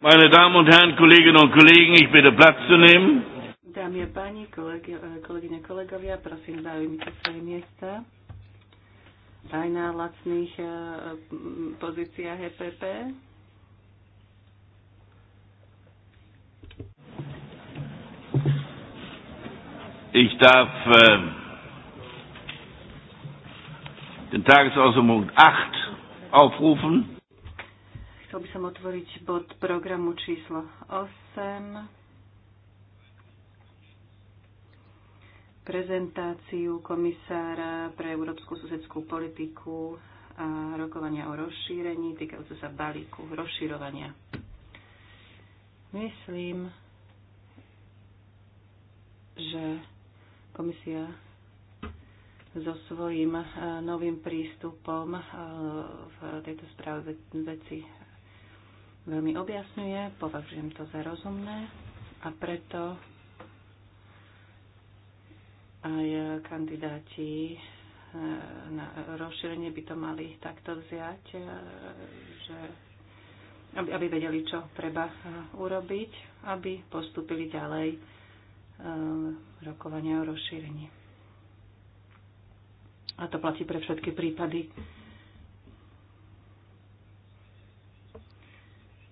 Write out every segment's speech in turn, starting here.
Meine Damen und Herren, Kolleginnen und Kollegen, ich bitte Platz zu nehmen. Dámy a páni, kolegy, kolegyne, kolegovia, prosím, zaujmite svoje miesta. Aj na lacných eh, pozíciách EPP. Ich darf äh, den Tagesordnungspunkt 8 aufrufen. Chcel by som otvoriť bod programu číslo 8. Prezentáciu komisára pre európsku susedskú politiku a rokovania o rozšírení týkajúce sa balíku rozširovania. Myslím, že komisia so svojím eh, novým prístupom eh, v tejto správe veci veľmi objasňuje, považujem to za rozumné a preto aj kandidáti eh, na rozšírenie by to mali takto vziať, eh, že aby, aby vedeli, čo treba eh, urobiť, aby postúpili ďalej rokovania o rozšírení. A to platí pre všetky prípady,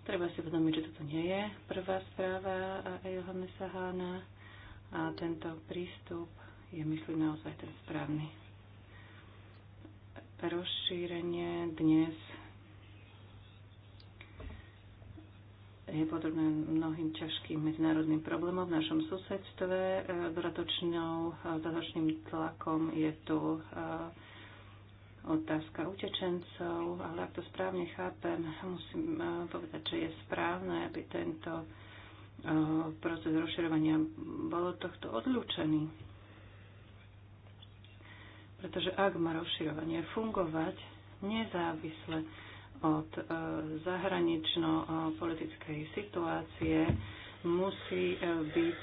Treba si uvedomiť, že toto nie je prvá správa Johannesa Hána a tento prístup je, myslím, naozaj ten správny. Rozšírenie dnes je podobné mnohým ťažkým medzinárodným problémom v našom susedstve. E, e, dodatočným tlakom je tu e, otázka utečencov, ale ak to správne chápem, musím eh, povedať, že je správne, aby tento eh, proces rozširovania bol tohto odlúčený. Pretože ak má rozširovanie fungovať nezávisle od eh, zahranično-politickej situácie, musí byť,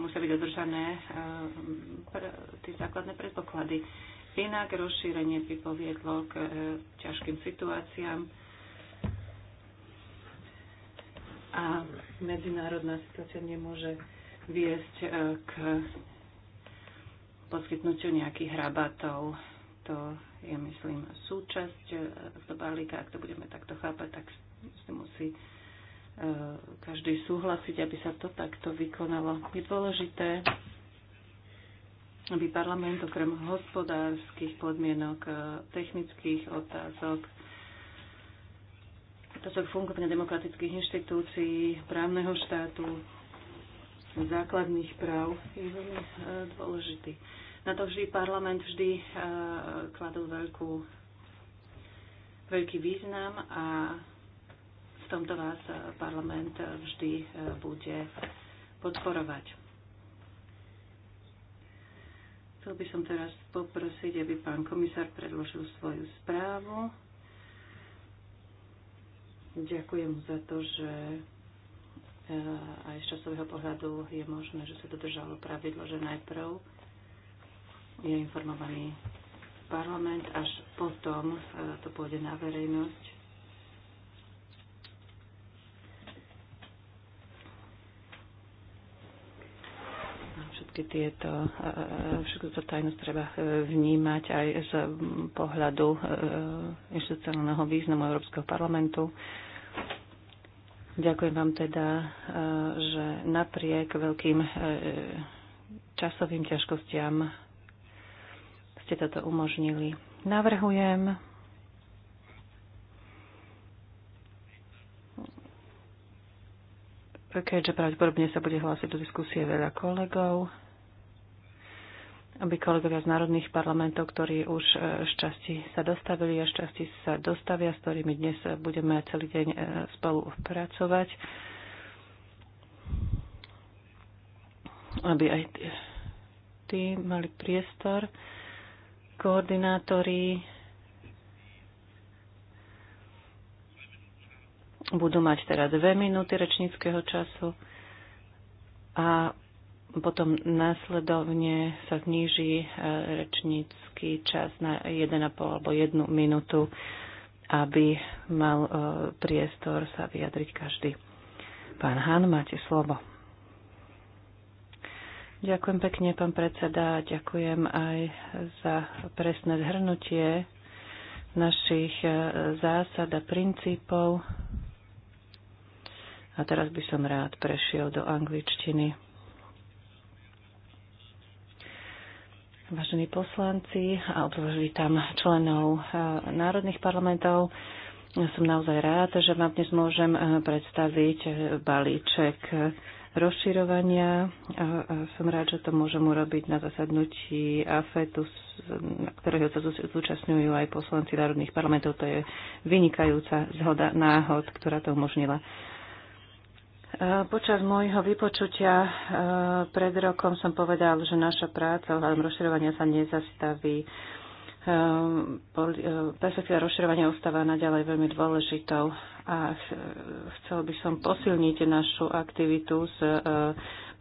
musia byť dodržané tie základné predpoklady Inak rozšírenie by poviedlo k e, ťažkým situáciám a medzinárodná situácia nemôže viesť e, k poskytnutiu nejakých hrabatov. To je, myslím, súčasť do e, balíka. Ak to budeme takto chápať, tak si musí každý súhlasiť, aby sa to takto vykonalo. Je dôležité aby parlament okrem hospodárskych podmienok, e, technických otázok, otázok fungovania demokratických inštitúcií, právneho štátu, základných práv je veľmi e, dôležitý. Na to vždy parlament vždy e, kladol veľkú, veľký význam a v tomto vás parlament vždy bude podporovať. Chcel by som teraz poprosiť, aby pán komisár predložil svoju správu. Ďakujem za to, že e, aj z časového pohľadu je možné, že sa dodržalo pravidlo, že najprv je informovaný parlament, až potom e, to pôjde na verejnosť. všetky tieto, e, e, všetko to tajnosť treba e, vnímať aj z pohľadu inštitucionálneho významu Európskeho parlamentu. Ďakujem vám teda, že napriek veľkým časovým ťažkostiam ste toto umožnili. Navrhujem keďže pravdepodobne sa bude hlásiť do diskusie veľa kolegov aby kolegovia z národných parlamentov, ktorí už e, z časti sa dostavili a z časti sa dostavia, s ktorými dnes budeme celý deň e, spolu pracovať, aby aj tí mali priestor, koordinátori budú mať teda dve minúty rečníckého času a potom následovne sa zníži e, rečnícky čas na 1,5 alebo 1 minútu, aby mal e, priestor sa vyjadriť každý. Pán Han, máte slovo. Ďakujem pekne, pán predseda. Ďakujem aj za presné zhrnutie našich e, zásad a princípov. A teraz by som rád prešiel do angličtiny. vážení poslanci a obzvlášť tam členov e, národných parlamentov. Som naozaj rád, že vám dnes môžem e, predstaviť e, balíček rozširovania. Som rád, že to môžem urobiť na zasadnutí AFETu, na ktorého sa zúčastňujú aj poslanci národných parlamentov. To je vynikajúca zhoda náhod, ktorá to umožnila. Eh, počas môjho vypočutia eh, pred rokom som povedal, že naša práca ohľadom rozširovania sa nezastaví. Eh, perspektíva rozširovania ostáva naďalej veľmi dôležitou a chcel by som posilniť našu aktivitu s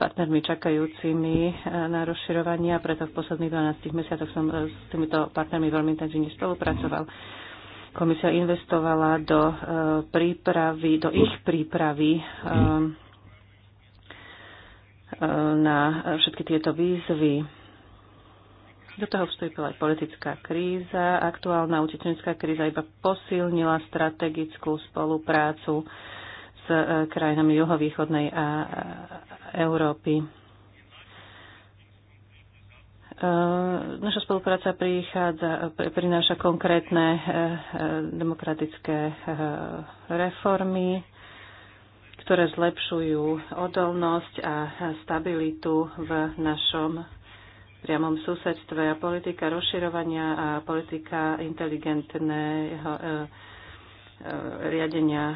partnermi čakajúcimi na rozširovanie a preto v posledných 12 mesiacoch som s týmito partnermi veľmi intenzívne spolupracoval. Mm. Komisia investovala do e, prípravy, do ich prípravy e, e, na všetky tieto výzvy. Do toho vstúpila aj politická kríza. Aktuálna utečenská kríza iba posilnila strategickú spoluprácu s krajinami juhovýchodnej a Európy. Eh, naša spolupráca prichádza, prináša konkrétne eh, eh, demokratické reformy, ktoré zlepšujú odolnosť a stabilitu v našom priamom susedstve a politika rozširovania a politika inteligentného riadenia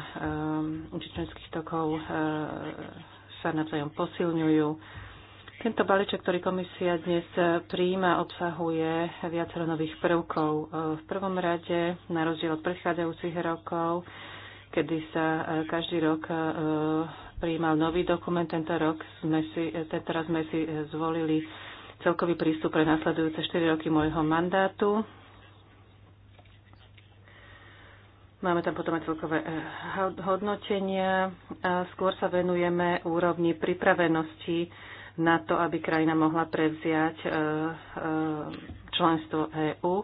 čečenských tokov sa navzájom posilňujú tento balíček, ktorý komisia dnes e, príjma, obsahuje viacero nových prvkov. E, v prvom rade, na rozdiel od predchádzajúcich rokov, kedy sa e, každý rok prijímal nový dokument, tento rok sme si, teraz sme si zvolili celkový prístup pre nasledujúce 4 roky môjho mandátu. Máme tam potom aj celkové hodnotenia. Skôr sa venujeme úrovni pripravenosti na to, aby krajina mohla prevziať e, e, členstvo EÚ.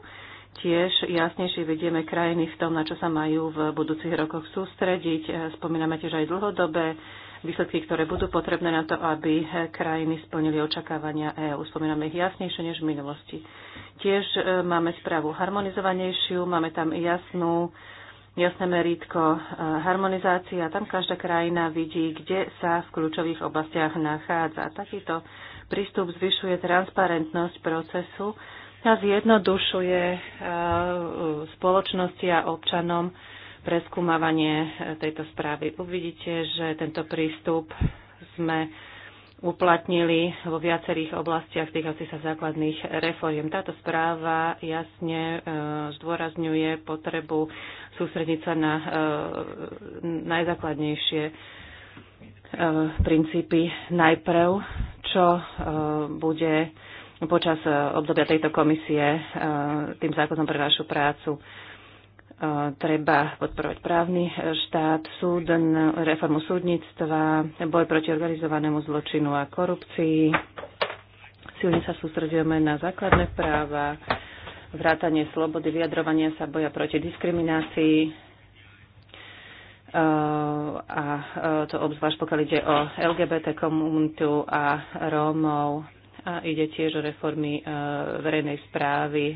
Tiež jasnejšie vidíme krajiny v tom, na čo sa majú v budúcich rokoch sústrediť. E, spomíname tiež aj dlhodobé výsledky, ktoré budú potrebné na to, aby krajiny splnili očakávania EÚ. Spomíname ich jasnejšie než v minulosti. Tiež máme správu harmonizovanejšiu, máme tam jasnú jasné meritko e, harmonizácia. Tam každá krajina vidí, kde sa v kľúčových oblastiach nachádza. Takýto prístup zvyšuje transparentnosť procesu a zjednodušuje e, spoločnosti a občanom preskúmavanie e, tejto správy. Uvidíte, že tento prístup sme uplatnili vo viacerých oblastiach týkajúcich sa základných reforiem. Táto správa jasne e, zdôrazňuje potrebu sústrediť sa na e, najzákladnejšie e, princípy najprv, čo bude počas obdobia tejto komisie tým základom pre našu prácu treba podporovať právny štát, súden, reformu súdnictva, boj proti organizovanému zločinu a korupcii. Silne sa sústredujeme na základné práva, vrátanie slobody vyjadrovania sa, boja proti diskriminácii a to obzvlášť pokiaľ ide o LGBT komunitu a Rómov a ide tiež o reformy e, verejnej správy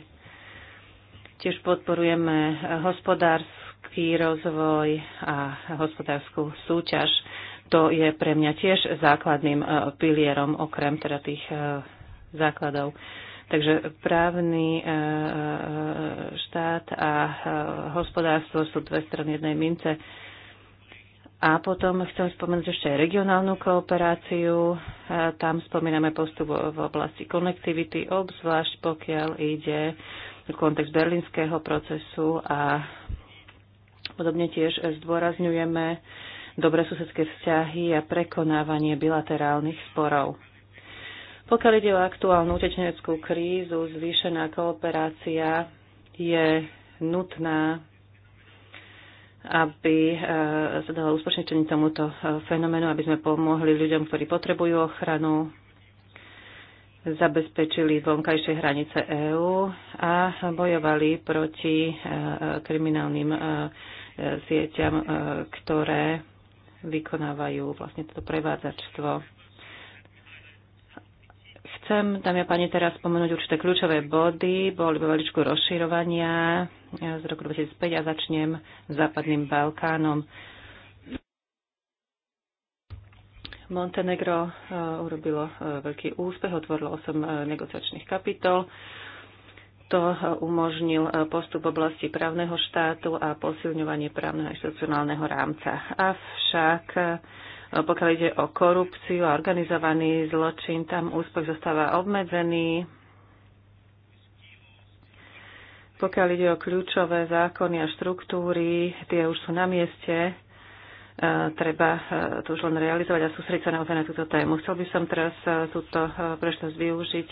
Tiež podporujeme hospodársky rozvoj a hospodárskú súťaž. To je pre mňa tiež základným e, pilierom, okrem teda tých e, základov. Takže právny e, štát a hospodárstvo sú dve strany jednej mince. A potom chcem spomenúť ešte aj regionálnu kooperáciu. Tam spomíname postup v oblasti konektivity, obzvlášť pokiaľ ide kontext berlínskeho procesu a podobne tiež zdôrazňujeme dobré susedské vzťahy a prekonávanie bilaterálnych sporov. Pokiaľ ide o aktuálnu utečeneckú krízu, zvýšená kooperácia je nutná, aby e, sa dalo uspočničení tomuto e, fenoménu, aby sme pomohli ľuďom, ktorí potrebujú ochranu, zabezpečili vonkajšie hranice EÚ a bojovali proti e, kriminálnym e, e, sieťam, ktoré vykonávajú vlastne toto prevádzačstvo. Chcem, dámy a páni, teraz spomenúť určité kľúčové body. Boli bavaličku rozširovania z roku 2005 a začnem západným Balkánom. Montenegro eh, urobilo eh, veľký úspech, otvorilo 8 eh, negociačných kapitol. To umožnil postup v oblasti právneho štátu a posilňovanie právneho institucionálneho rámca. Avšak pokiaľ ide o korupciu a organizovaný zločin, tam úspech zostáva obmedzený. Pokiaľ ide o kľúčové zákony a štruktúry, tie už sú na mieste treba eh, to už len realizovať a sústrediť sa naozaj na túto tému. Chcel by som teraz eh, túto eh, prečnosť využiť,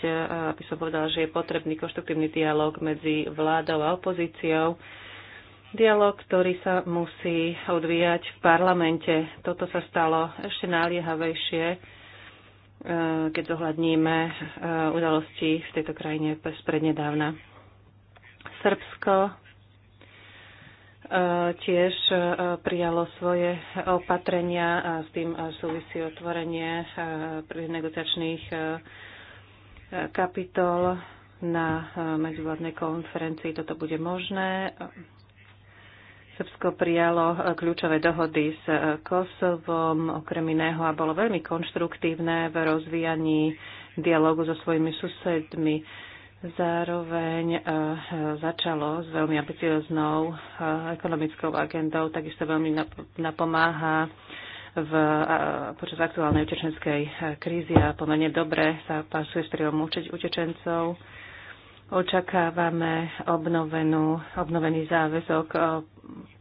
aby som povedala, že je potrebný konštruktívny dialog medzi vládou a opozíciou. Dialóg, ktorý sa musí odvíjať v parlamente. Toto sa stalo ešte naliehavejšie, keď zohľadníme udalosti v tejto krajine sprednedávna. Srbsko tiež e, prijalo svoje opatrenia a s tým e, súvisí otvorenie e, negociačných kapitol na medzivládnej konferencii. Toto bude možné. Srbsko prijalo kľúčové dohody s Kosovom, okrem iného, a bolo veľmi konštruktívne v rozvíjaní dialogu so svojimi susedmi Zároveň eh, začalo s veľmi ambicioznou eh, ekonomickou agendou, takisto veľmi napomáha v, eh, počas aktuálnej utečenskej krízy a pomerne dobre sa pasuje s prílom utečencov. Očakávame obnovenú, obnovený záväzok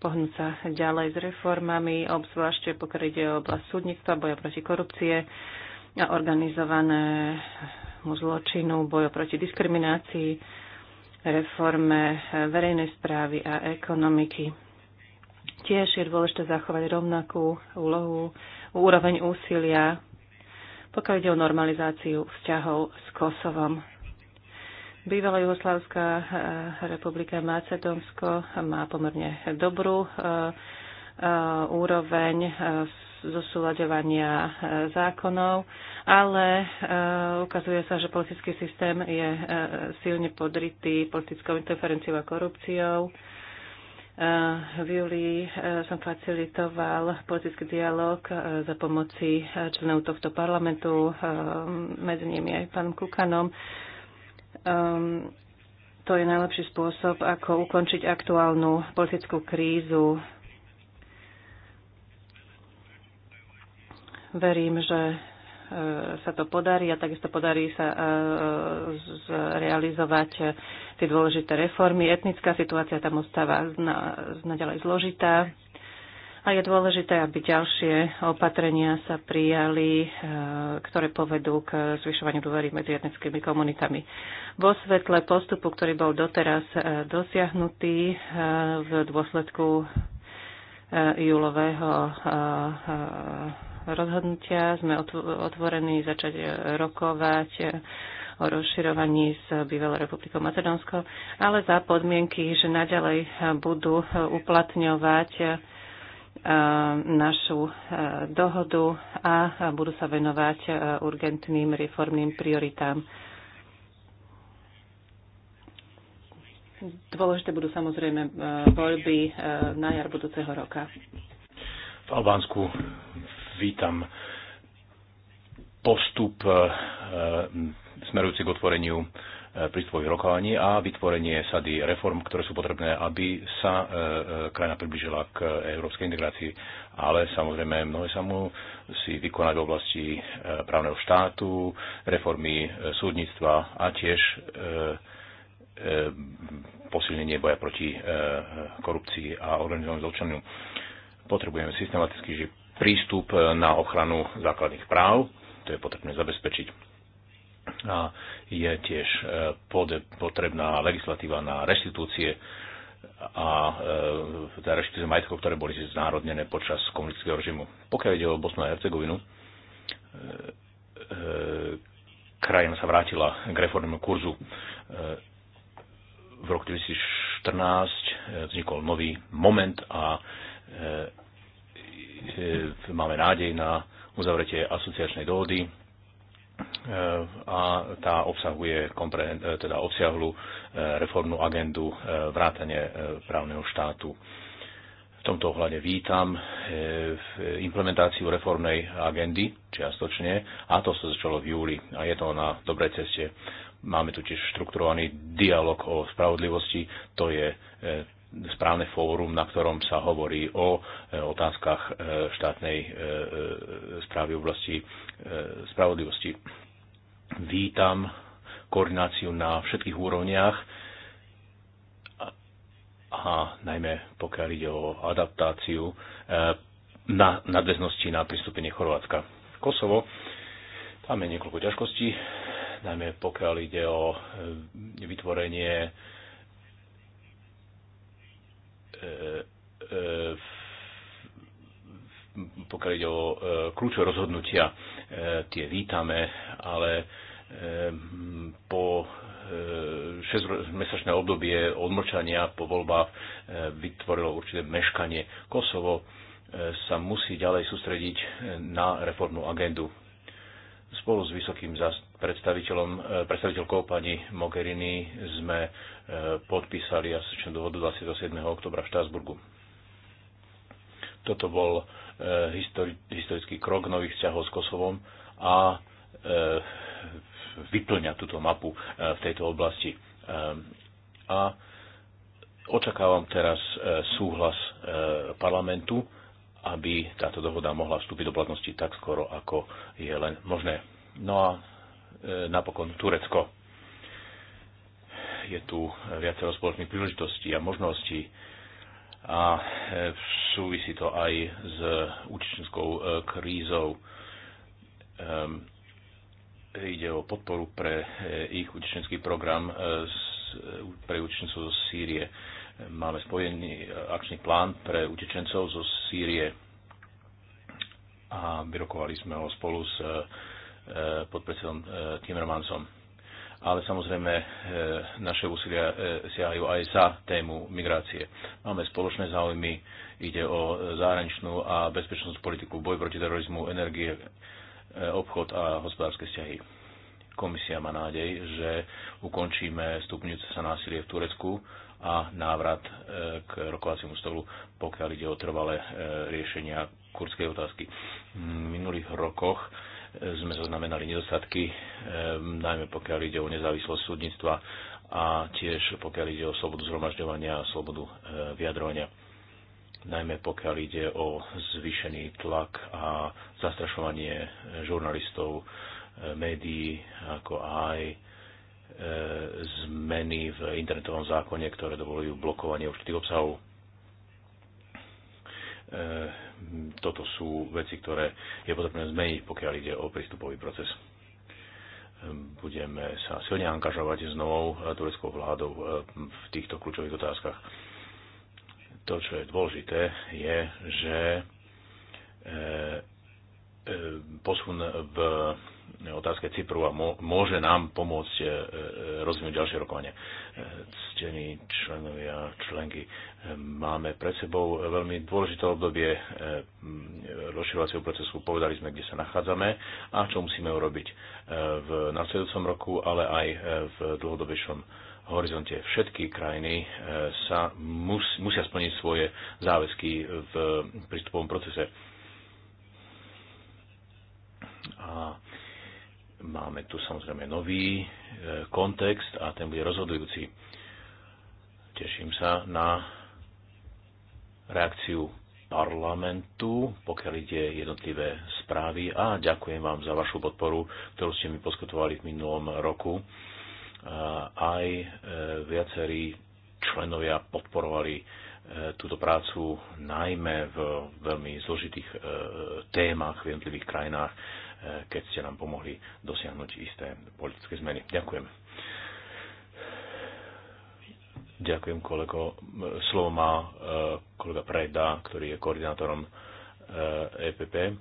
pohnúť sa ďalej s reformami, obzvlášť pokiaľ ide o oblasť súdnictva, boja proti korupcie, a organizovanému zločinu, boju proti diskriminácii, reforme eh, verejnej správy a ekonomiky. Tiež je dôležité zachovať rovnakú úlohu, úroveň úsilia, pokiaľ ide o normalizáciu vzťahov s Kosovom. Bývalá Juhoslavská eh, republika Macedónsko má pomerne dobrú eh, úroveň zosúľaďovania e, zákonov, ale e, ukazuje sa, že politický systém je e, silne podritý politickou interferenciou a korupciou. V júli som facilitoval politický dialog za pomoci členov tohto parlamentu, medzi nimi aj pánom Kukanom. Ehm, to je najlepší spôsob, ako ukončiť aktuálnu politickú krízu Verím, že e, sa to podarí a takisto podarí sa e, e, zrealizovať tie dôležité reformy. Etnická situácia tam ostáva naďalej zložitá a je dôležité, aby ďalšie opatrenia sa prijali, ktoré povedú k zvyšovaniu dôvery medzi etnickými komunitami. Vo svetle postupu, ktorý bol doteraz dosiahnutý v dôsledku júlového rozhodnutia. Sme otvorení začať rokovať o rozširovaní s bývalou republikou Macedónsko, ale za podmienky, že naďalej budú uplatňovať e, našu e, dohodu a budú sa venovať e, urgentným reformným prioritám. Dôležité budú samozrejme voľby na jar budúceho roka. V Albánsku vítam postup e, e, smerujúci k otvoreniu e, prístupových rokovaní a vytvorenie sady reform, ktoré sú potrebné, aby sa krajina približila k európskej integrácii. Ale samozrejme mnohé sa mu si vykonať v oblasti právneho štátu, reformy súdnictva a tiež posilnenie boja proti korupcii a organizovanému zločinu. Potrebujeme systematicky prístup e, na ochranu základných práv, to je potrebné zabezpečiť. A je tiež e, potrebná legislatíva na reštitúcie a e, teda reštitúcie majetkov, ktoré boli znárodnené počas komunistického režimu. Pokiaľ ide o Bosnu a Hercegovinu, e, e, krajina sa vrátila k reformnému kurzu. E, v roku 2014 e, vznikol nový moment a e, E, máme nádej na uzavretie asociačnej dohody e, a tá obsahuje e, teda obsiahlu reformnú agendu vrátane právneho štátu. V tomto ohľade vítam implementáciu reformnej agendy čiastočne a to sa začalo v júli a je to na dobrej ceste. Máme tu tiež štrukturovaný dialog o spravodlivosti, to je správne fórum, na ktorom sa hovorí o e, otázkach e, štátnej e, správy v oblasti spravodlivosti. Vítam koordináciu na všetkých úrovniach a najmä pokiaľ ide o adaptáciu na nadväznosti na pristúpenie Chorvátska. Kosovo, tam je niekoľko ťažkostí, najmä pokiaľ ide o vytvorenie E, e, pokiaľ ide o e, kľúčové rozhodnutia, tie vítame, ale po šesťmesačné obdobie odmlčania po voľbách vytvorilo určité meškanie. Kosovo sa musí ďalej sústrediť na reformnú agendu. Spolu s vysokým predstaviteľom, e, predstaviteľkou pani Mogherini sme e, podpísali asociačnú dohodu 27. oktobra v Štrasburgu. Toto bol e, historický krok nových vzťahov s Kosovom a vyplňa túto mapu v tejto oblasti. A očakávam teraz súhlas parlamentu, aby táto dohoda mohla vstúpiť do platnosti tak skoro, ako je len možné. No a E, napokon Turecko. Je tu viacero spoločných príležitostí a možností a e, súvisí to aj s účinskou e, krízou. Ide o podporu pre ich účinský program pre utečencov zo Sýrie. Máme spojený akčný plán pre utečencov zo Sýrie a vyrokovali sme ho spolu s Eh, pod predsedom Timmermansom. Eh, Ale samozrejme, eh, naše úsilia siahajú aj za tému migrácie. Máme spoločné záujmy, ide o zahraničnú a bezpečnostnú politiku, boj proti terorizmu, energie, obchod a hospodárske vzťahy. Komisia má nádej, že ukončíme stupňujúce sa násilie v Turecku a návrat k rokovaciemu stolu, pokiaľ ide o trvalé riešenia kurdskej otázky. V minulých rokoch sme zaznamenali nedostatky, ehm, najmä pokiaľ ide o nezávislosť súdnictva a tiež pokiaľ ide o slobodu zhromažďovania a slobodu ehm, vyjadrovania najmä pokiaľ ide o zvýšený tlak a zastrašovanie ehm, žurnalistov, médií, ako aj zmeny v internetovom zákone, ktoré dovolujú blokovanie určitých obsahov toto sú veci, ktoré je potrebné zmeniť, pokiaľ ide o prístupový proces. Budeme sa silne angažovať s novou e, tureckou vládou e, v týchto kľúčových otázkach. To, čo je dôležité, je, že e, posun v otázke Cypru a môže nám pomôcť e, e, rozvinúť ďalšie rokovanie. Ctení členovia, členky, e, máme pred sebou veľmi dôležité obdobie rozširovacieho procesu. Povedali sme, kde sa nachádzame a čo musíme urobiť v nasledujúcom roku, ale aj v dlhodobejšom horizonte. Všetky krajiny sa mus, musia splniť svoje záväzky v prístupovom procese. A Máme tu samozrejme nový e, kontext a ten bude rozhodujúci. Teším sa na reakciu parlamentu, pokiaľ ide jednotlivé správy a ďakujem vám za vašu podporu, ktorú ste mi poskytovali v minulom roku. E, aj e, viacerí členovia podporovali túto prácu najmä v veľmi zložitých témach v jednotlivých krajinách keď ste nám pomohli dosiahnuť isté politické zmeny. Ďakujem. Ďakujem, kolego. Slovo má e, kolega Preda, ktorý je koordinátorom EPP e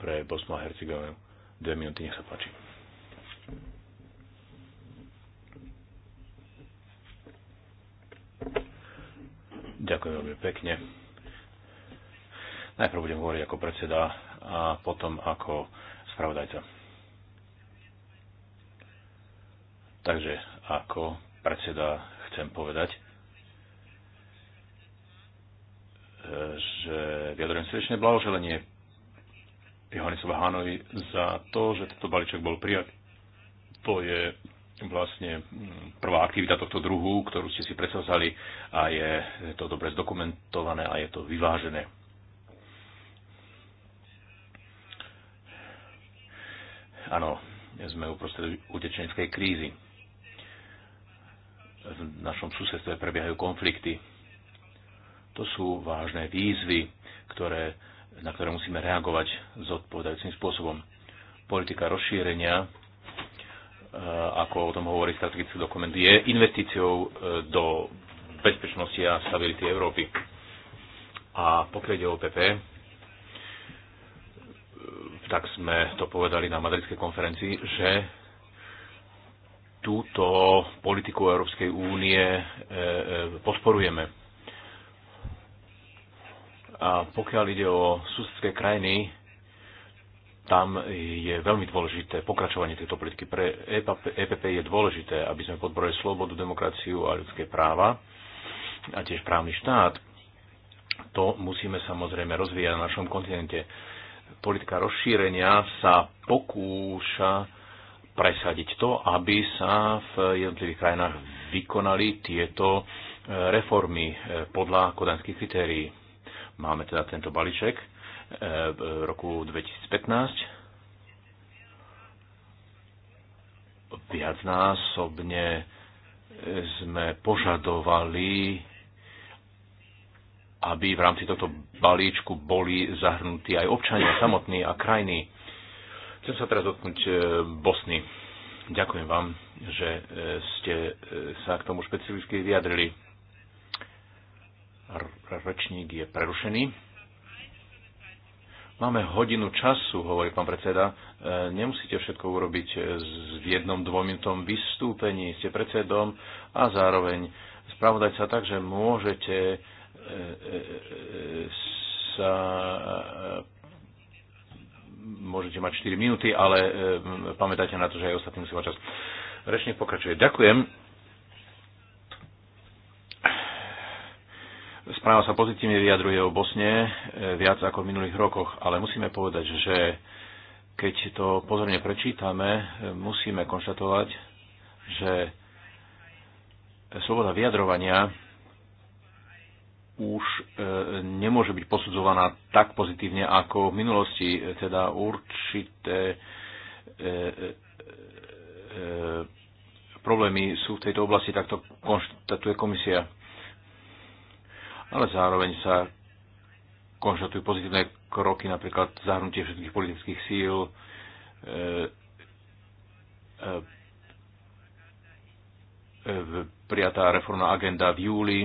pre Bosnu a Hercegovinu. Dve minúty, nech sa páči. Ďakujem veľmi pekne. Najprv budem hovoriť ako predseda a potom ako spravodajca. Takže ako predseda chcem povedať, že vyjadrujem srdečné blahoželenie Johanisova Hanovi za to, že tento balíček bol prijatý. To je vlastne prvá aktivita tohto druhu, ktorú ste si predsazali a je to dobre zdokumentované a je to vyvážené. Áno, sme uprostred utečeneckej krízy. V našom susedstve prebiehajú konflikty. To sú vážne výzvy, ktoré, na ktoré musíme reagovať odpovedajúcim spôsobom. Politika rozšírenia, e, ako o tom hovorí strategický dokument, je investíciou e, do bezpečnosti a stability Európy. A pokiaľ ide o PP, tak sme to povedali na madridskej konferencii, že túto politiku Európskej únie e, e, podporujeme. A pokiaľ ide o susedské krajiny, tam je veľmi dôležité pokračovanie tejto politiky. Pre EPP e je dôležité, aby sme podporili slobodu, demokraciu a ľudské práva a tiež právny štát. To musíme samozrejme rozvíjať na našom kontinente politika rozšírenia sa pokúša presadiť to, aby sa v jednotlivých krajinách vykonali tieto e, reformy e, podľa kodanských kritérií. Máme teda tento balíček e, v roku 2015. Viacnásobne sme požadovali aby v rámci tohto balíčku boli zahrnutí aj občania samotní a krajní. Chcem sa teraz dotknúť e, Bosny. Ďakujem vám, že e, ste e, sa k tomu špecificky vyjadrili. Rečník je prerušený. Máme hodinu času, hovorí pán predseda. Nemusíte všetko urobiť v jednom dvojminútom vystúpení. Ste predsedom a zároveň spravodajca, že môžete sa môžete mať 4 minúty, ale e, pamätajte na to, že aj ostatní musí mať čas. Rečník pokračuje. Ďakujem. správa sa pozitívne vyjadruje o Bosne e, viac ako v minulých rokoch, ale musíme povedať, že keď to pozorne prečítame, e, musíme konštatovať, že sloboda vyjadrovania už e, nemôže byť posudzovaná tak pozitívne ako v minulosti. E, teda určité e, problémy sú v tejto oblasti, takto konštatuje komisia. Ale zároveň sa konštatujú pozitívne kroky, napríklad zahrnutie všetkých politických síl, e, e, prijatá reformná agenda v júli,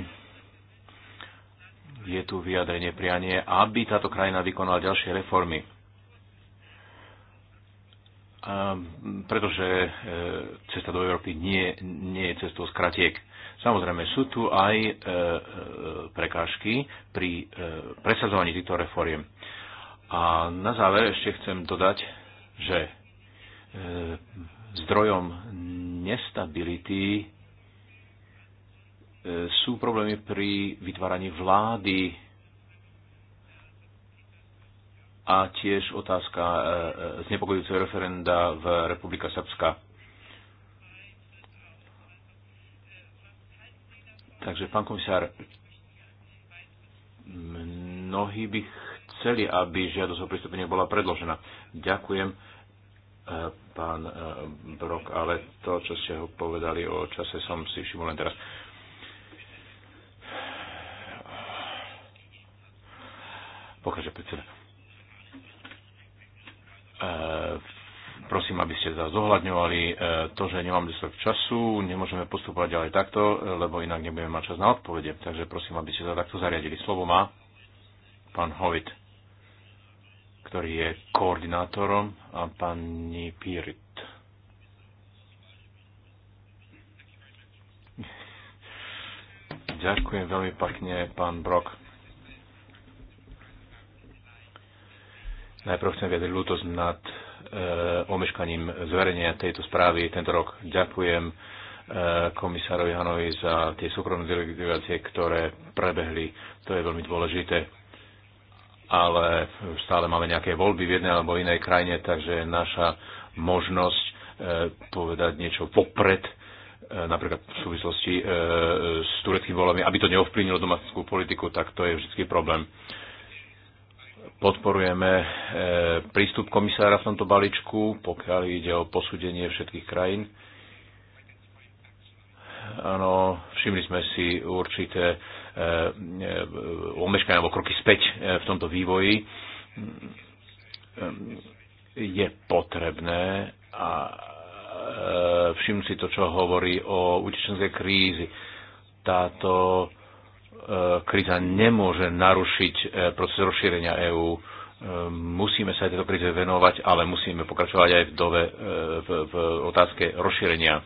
je tu vyjadrenie prianie, aby táto krajina vykonala ďalšie reformy. A pretože e, cesta do Európy nie, nie je cestou z kratiek. Samozrejme, sú tu aj e, e, prekážky pri e, presadzovaní týchto reforiem. A na záver ešte chcem dodať, že e, zdrojom nestability sú problémy pri vytváraní vlády a tiež otázka e, e, znepokojujúceho referenda v Republika Srbska. Takže, pán komisár, mnohí by chceli, aby žiadosť o pristúpenie bola predložená. Ďakujem, e, pán Brok, ale to, čo ste ho povedali o čase, som si všimol len teraz. pokračuje predseda. E, prosím, aby ste za zohľadňovali e, to, že nemám dostatok času, nemôžeme postupovať ďalej takto, lebo inak nebudeme mať čas na odpovede. Takže prosím, aby ste sa takto zariadili. Slovo má pán Hovit, ktorý je koordinátorom a pani Pirit. Ďakujem veľmi pekne, pán Brock. Najprv chcem vyjadriť ľútosť nad e, omeškaním zverejnenia tejto správy tento rok. Ďakujem e, komisárovi Hanovi za tie súkromné delegácie, ktoré prebehli. To je veľmi dôležité. Ale stále máme nejaké voľby v jednej alebo inej krajine, takže naša možnosť e, povedať niečo popred, napríklad v súvislosti e, s tureckými voľami, aby to neovplynilo domácku politiku, tak to je vždy problém. E, Podporujeme e, prístup komisára v tomto balíčku, pokiaľ ide o posúdenie všetkých krajín. Áno, všimli sme si určité e, e, omeškania alebo kroky späť v tomto vývoji. Je potrebné a všimli si to, čo hovorí o utečenskej krízi. Táto E, kríza nemôže narušiť e, proces rozšírenia EÚ. E, musíme sa aj tejto kríze venovať, ale musíme pokračovať aj v, dove, v, v otázke rozšírenia.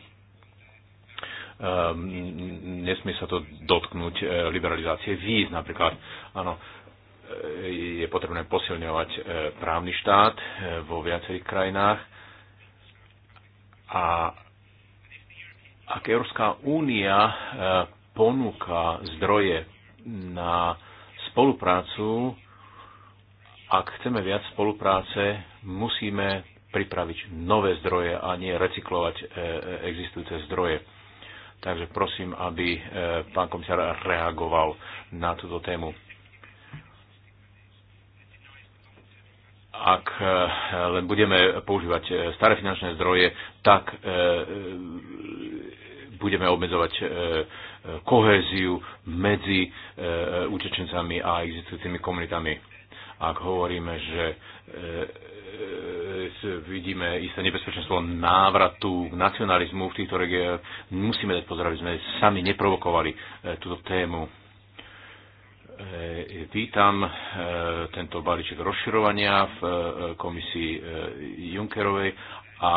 Nesmie sa to dotknúť liberalizácie víz napríklad. Áno, je potrebné posilňovať právny štát vo viacerých krajinách. A ak Európska únia ponúka zdroje na spoluprácu. Ak chceme viac spolupráce, musíme pripraviť nové zdroje a nie recyklovať e, e, existujúce zdroje. Takže prosím, aby e, pán komisár reagoval na túto tému. Ak len budeme používať staré finančné zdroje, tak budeme obmedzovať kohéziu medzi e, utečencami a existujúcimi komunitami. Ak hovoríme, že e, e, vidíme isté nebezpečenstvo návratu k nacionalizmu v týchto regiónoch, musíme dať pozor, aby sme sami neprovokovali túto tému. Vítam tento balíček rozširovania v komisii Junckerovej a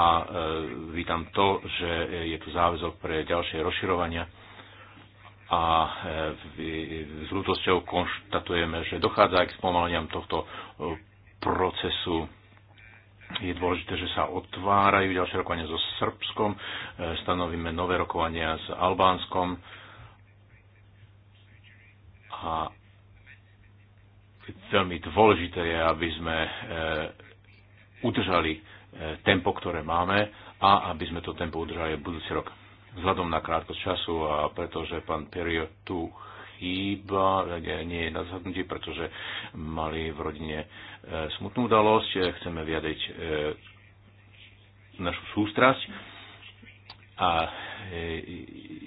vítam to, že je tu záväzok pre ďalšie rozširovania a e, s ľútosťou konštatujeme, že dochádza aj k spomaleniam tohto e, procesu. Je dôležité, že sa otvárajú ďalšie rokovania so Srbskom, e, stanovíme nové rokovania s Albánskom a veľmi dôležité je, aby sme udržali tempo, ktoré máme a aby sme to tempo udržali aj budúci rok vzhľadom na krátkosť času a pretože pán Perio tu chýba, nie je na zhodnutí, pretože mali v rodine e, smutnú udalosť. E, chceme vyjadriť e, našu sústrasť a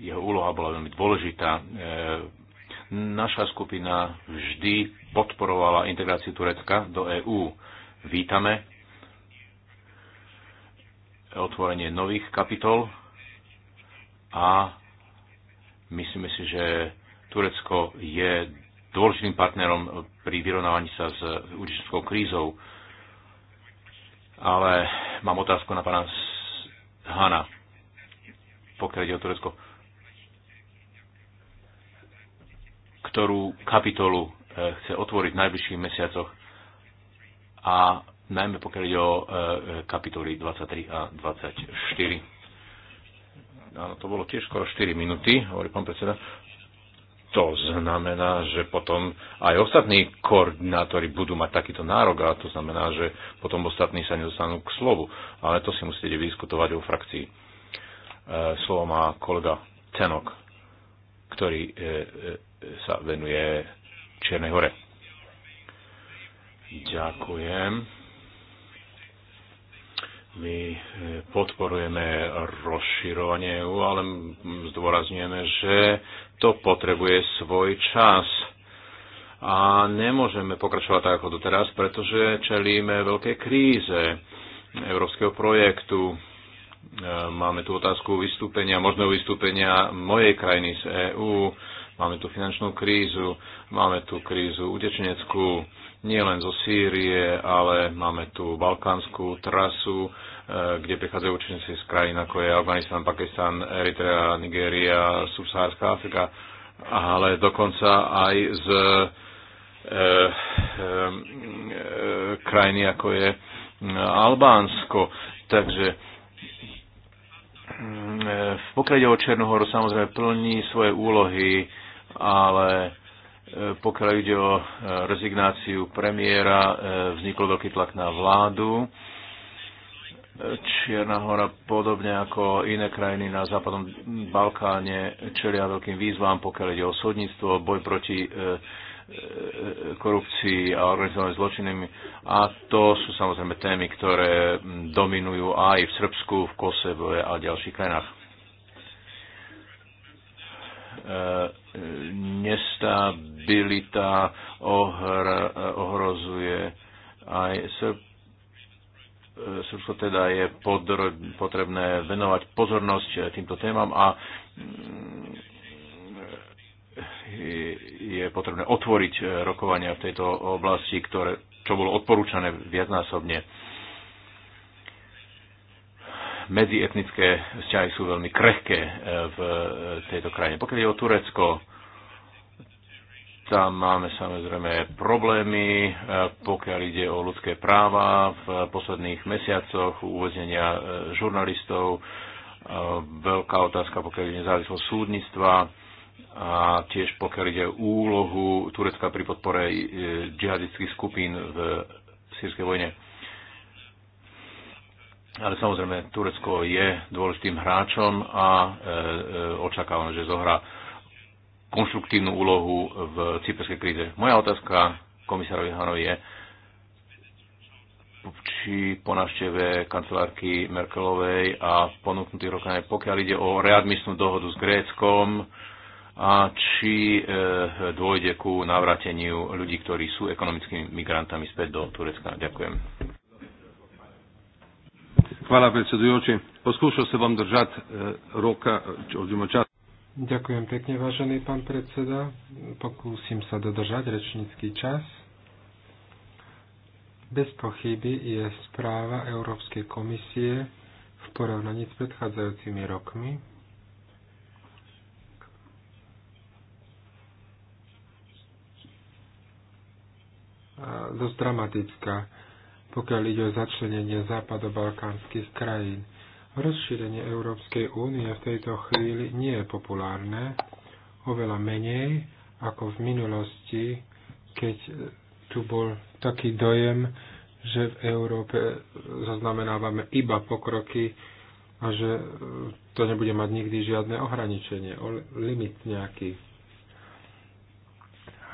jeho úloha bola veľmi dôležitá. Naša skupina vždy podporovala integráciu Turecka do EÚ. Vítame otvorenie nových kapitol a myslíme si, že Turecko je dôležitým partnerom pri vyrovnávaní sa s utečenskou krízou. Ale mám otázku na pána Hana, pokiaľ ide o Turecko. Ktorú kapitolu e, chce otvoriť v najbližších mesiacoch a najmä pokiaľ ide o e, e, kapitoly 23 a 24. Áno, to bolo tiež skoro 4 minúty, hovorí pán predseda. To znamená, že potom aj ostatní koordinátori budú mať takýto nárok a to znamená, že potom ostatní sa nedostanú k slovu. Ale to si musíte vyskutovať o frakcii. E, slovo má kolega Tenok, ktorý e, e, sa venuje Čiernej hore. Ďakujem my e, podporujeme rozširovanie EU, ale zdôrazňujeme, že to potrebuje svoj čas. A nemôžeme pokračovať tak ako doteraz, pretože čelíme veľké kríze európskeho projektu. E, máme tu otázku vystúpenia, možného vystúpenia mojej krajiny z EÚ Máme tu finančnú krízu, máme tu krízu utečeneckú, nielen zo Sýrie, ale máme tu balkánsku trasu, e, kde prichádzajú učenci z krajín ako je Afganistan, Pakistan, Eritrea, Nigéria, Subsaharská Afrika, ale dokonca aj z e, e, e, krajiny ako je Albánsko. Takže e, pokiaľ ide o Černohoru, samozrejme plní svoje úlohy ale e, pokiaľ ide o e, rezignáciu premiéra, e, vznikol veľký tlak na vládu. Čierna hora, podobne ako iné krajiny na západnom Balkáne, čelia veľkým výzvám, pokiaľ ide o súdnictvo, boj proti korupcii a organizovaným zločinom. A to sú samozrejme témy, ktoré dominujú aj v Srbsku, v Kosebove a ďalších krajinách nestabilita ohr- ohrozuje aj Srb- Srbsko teda je potrebné venovať pozornosť týmto témam a mm, je potrebné otvoriť rokovania v tejto oblasti, ktoré, čo bolo odporúčané viacnásobne medzietnické vzťahy sú veľmi krehké e, v e, tejto krajine. Pokiaľ je o Turecko, tam máme samozrejme problémy, e, pokiaľ ide o ľudské práva v posledných mesiacoch, uväznenia žurnalistov, veľká otázka, pokiaľ ide nezávislosť súdnictva a tiež pokiaľ ide o úlohu Turecka pri podpore džihadických skupín v sírskej vojne. Ale samozrejme, Turecko je dôležitým hráčom a e, e, očakávam, že zohrá konštruktívnu úlohu v cyperskej kríze. Moja otázka komisárovi Hanovi je, či po návšteve kancelárky Merkelovej a ponúknutých rokov, pokiaľ ide o readmisnú dohodu s Gréckom, a či e, dôjde ku navráteniu ľudí, ktorí sú ekonomickými migrantami späť do Turecka. Ďakujem. Hvala, predsedujoči. Poskúšal sa vám držať e, eh, roka, eh, oziroma čas. Ďakujem pekne, vážený pán predseda. Pokúsim sa dodržať rečnícky čas. Bez pochyby je správa Európskej komisie v porovnaní s predchádzajúcimi rokmi dosť dramatická pokiaľ ide o začlenenie západobalkánskych krajín. Rozšírenie Európskej únie v tejto chvíli nie je populárne, oveľa menej ako v minulosti, keď tu bol taký dojem, že v Európe zaznamenávame iba pokroky a že to nebude mať nikdy žiadne ohraničenie, limit nejaký.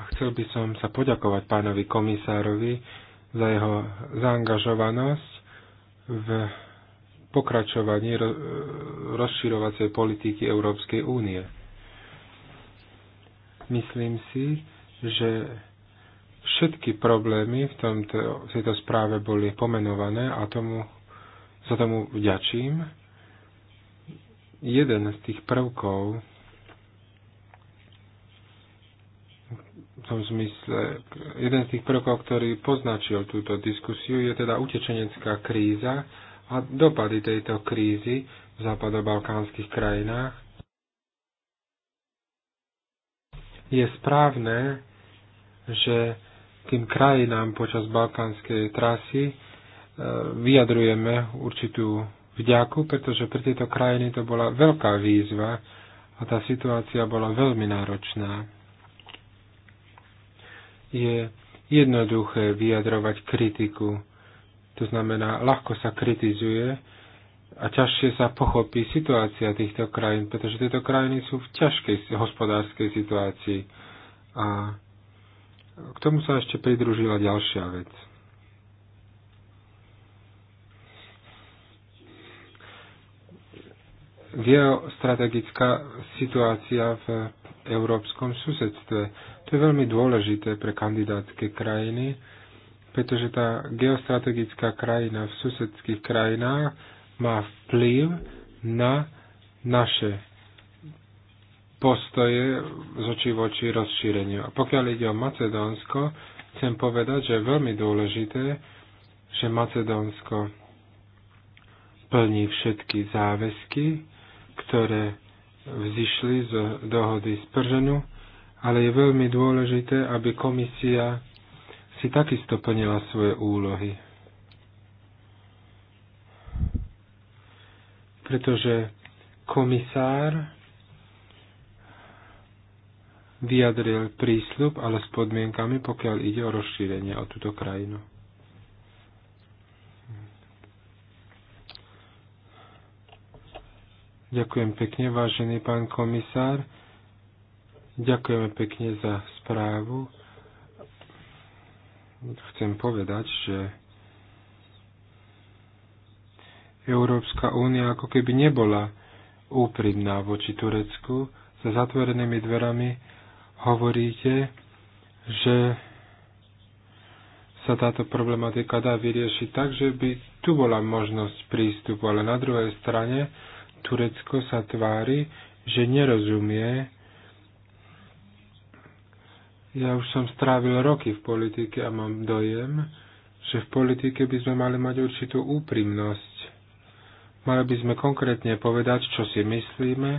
A chcel by som sa poďakovať pánovi komisárovi za jeho zaangažovanosť v pokračovaní rozširovacej politiky Európskej únie. Myslím si, že všetky problémy v, tomto, v tejto správe boli pomenované a tomu, za tomu vďačím. Jeden z tých prvkov, tom zmysle, jeden z tých prvkov, ktorý poznačil túto diskusiu, je teda utečenecká kríza a dopady tejto krízy v západobalkánskych krajinách. Je správne, že tým krajinám počas balkánskej trasy e, vyjadrujeme určitú vďaku, pretože pre tieto krajiny to bola veľká výzva a tá situácia bola veľmi náročná je jednoduché vyjadrovať kritiku. To znamená, ľahko sa kritizuje a ťažšie sa pochopí situácia týchto krajín, pretože tieto krajiny sú v ťažkej hospodárskej situácii. A k tomu sa ešte pridružila ďalšia vec. geostrategická situácia v európskom susedstve. To je veľmi dôležité pre kandidátske krajiny, pretože tá geostrategická krajina v susedských krajinách má vplyv na naše postoje z očí voči rozšíreniu. A pokiaľ ide o Macedónsko, chcem povedať, že je veľmi dôležité, že Macedónsko plní všetky záväzky, ktoré vzýšli z dohody z Prženu ale je veľmi dôležité, aby komisia si takisto plnila svoje úlohy. Pretože komisár vyjadril prísľub, ale s podmienkami, pokiaľ ide o rozšírenie o túto krajinu. Ďakujem pekne, vážený pán komisár. Ďakujeme pekne za správu. Chcem povedať, že Európska únia ako keby nebola úprimná voči Turecku. Za zatvorenými dverami hovoríte, že sa táto problematika dá vyriešiť tak, že by tu bola možnosť prístupu, ale na druhej strane Turecko sa tvári, že nerozumie, ja už som strávil roky v politike a mám dojem, že v politike by sme mali mať určitú úprimnosť. Mali by sme konkrétne povedať, čo si myslíme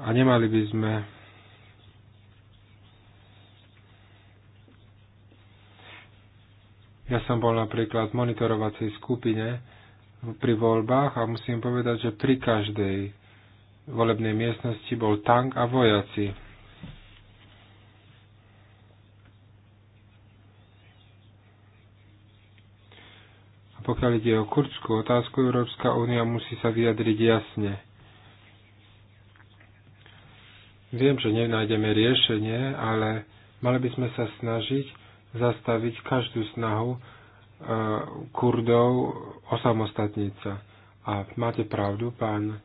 a nemali by sme Ja som bol napríklad v monitorovacej skupine pri voľbách a musím povedať, že pri každej volebnej miestnosti bol tank a vojaci. Pokiaľ ide o kurdskú otázku, Európska únia musí sa vyjadriť jasne. Viem, že nenájdeme riešenie, ale mali by sme sa snažiť zastaviť každú snahu e, Kurdov osamostatniť sa. A máte pravdu, pán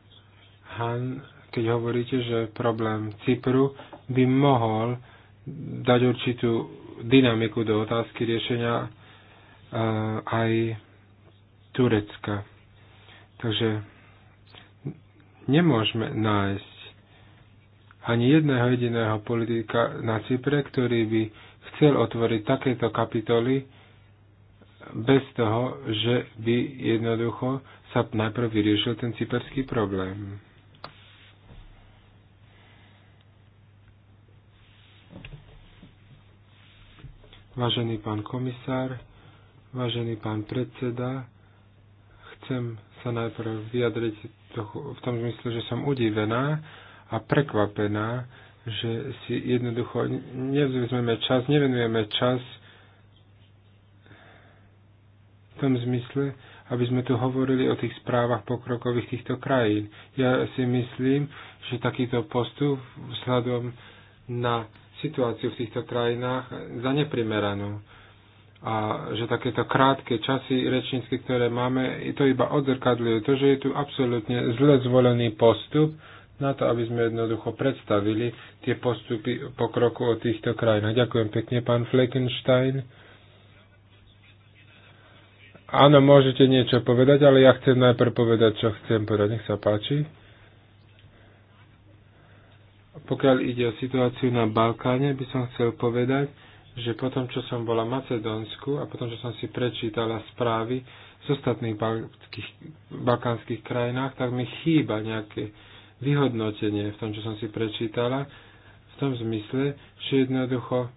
Han, keď hovoríte, že problém Cypru by mohol dať určitú dynamiku do otázky riešenia e, aj Turecka. Takže nemôžeme nájsť ani jedného jediného politika na Cypre, ktorý by chcel otvoriť takéto kapitoly bez toho, že by jednoducho sa najprv vyriešil ten cyperský problém. Vážený pán komisár, vážený pán predseda, Chcem sa najprv vyjadriť v tom zmysle, že som udivená a prekvapená, že si jednoducho nevzmeme čas, nevenujeme čas v tom zmysle, aby sme tu hovorili o tých správach pokrokových týchto krajín. Ja si myslím, že takýto postup vzhľadom na situáciu v týchto krajinách za neprimeranú a že takéto krátke časy rečnícke, ktoré máme, to iba odzrkadľuje to, že je tu absolútne zle zvolený postup na to, aby sme jednoducho predstavili tie postupy pokroku o týchto krajinách. Ďakujem pekne, pán Fleckenstein. Áno, môžete niečo povedať, ale ja chcem najprv povedať, čo chcem povedať. Nech sa páči. Pokiaľ ide o situáciu na Balkáne, by som chcel povedať, že potom, čo som bola v Macedónsku a potom, čo som si prečítala správy z ostatných balkých, balkánskych krajinách, tak mi chýba nejaké vyhodnotenie v tom, čo som si prečítala, v tom zmysle, že jednoducho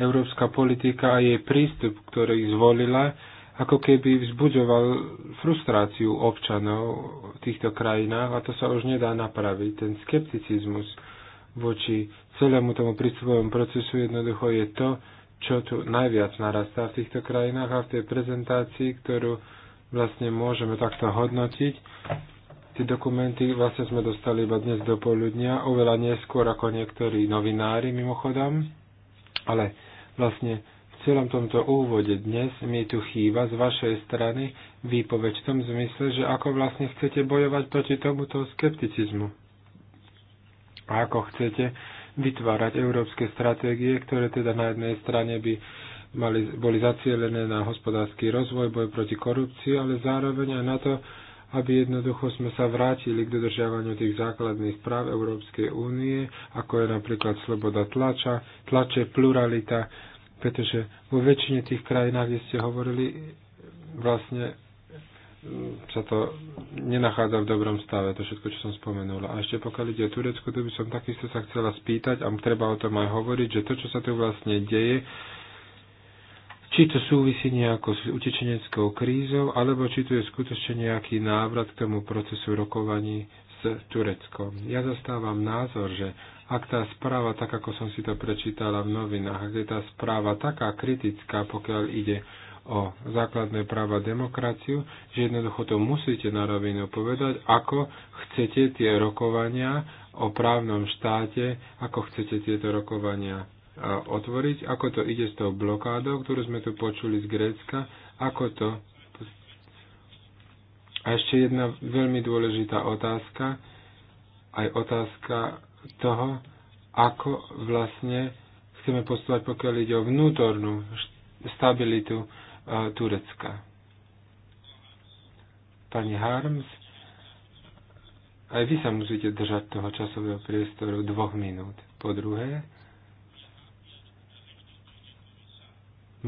európska politika a jej prístup, ktorý zvolila, ako keby vzbudzoval frustráciu občanov v týchto krajinách a to sa už nedá napraviť. Ten skepticizmus voči celému tomu prístupovému procesu jednoducho je to, čo tu najviac narastá v týchto krajinách a v tej prezentácii, ktorú vlastne môžeme takto hodnotiť. Tie dokumenty vlastne sme dostali iba dnes do poludnia, oveľa neskôr ako niektorí novinári mimochodom, ale vlastne v celom tomto úvode dnes mi tu chýba z vašej strany výpoveď v tom zmysle, že ako vlastne chcete bojovať proti tomuto skepticizmu. A ako chcete vytvárať európske stratégie, ktoré teda na jednej strane by mali, boli zacielené na hospodársky rozvoj, boj proti korupcii, ale zároveň aj na to, aby jednoducho sme sa vrátili k dodržiavaniu tých základných práv Európskej únie, ako je napríklad sloboda tlača, tlače, pluralita, pretože vo väčšine tých krajinách, kde ste hovorili, vlastne sa to nenachádza v dobrom stave, to všetko, čo som spomenula. A ešte pokiaľ ide o Turecko, tu by som takisto sa chcela spýtať, a treba o tom aj hovoriť, že to, čo sa tu vlastne deje, či to súvisí nejako s utečeneckou krízou, alebo či tu je skutočne nejaký návrat k tomu procesu rokovaní s Tureckom. Ja zastávam názor, že ak tá správa, tak ako som si to prečítala v novinách, ak je tá správa taká kritická, pokiaľ ide o základné práva demokraciu, že jednoducho to musíte na rovinu povedať, ako chcete tie rokovania o právnom štáte, ako chcete tieto rokovania e, otvoriť, ako to ide s tou blokádou, ktorú sme tu počuli z Grécka, ako to. A ešte jedna veľmi dôležitá otázka, aj otázka toho, ako vlastne chceme postovať, pokiaľ ide o vnútornú stabilitu Turecka. Pani Harms, aj vy sa musíte držať toho časového priestoru dvoch minút. Po druhé,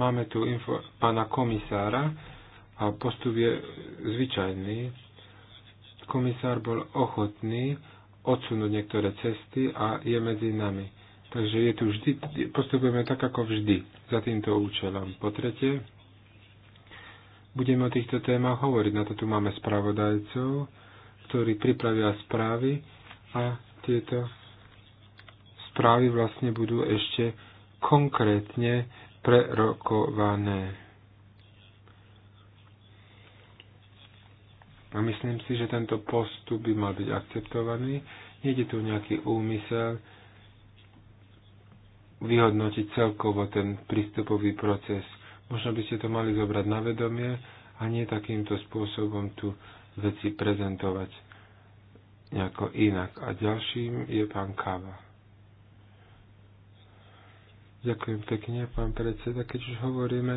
máme tu info, pána komisára a postup je zvyčajný. Komisár bol ochotný odsunúť niektoré cesty a je medzi nami. Takže je tu vždy, postupujeme tak ako vždy za týmto účelom. Po tretie, budeme o týchto témach hovoriť. Na to tu máme spravodajcov, ktorí pripravia správy a tieto správy vlastne budú ešte konkrétne prerokované. A myslím si, že tento postup by mal byť akceptovaný. je tu nejaký úmysel vyhodnotiť celkovo ten prístupový proces Možno by ste to mali zobrať na vedomie a nie takýmto spôsobom tu veci prezentovať nejako inak. A ďalším je pán Kava. Ďakujem pekne, pán predseda. Keď už hovoríme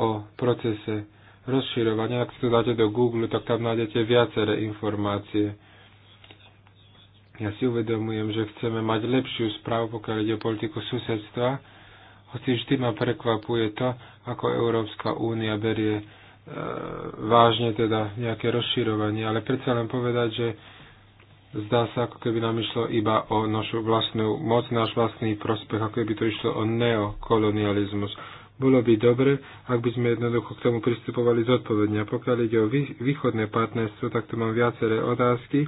o procese rozširovania, ak to dáte do Google, tak tam nájdete viaceré informácie. Ja si uvedomujem, že chceme mať lepšiu správu, pokiaľ ide o politiku susedstva, hoci vždy ma prekvapuje to, ako Európska únia berie e, vážne teda nejaké rozširovanie, ale predsa len povedať, že zdá sa, ako keby nám išlo iba o našu vlastnú moc, náš vlastný prospech, ako keby to išlo o neokolonializmus. Bolo by dobre, ak by sme jednoducho k tomu pristupovali zodpovedne. A pokiaľ ide o východné partnerstvo, tak tu mám viaceré otázky.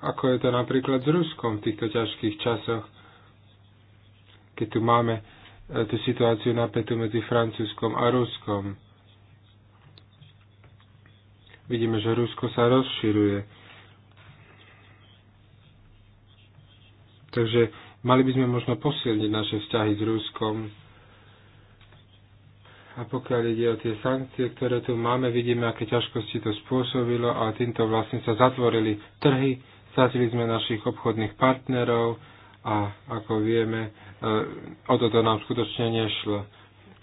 ako je to napríklad s Ruskom v týchto ťažkých časoch, keď tu máme e, tú situáciu napätú medzi Francúzskom a Ruskom. Vidíme, že Rusko sa rozširuje. Takže mali by sme možno posilniť naše vzťahy s Ruskom, a pokiaľ ide o tie sankcie, ktoré tu máme, vidíme, aké ťažkosti to spôsobilo a týmto vlastne sa zatvorili trhy, stratili sme našich obchodných partnerov a ako vieme, e, o toto nám skutočne nešlo.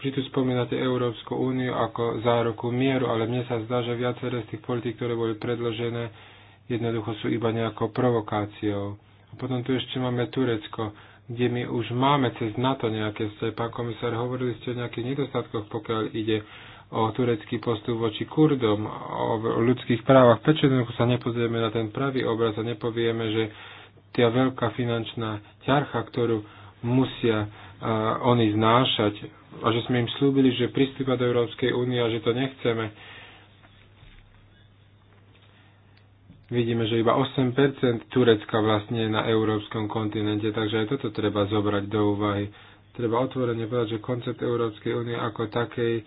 Vždy tu spomínate Európsku úniu ako záruku mieru, ale mne sa zdá, že viaceré z tých politik, ktoré boli predložené, jednoducho sú iba nejakou provokáciou. A potom tu ešte máme Turecko kde my už máme cez NATO nejaké vstoje. Pán komisár, hovorili ste o nejakých nedostatkoch, pokiaľ ide o turecký postup voči Kurdom, o ľudských právach. Prečo jednoducho sa nepozrieme na ten pravý obraz a nepovieme, že tá veľká finančná ťarcha, ktorú musia uh, oni znášať a že sme im slúbili, že pristúpa do Európskej únie a že to nechceme, vidíme, že iba 8% Turecka vlastne je na európskom kontinente, takže aj toto treba zobrať do úvahy. Treba otvorene povedať, že koncept Európskej únie ako takej e,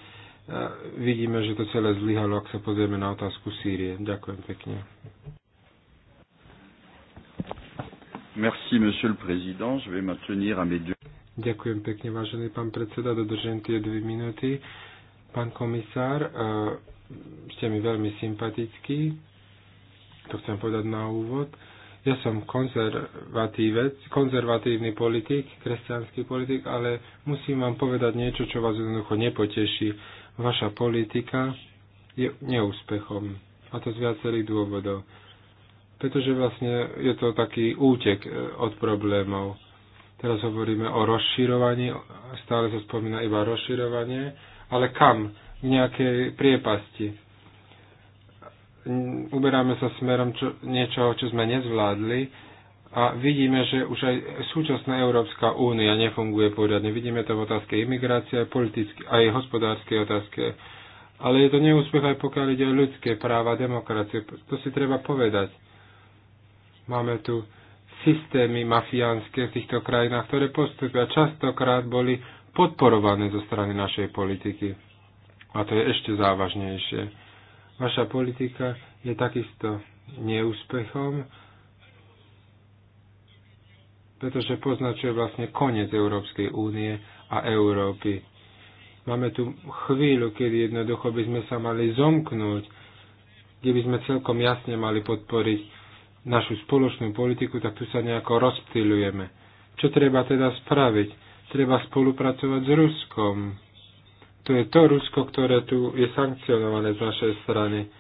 vidíme, že to celé zlyhalo, ak sa pozrieme na otázku Sýrie. Ďakujem pekne. Merci, monsieur le président. Je vais maintenir à mes deux... Ďakujem pekne, vážený pán predseda. Dodržujem tie dve minúty. Pán komisár, e, ste mi veľmi sympatický to chcem povedať na úvod. Ja som konzervatívec, konzervatívny politik, kresťanský politik, ale musím vám povedať niečo, čo vás jednoducho nepoteší. Vaša politika je neúspechom. A to z viacerých dôvodov. Pretože vlastne je to taký útek e, od problémov. Teraz hovoríme o rozširovaní, stále sa spomína iba rozširovanie, ale kam? V nejakej priepasti uberáme sa smerom čo, niečoho, čo sme nezvládli a vidíme, že už aj súčasná Európska únia nefunguje poriadne. Vidíme to v otázke imigrácie, politické, aj hospodárskej otázke. Ale je to neúspech aj pokiaľ ide o ľudské práva, demokracie. To si treba povedať. Máme tu systémy mafiánske v týchto krajinách, ktoré postupia častokrát boli podporované zo strany našej politiky. A to je ešte závažnejšie. Vaša politika je takisto neúspechom, pretože poznačuje vlastne koniec Európskej únie a Európy. Máme tu chvíľu, kedy jednoducho by sme sa mali zomknúť, kde by sme celkom jasne mali podporiť našu spoločnú politiku, tak tu sa nejako rozptýlujeme. Čo treba teda spraviť? Treba spolupracovať s Ruskom. To je to Rusko, ktoré tu je sankcionované z našej strany.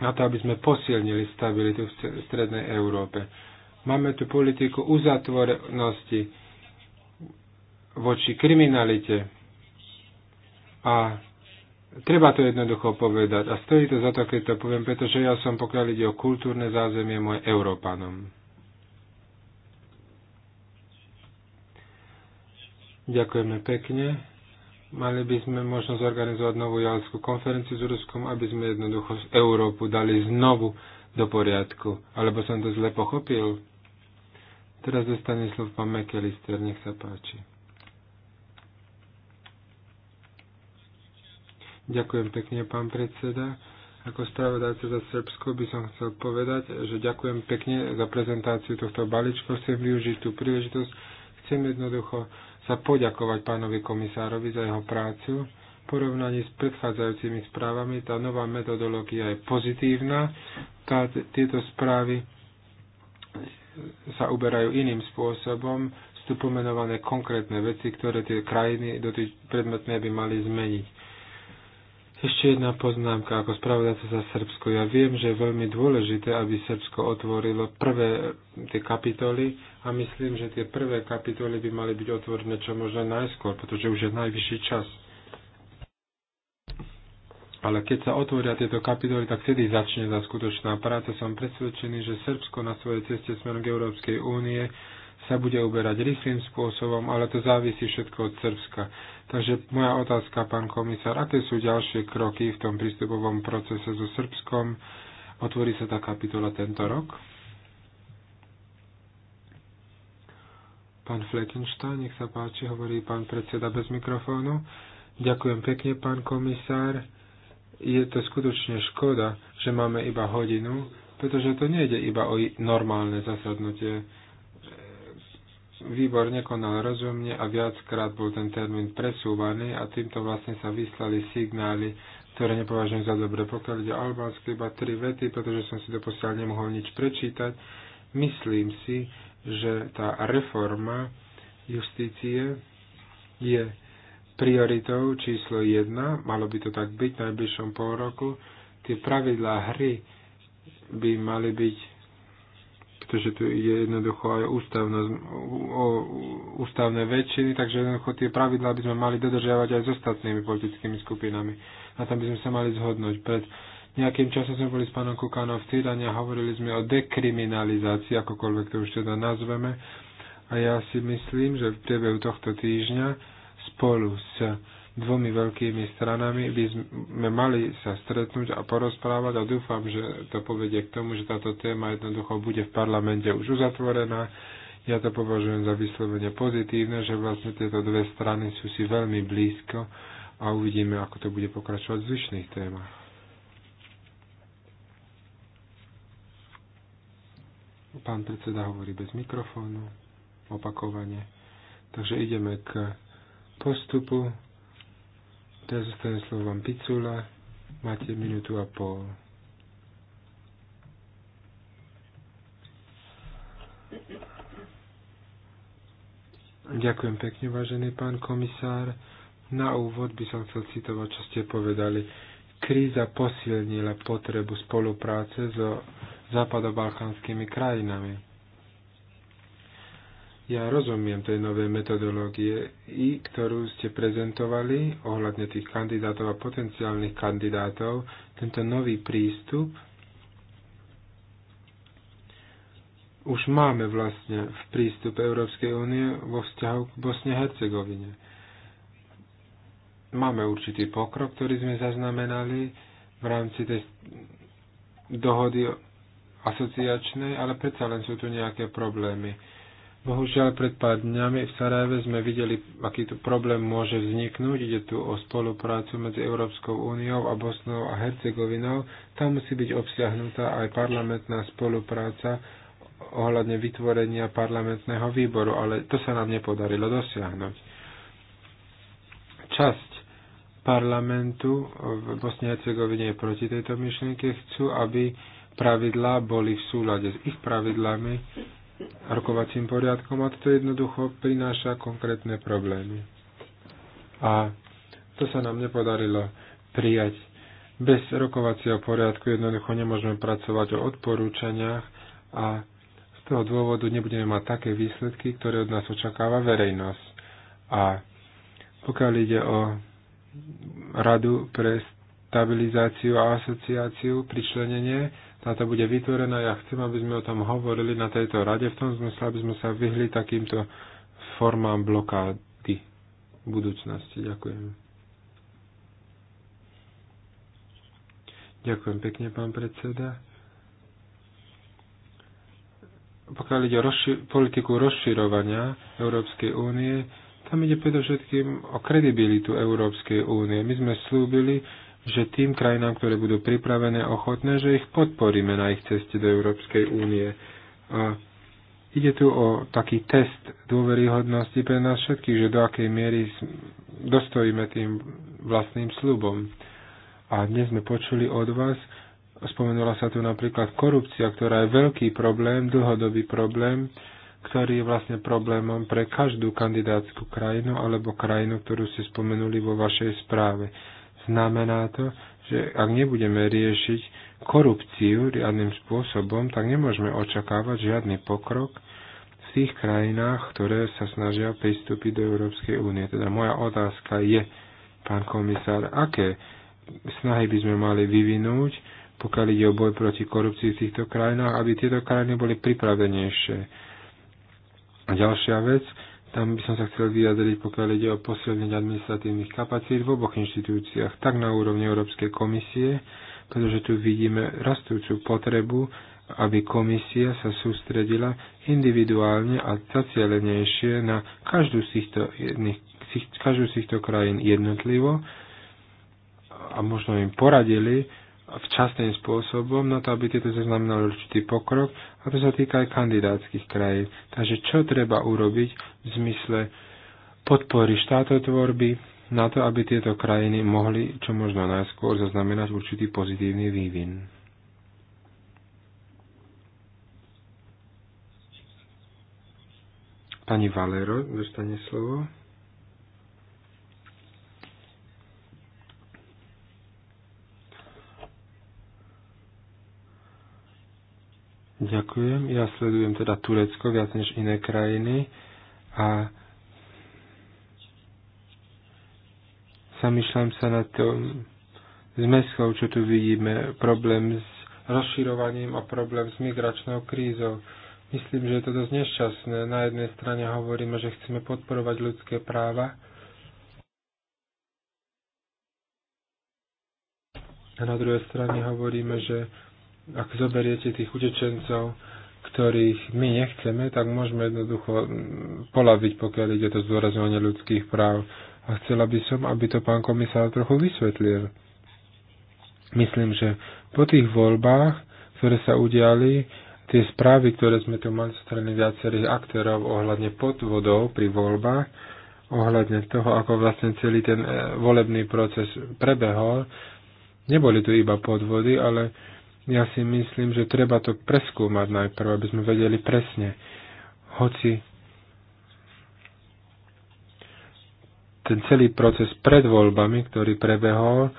Na to, aby sme posilnili stabilitu v strednej Európe. Máme tu politiku uzatvorenosti voči kriminalite. A treba to jednoducho povedať. A stojí to za to, keď to poviem, pretože ja som, pokiaľ ide o kultúrne zázemie, môj Európanom. Ďakujeme pekne. Mali by sme možno zorganizovať novú jalskú konferenciu s Ruskom, aby sme jednoducho Európu dali znovu do poriadku. Alebo som to zle pochopil? Teraz dostane slov pán Mekelister, nech sa páči. Ďakujem pekne, pán predseda. Ako spravodajca za Srbsko by som chcel povedať, že ďakujem pekne za prezentáciu tohto balíčka. Chcem využiť tú príležitosť. Chcem jednoducho sa poďakovať pánovi komisárovi za jeho prácu. V porovnaní s predchádzajúcimi správami tá nová metodológia je pozitívna. Tá, tieto správy sa uberajú iným spôsobom. Sú pomenované konkrétne veci, ktoré tie krajiny do predmetné by mali zmeniť. Ešte jedna poznámka ako spravodajca za Srbsko. Ja viem, že je veľmi dôležité, aby Srbsko otvorilo prvé eh, tie kapitoly a myslím, že tie prvé kapitoly by mali byť otvorené čo možno najskôr, pretože už je najvyšší čas. Ale keď sa otvoria tieto kapitoly, tak vtedy začne tá skutočná práca. Som presvedčený, že Srbsko na svojej ceste smerom k Európskej únie sa bude uberať rýchlým spôsobom, ale to závisí všetko od Srbska. Takže moja otázka, pán komisár, aké sú ďalšie kroky v tom prístupovom procese so Srbskom? Otvorí sa tá kapitola tento rok? Pán Fleckenstein, nech sa páči, hovorí pán predseda bez mikrofónu. Ďakujem pekne, pán komisár. Je to skutočne škoda, že máme iba hodinu, pretože to nejde iba o normálne zasadnutie výbor nekonal rozumne a viackrát bol ten termín presúvaný a týmto vlastne sa vyslali signály, ktoré nepovažujem za dobre. Pokiaľ ide albánsky, iba tri vety, pretože som si doposiaľ nemohol nič prečítať, myslím si, že tá reforma justície je prioritou číslo jedna, malo by to tak byť v najbližšom pol roku. Tie pravidlá hry by mali byť pretože tu ide jednoducho aj ústavno, o ústavné väčšiny, takže jednoducho tie pravidlá by sme mali dodržiavať aj s ostatnými politickými skupinami. Na tom by sme sa mali zhodnúť. Pred nejakým časom sme boli s pánom Kukánom v týdane a hovorili sme o dekriminalizácii, akokoľvek to už teda nazveme. A ja si myslím, že v priebehu tohto týždňa spolu s dvomi veľkými stranami by sme mali sa stretnúť a porozprávať a dúfam, že to povedie k tomu, že táto téma jednoducho bude v parlamente už uzatvorená. Ja to považujem za vyslovene pozitívne, že vlastne tieto dve strany sú si veľmi blízko a uvidíme, ako to bude pokračovať v zvyšných témach. Pán predseda hovorí bez mikrofónu, opakovane. Takže ideme k postupu. Teraz zostane slovo vám Picula. Máte minútu a pol. Ďakujem pekne, vážený pán komisár. Na úvod by som chcel citovať, čo ste povedali. Kríza posilnila potrebu spolupráce so západobalkánskymi krajinami. Ja rozumiem tej novej metodológie, i ktorú ste prezentovali ohľadne tých kandidátov a potenciálnych kandidátov, tento nový prístup už máme vlastne v prístupe Európskej únie vo vzťahu k Bosne-Hercegovine. Máme určitý pokrok, ktorý sme zaznamenali v rámci tej dohody asociačnej, ale predsa len sú tu nejaké problémy Bohužiaľ, pred pár dňami v Sarajeve sme videli, aký tu problém môže vzniknúť. Ide tu o spoluprácu medzi Európskou úniou a Bosnou a Hercegovinou. Tam musí byť obsiahnutá aj parlamentná spolupráca ohľadne vytvorenia parlamentného výboru, ale to sa nám nepodarilo dosiahnuť. Časť parlamentu v Bosne a Hercegovine je proti tejto myšlienke. Chcú, aby pravidlá boli v súlade s ich pravidlami rokovacím poriadkom a to jednoducho prináša konkrétne problémy. A to sa nám nepodarilo prijať. Bez rokovacieho poriadku jednoducho nemôžeme pracovať o odporúčaniach a z toho dôvodu nebudeme mať také výsledky, ktoré od nás očakáva verejnosť. A pokiaľ ide o Radu pre stabilizáciu a asociáciu, pričlenenie, táto bude vytvorená. Ja chcem, aby sme o tom hovorili na tejto rade, v tom zmysle, aby sme sa vyhli takýmto formám blokády v budúcnosti. Ďakujem. Ďakujem pekne, pán predseda. Pokiaľ ide o rozši- politiku rozširovania Európskej únie, tam ide predovšetkým o kredibilitu Európskej únie. My sme slúbili, že tým krajinám, ktoré budú pripravené, ochotné, že ich podporíme na ich ceste do Európskej únie. A Ide tu o taký test dôveryhodnosti pre nás všetkých, že do akej miery dostojíme tým vlastným slubom. A dnes sme počuli od vás, spomenula sa tu napríklad korupcia, ktorá je veľký problém, dlhodobý problém, ktorý je vlastne problémom pre každú kandidátsku krajinu alebo krajinu, ktorú ste spomenuli vo vašej správe. Znamená to, že ak nebudeme riešiť korupciu riadnym spôsobom, tak nemôžeme očakávať žiadny pokrok v tých krajinách, ktoré sa snažia pristúpiť do Európskej únie. Teda moja otázka je, pán komisár, aké snahy by sme mali vyvinúť, pokiaľ ide o boj proti korupcii v týchto krajinách, aby tieto krajiny boli pripravenejšie. A ďalšia vec, tam by som sa chcel vyjadriť, pokiaľ ide o posilnenie administratívnych kapacít v oboch inštitúciách, tak na úrovni Európskej komisie, pretože tu vidíme rastúcu potrebu, aby komisia sa sústredila individuálne a zacielenejšie na každú z týchto, jedných, každú z týchto krajín jednotlivo a možno im poradili, včasným spôsobom na to, aby tieto zaznamenali určitý pokrok a to sa týka aj kandidátskych krajín. Takže čo treba urobiť v zmysle podpory štátotvorby na to, aby tieto krajiny mohli čo možno najskôr zaznamenať určitý pozitívny vývin. Pani Valero dostane slovo. Ďakujem. Ja sledujem teda Turecko viac než iné krajiny a zamýšľam sa na tom zmeskou, čo tu vidíme, problém s rozširovaním a problém s migračnou krízou. Myslím, že je to dosť nešťastné. Na jednej strane hovoríme, že chceme podporovať ľudské práva, a na druhej strane hovoríme, že ak zoberiete tých utečencov, ktorých my nechceme, tak môžeme jednoducho polaviť, pokiaľ ide to zdôrazňovanie ľudských práv. A chcela by som, aby to pán komisár trochu vysvetlil. Myslím, že po tých voľbách, ktoré sa udiali, tie správy, ktoré sme tu mali zo strany viacerých aktérov ohľadne podvodov pri voľbách, ohľadne toho, ako vlastne celý ten eh, volebný proces prebehol, neboli tu iba podvody, ale ja si myslím, že treba to preskúmať najprv, aby sme vedeli presne, hoci ten celý proces pred voľbami, ktorý prebehol, e,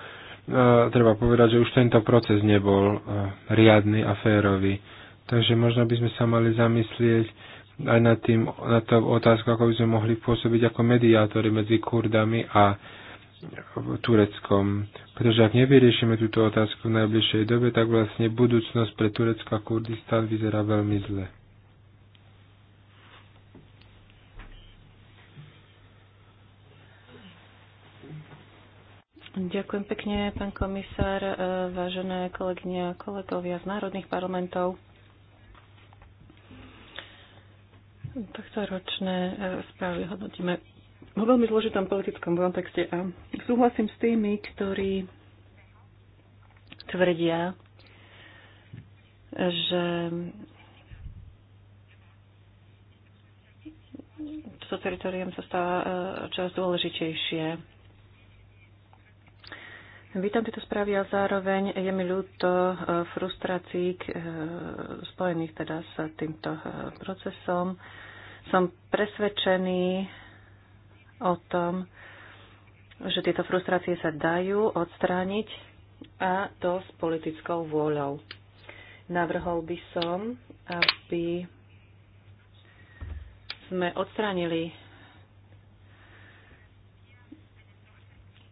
treba povedať, že už tento proces nebol e, riadny a férový. Takže možno by sme sa mali zamyslieť aj nad, tým, na tou otázku, ako by sme mohli pôsobiť ako mediátori medzi Kurdami a Tureckom. Pretože ak nevyriešime túto otázku v najbližšej dobe, tak vlastne budúcnosť pre Turecko a Kurdistan vyzerá veľmi zle. Ďakujem pekne, pán komisár, e, vážené kolegyne a kolegovia z národných parlamentov. Tohto ročné e, správy hodnotíme vo veľmi zložitom politickom kontexte a súhlasím s tými, ktorí tvrdia, že toto teritorium sa stáva e, čoraz dôležitejšie. Vítam tieto správy a zároveň je mi ľúto e, frustrácií e, spojených teda s týmto procesom. Som presvedčený, o tom, že tieto frustrácie sa dajú odstrániť a to s politickou vôľou. Navrhol by som, aby sme odstránili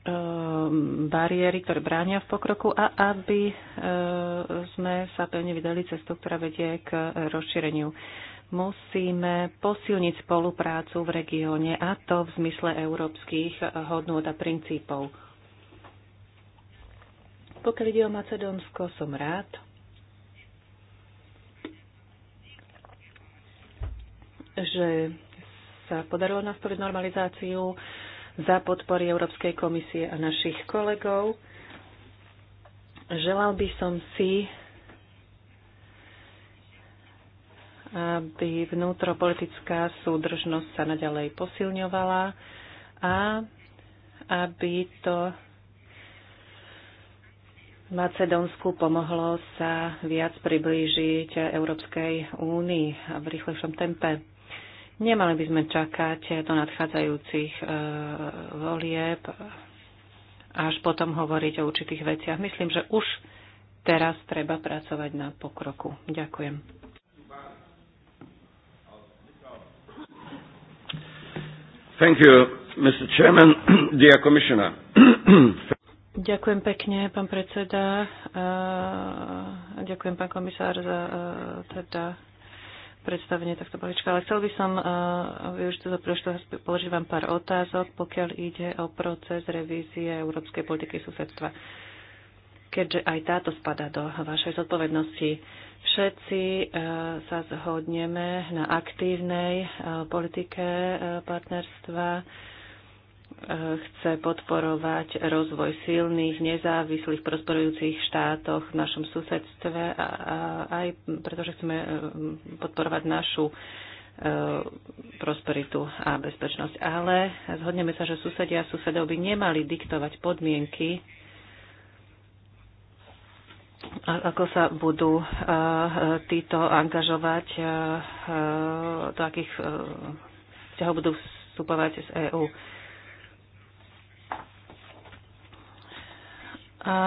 ehm, bariéry, ktoré bránia v pokroku a aby ehm, sme sa pevne vydali cestu, ktorá vedie k rozšíreniu musíme posilniť spoluprácu v regióne a to v zmysle európskych hodnôt a princípov. Pokiaľ ide o Macedónsko, som rád, že sa podarilo nastoliť normalizáciu za podpory Európskej komisie a našich kolegov. Želal by som si, aby vnútropolitická súdržnosť sa naďalej posilňovala a aby to Macedónsku pomohlo sa viac priblížiť Európskej únii v rýchlejšom tempe. Nemali by sme čakať do nadchádzajúcich e, volieb až potom hovoriť o určitých veciach. Myslím, že už teraz treba pracovať na pokroku. Ďakujem. Thank you, Mr. Chairman, dear Commissioner. Ďakujem pekne, pán predseda. ďakujem, pán komisár, za e, teda predstavenie takto balíčka. Ale chcel by som e, využiť to za položiť vám pár otázok, pokiaľ ide o proces revízie európskej politiky susedstva keďže aj táto spada do vašej zodpovednosti. Všetci e, sa zhodneme na aktívnej e, politike e, partnerstva. Chce podporovať rozvoj silných, nezávislých, prosperujúcich štátoch v našom susedstve, a aj pretože chceme podporovať našu prosperitu a bezpečnosť. Ale zhodneme sa, že susedia a susedov by nemali diktovať podmienky ako sa budú eh, títo angažovať, eh, eh, do akých vzťahov budú vstupovať z EÚ. A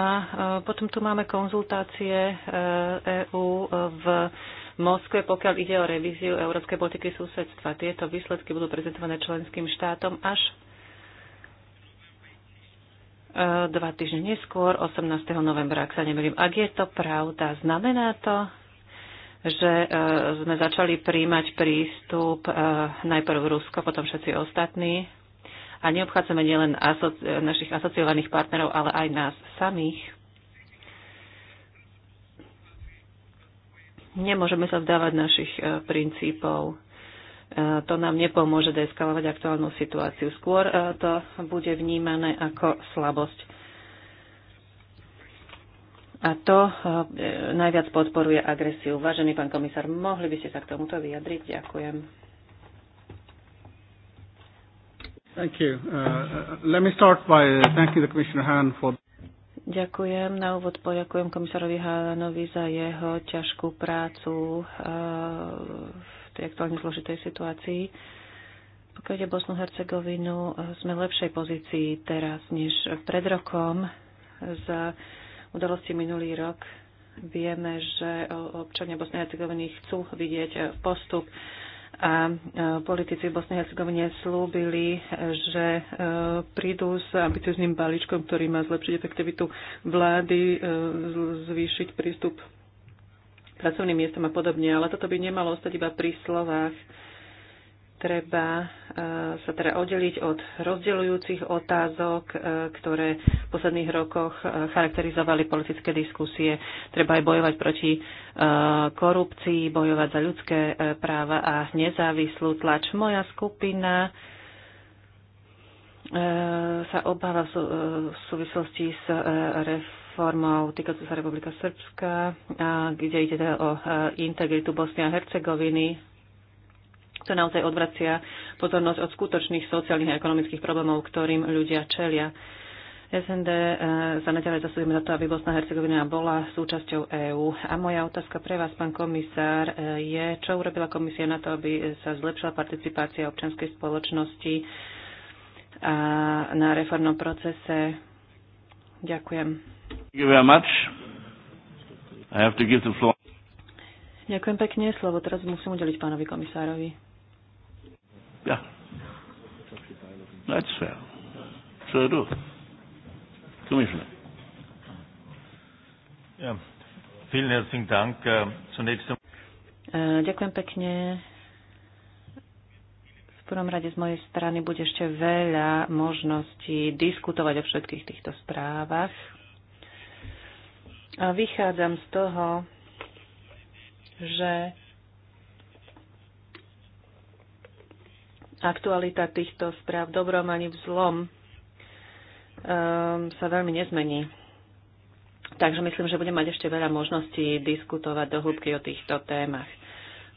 potom tu máme konzultácie EÚ e v Moskve, pokiaľ ide o revíziu európskej politiky susedstva. Tieto výsledky budú prezentované členským štátom až E, dva týždne neskôr, 18. novembra, ak sa nemýlim. Ak je to pravda, znamená to, že e, sme začali príjmať prístup e, najprv Rusko, potom všetci ostatní a neobchádzame nielen asoci- našich asociovaných partnerov, ale aj nás samých. Nemôžeme sa vzdávať našich princípov to nám nepomôže deeskalovať aktuálnu situáciu. Skôr e, to bude vnímané ako slabosť. A to e, najviac podporuje agresiu. Vážený pán komisár, mohli by ste sa k tomuto vyjadriť? Ďakujem. Uh, uh, uh, Ďakujem. Na úvod poďakujem komisárovi Hánovi za jeho ťažkú prácu v tej aktuálne zložitej situácii. Pokiaľ ide Bosnu Hercegovinu, eh, sme v lepšej pozícii teraz než pred rokom. Z udalosti minulý rok vieme, že občania Bosnej Hercegoviny chcú vidieť postup a eh, politici v Bosnej Hercegovine slúbili, že eh, prídu s ambiciozným balíčkom, ktorý má zlepšiť efektivitu vlády, zvýšiť prístup pracovným miestom a podobne, ale toto by nemalo ostať iba pri slovách. Treba eh, sa teda oddeliť od rozdeľujúcich otázok, eh, ktoré v posledných rokoch eh, charakterizovali politické diskusie. Treba aj bojovať proti korupcii, bojovať za ľudské práva a nezávislú tlač. Moja skupina sa obáva v súvislosti s ref formou týkajúcu sa Republika Srbska, kde ide teda o e, integritu Bosny a Hercegoviny. To naozaj odvracia pozornosť od skutočných sociálnych a ekonomických problémov, ktorým ľudia čelia. SND e, sa naďalej zasúdime za to, aby Bosna a Hercegovina bola súčasťou EÚ. A moja otázka pre vás, pán komisár, e, je, čo urobila komisia na to, aby sa zlepšila participácia občianskej spoločnosti a na reformnom procese. Ďakujem. Thank you very much. I have to give the floor. Ďakujem pekne. Slovo teraz musím udeliť pánovi komisárovi. Ja. That's fair. So do. Commissioner. Ja. Vielen herzlichen Dank. Äh, zunächst äh, Ďakujem pekne. V prvom rade z mojej strany bude ešte veľa možností diskutovať o všetkých týchto správach. A vychádzam z toho, že aktualita týchto správ dobrom ani v zlom um, sa veľmi nezmení. Takže myslím, že budeme mať ešte veľa možností diskutovať do hĺbky o týchto témach.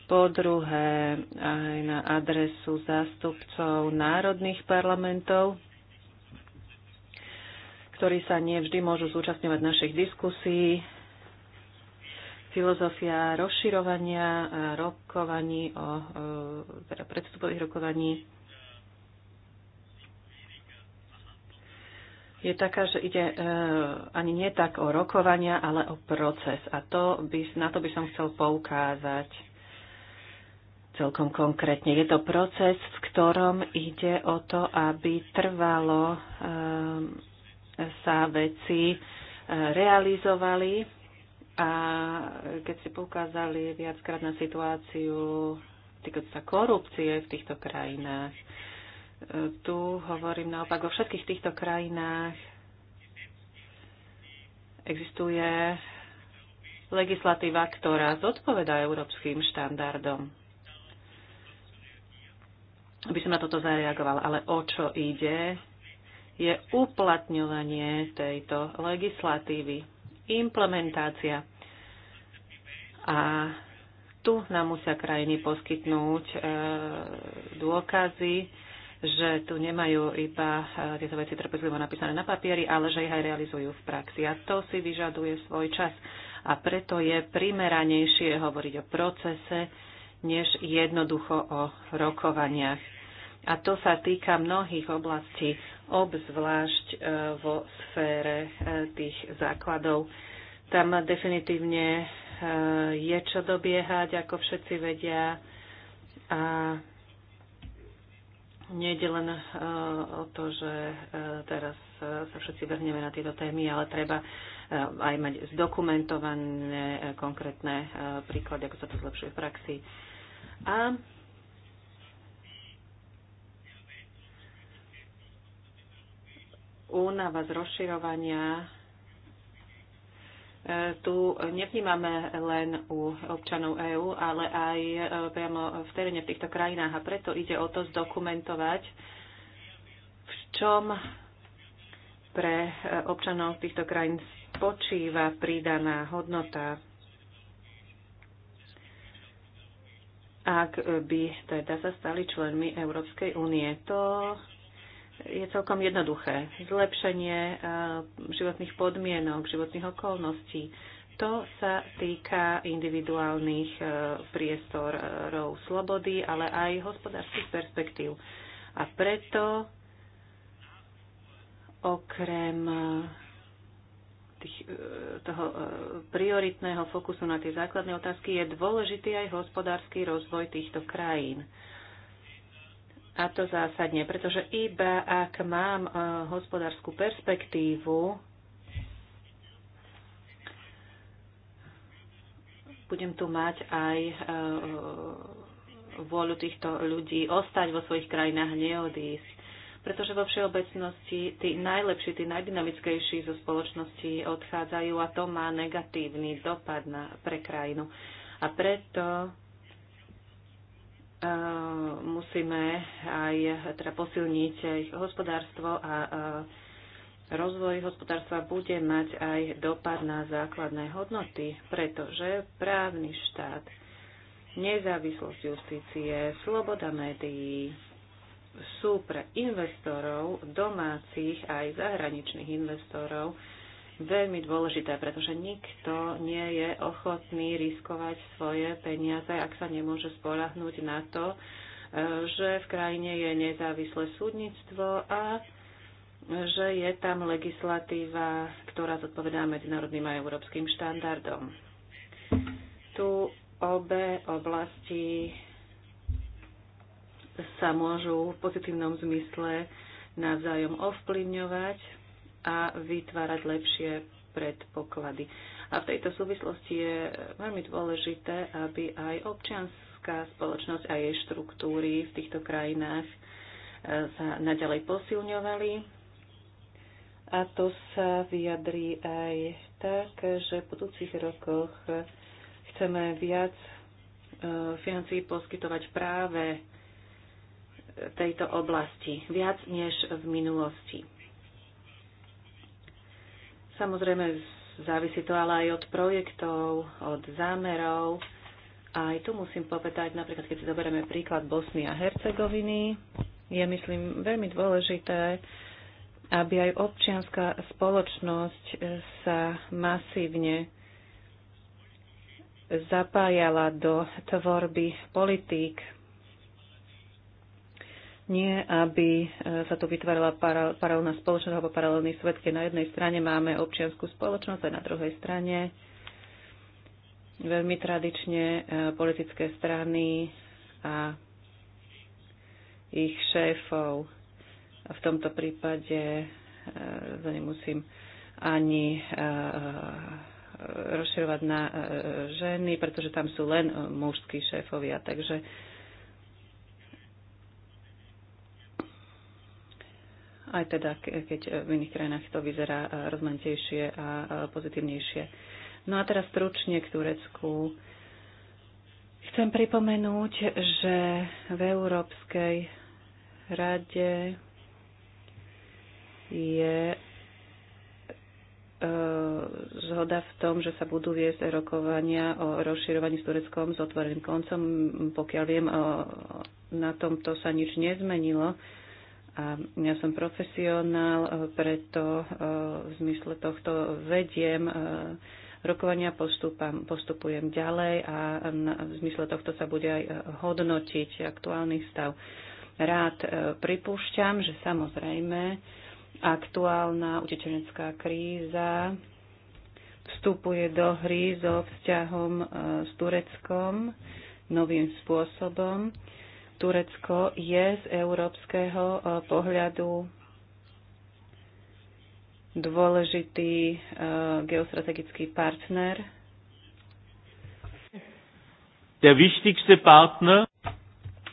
Po druhé, aj na adresu zástupcov národných parlamentov ktorí sa nevždy môžu zúčastňovať našich diskusí. Filozofia rozširovania a rokovaní, o, e, teda predstupových rokovaní, je taká, že ide e, ani nie tak o rokovania, ale o proces. A to by, na to by som chcel poukázať celkom konkrétne. Je to proces, v ktorom ide o to, aby trvalo e, sa veci e, realizovali a keď si poukázali viackrát na situáciu týkať sa korupcie v týchto krajinách, e, tu hovorím naopak, vo všetkých týchto krajinách existuje legislatíva, ktorá zodpoveda európskym štandardom. Aby som na toto zareagoval, ale o čo ide, je uplatňovanie tejto legislatívy, implementácia. A tu nám musia krajiny poskytnúť e, dôkazy, že tu nemajú iba e, tieto veci trpezlivo napísané na papieri, ale že ich aj realizujú v praxi. A to si vyžaduje svoj čas. A preto je primeranejšie hovoriť o procese, než jednoducho o rokovaniach. A to sa týka mnohých oblastí obzvlášť e, vo sfére e, tých základov. Tam definitívne e, je čo dobiehať, ako všetci vedia. A je len o to, že teraz sa všetci vrhneme na tieto témy, ale treba aj mať zdokumentované konkrétne príklady, ako sa to zlepšuje v praxi. A únava z rozširovania e, tu nevnímame len u občanov EÚ, ale aj e, priamo v teréne v týchto krajinách. A preto ide o to zdokumentovať, v čom pre e, občanov týchto krajín spočíva pridaná hodnota. Ak by teda sa stali členmi Európskej únie, to je celkom jednoduché. Zlepšenie eh, životných podmienok, životných okolností. To sa týka individuálnych eh, priestorov slobody, ale aj hospodárskych perspektív. A preto okrem eh, tých, toho prioritného fokusu na tie základné otázky je dôležitý aj hospodársky rozvoj týchto krajín. A to zásadne, pretože iba ak mám e, hospodárskú perspektívu, budem tu mať aj e, e, vôľu týchto ľudí ostať vo svojich krajinách, neodísť. Pretože vo všeobecnosti tí najlepší, tí najdynamickejší zo spoločnosti odchádzajú a to má negatívny dopad na, pre krajinu. A preto Eh, musíme aj teda posilniť ich hospodárstvo a eh, rozvoj hospodárstva bude mať aj dopad na základné hodnoty, pretože právny štát, nezávislosť justície, sloboda médií sú pre investorov, domácich aj zahraničných investorov veľmi dôležité, pretože nikto nie je ochotný riskovať svoje peniaze, ak sa nemôže spolahnúť na to, e, že v krajine je nezávislé súdnictvo a že je tam legislatíva, ktorá zodpovedá medzinárodným a európskym štandardom. Tu obe oblasti sa môžu v pozitívnom zmysle navzájom ovplyvňovať a vytvárať lepšie predpoklady. A v tejto súvislosti je veľmi dôležité, aby aj občianská spoločnosť a jej štruktúry v týchto krajinách e, sa naďalej posilňovali. A to sa vyjadrí aj tak, že v budúcich rokoch chceme viac e, financií poskytovať práve tejto oblasti, viac než v minulosti. Samozrejme, závisí to ale aj od projektov, od zámerov. A aj tu musím povedať, napríklad keď si zoberieme príklad Bosny a Hercegoviny, je myslím veľmi dôležité, aby aj občianská spoločnosť sa masívne zapájala do tvorby politík nie aby e, sa tu vytvárala paralelná spoločnosť alebo paralelný svet, keď na jednej strane máme občianskú spoločnosť a na druhej strane veľmi tradične e, politické strany a ich šéfov. V tomto prípade e, za nemusím ani rozširovať na ženy, pretože tam sú len mužskí šéfovia. Takže aj teda keď v iných krajinách to vyzerá e, rozmanitejšie a e, pozitívnejšie. No a teraz stručne k Turecku. Chcem pripomenúť, že v Európskej rade je e, zhoda v tom, že sa budú viesť rokovania o rozširovaní s Tureckom s otvoreným koncom. Pokiaľ viem, na tomto sa nič nezmenilo. A ja som profesionál, e, preto e, v zmysle tohto vediem e, rokovania, postupam, postupujem ďalej a v zmysle tohto sa bude aj hodnotiť aktuálny stav. Rád pripúšťam, že samozrejme aktuálna utečenecká kríza vstupuje do hry so vzťahom s Tureckom novým spôsobom Turecko je z európskeho e, pohľadu dôležitý e, geostrategický partner. Der wichtigste Partner.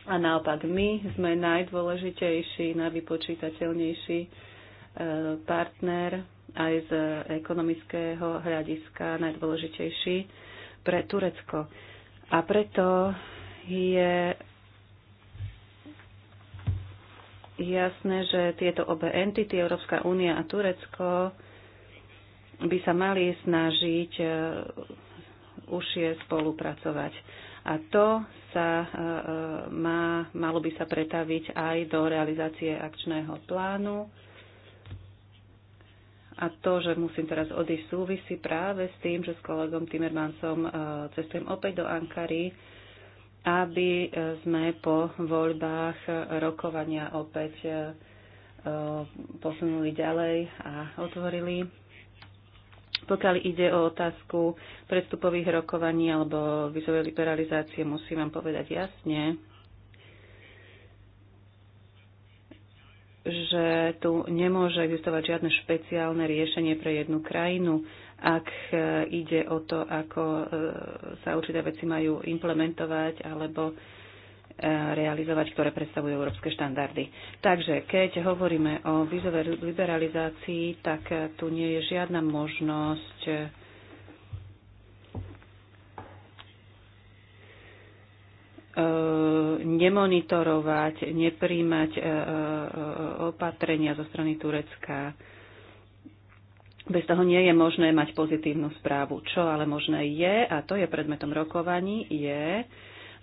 A naopak my sme najdôležitejší, najvypočítateľnejší e, partner aj z ekonomického hľadiska najdôležitejší pre Turecko. A preto je jasné, že tieto obe entity, Európska únia a Turecko, by sa mali snažiť e, užšie spolupracovať. A to sa e, e, má, malo by sa pretaviť aj do realizácie akčného plánu. A to, že musím teraz odísť, súvisí práve s tým, že s kolegom Timmermansom cestujem opäť do Ankary aby e, sme po voľbách rokovania opäť e, e, posunuli ďalej a otvorili. Pokiaľ ide o otázku predstupových rokovaní alebo vizovej liberalizácie, musím vám povedať jasne, že tu nemôže existovať žiadne špeciálne riešenie pre jednu krajinu ak e, ide o to, ako e, sa určité veci majú implementovať alebo e, realizovať, ktoré predstavujú európske štandardy. Takže keď hovoríme o vízovej liberalizácii, tak tu nie je žiadna možnosť nemonitorovať, nepríjmať opatrenia zo strany Turecka bez toho nie je možné mať pozitívnu správu. Čo ale možné je, a to je predmetom rokovaní, je,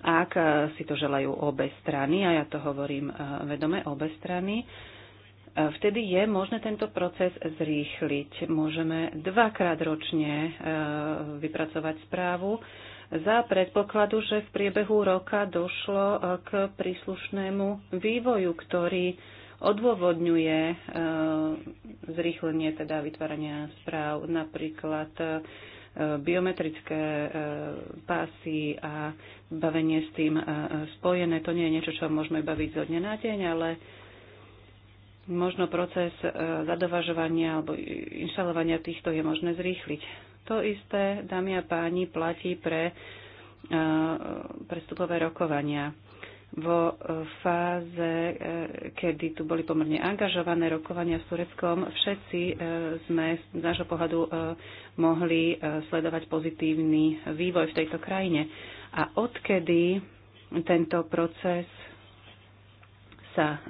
ak si to želajú obe strany, a ja to hovorím eh, vedome obe strany, eh, vtedy je možné tento proces zrýchliť. Môžeme dvakrát ročne eh, vypracovať správu za predpokladu, že v priebehu roka došlo k príslušnému vývoju, ktorý odôvodňuje e, zrýchlenie teda vytvárania správ, napríklad e, biometrické e, pásy a bavenie s tým spojené. To nie je niečo, čo môžeme baviť zo dňa na deň, ale možno proces zadovažovania alebo inštalovania týchto je možné zrýchliť. To isté, dámy a páni, platí pre prestupové rokovania vo e, fáze, e, kedy tu boli pomerne angažované rokovania s Tureckom, všetci e, sme z nášho pohľadu mohli sledovať pozitívny vývoj v tejto krajine. A odkedy tento proces sa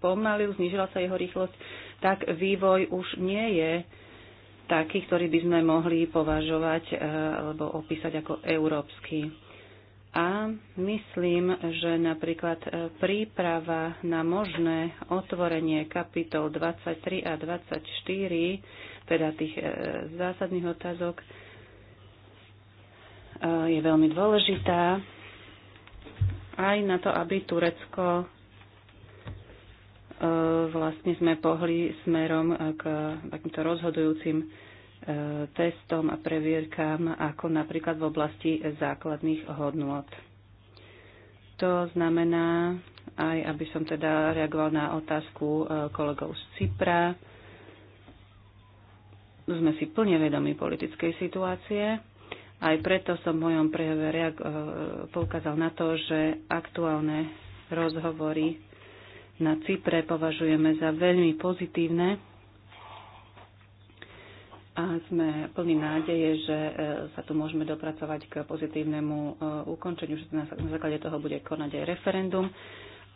spomalil, znižila sa jeho rýchlosť, tak vývoj už nie je taký, ktorý by sme mohli považovať alebo opísať ako európsky a myslím, že napríklad e, príprava na možné otvorenie kapitol 23 a 24, teda tých e, zásadných otázok, e, je veľmi dôležitá aj na to, aby Turecko vlastne sme pohli smerom k takýmto rozhodujúcim E, testom a previerkám, ako napríklad v oblasti základných hodnôt. To znamená aj, aby som teda reagoval na otázku e, kolegov z Cypra. Sme si plne vedomi politickej situácie. Aj preto som v mojom prejave e, poukázal na to, že aktuálne rozhovory na Cypre považujeme za veľmi pozitívne a sme plní nádeje, že e, sa tu môžeme dopracovať k pozitívnemu e, ukončeniu, že na základe toho bude konať aj referendum.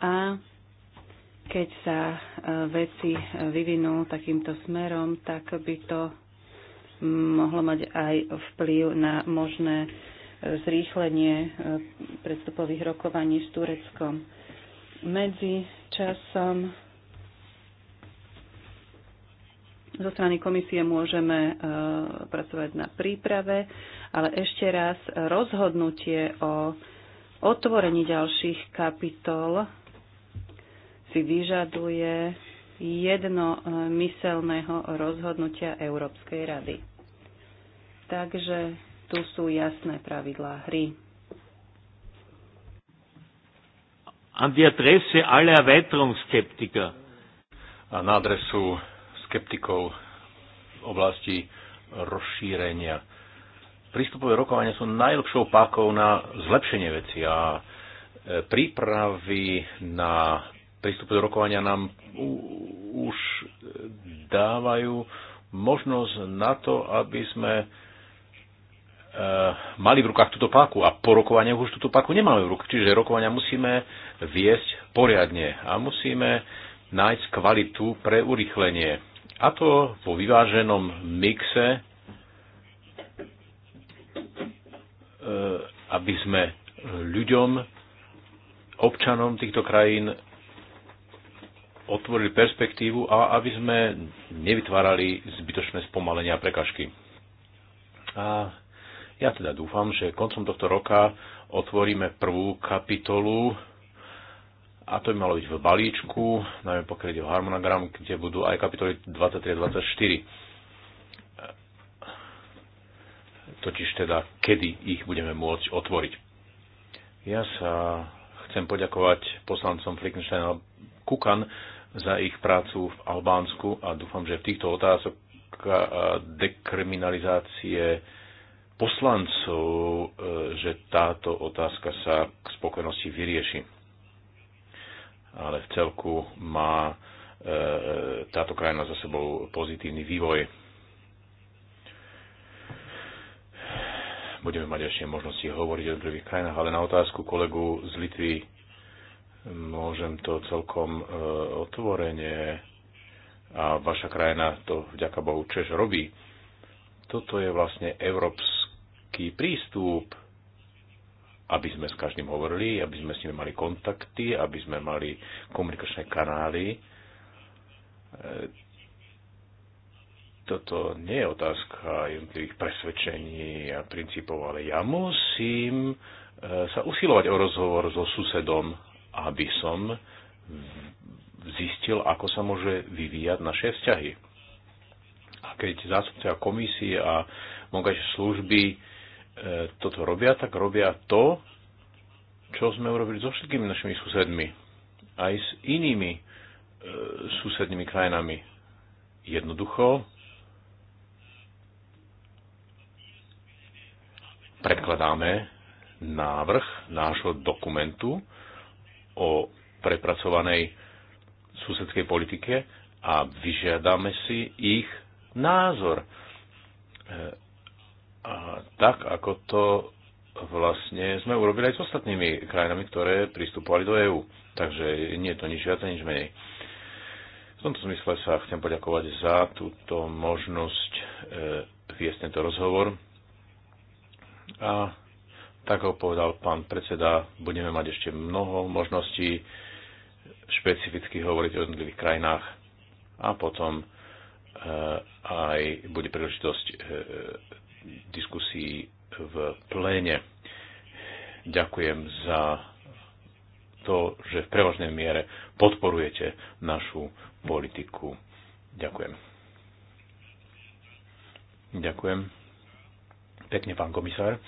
A keď sa e, veci vyvinú takýmto smerom, tak by to mohlo mať aj vplyv na možné zrýchlenie predstupových rokovaní s Tureckom. Medzi časom Zo strany komisie môžeme e, pracovať na príprave, ale ešte raz rozhodnutie o otvorení ďalších kapitol si vyžaduje jednomyselného rozhodnutia Európskej rady. Takže tu sú jasné pravidlá hry. An die Adresse aller Erweiterungsskeptiker. An adresu skeptikov v oblasti rozšírenia. Prístupové rokovania sú najlepšou pákou na zlepšenie veci a e, prípravy na prístupové rokovania nám už dávajú možnosť na to, aby sme e, mali v rukách túto páku a po rokovaniach už túto páku nemáme v rukách. Čiže rokovania musíme viesť poriadne a musíme nájsť kvalitu pre urychlenie. A to vo vyváženom mixe, e, aby sme ľuďom, občanom týchto krajín otvorili perspektívu a aby sme nevytvárali zbytočné spomalenia a prekažky. A ja teda dúfam, že koncom tohto roka otvoríme prvú kapitolu a to by malo byť v balíčku, najmä pokiaľ ide o harmonogram, kde budú aj kapitoly 23 a 24. Totiž teda, kedy ich budeme môcť otvoriť. Ja sa chcem poďakovať poslancom Flickensteina Kukan za ich prácu v Albánsku a dúfam, že v týchto otázok dekriminalizácie poslancov, e, že táto otázka sa k spokojnosti vyrieši ale v celku má e, e, táto krajina za sebou pozitívny vývoj. Budeme mať ešte možnosti hovoriť o druhých krajinách, ale na otázku kolegu z Litvy môžem to celkom e, otvorene a vaša krajina to vďaka Bohu Češ robí. Toto je vlastne európsky prístup aby sme s každým hovorili, aby sme s nimi mali kontakty, aby sme mali komunikačné kanály. E, toto nie je otázka jednotlivých presvedčení a princípov, ale ja musím e, sa usilovať o rozhovor so susedom, aby som zistil, ako sa môže vyvíjať naše vzťahy. A keď zástupcovia komisie a vonkajšie služby E, toto robia, tak robia to, čo sme urobili so všetkými našimi susedmi. Aj s inými e, susednými krajinami. Jednoducho prekladáme návrh nášho dokumentu o prepracovanej susedskej politike a vyžiadame si ich názor. E, a tak, ako to vlastne sme urobili aj s ostatnými krajinami, ktoré pristupovali do EÚ. Takže nie je to nič viac, nič menej. V tomto zmysle sa chcem poďakovať za túto možnosť e, viesť tento rozhovor. A tak ako povedal pán predseda, budeme mať ešte mnoho možností špecificky hovoriť o jednotlivých krajinách a potom e, aj bude príležitosť e, diskusii v pléne. Ďakujem za to, že v prevažnej miere podporujete našu politiku. Ďakujem. Ďakujem. Pekne, pán komisár.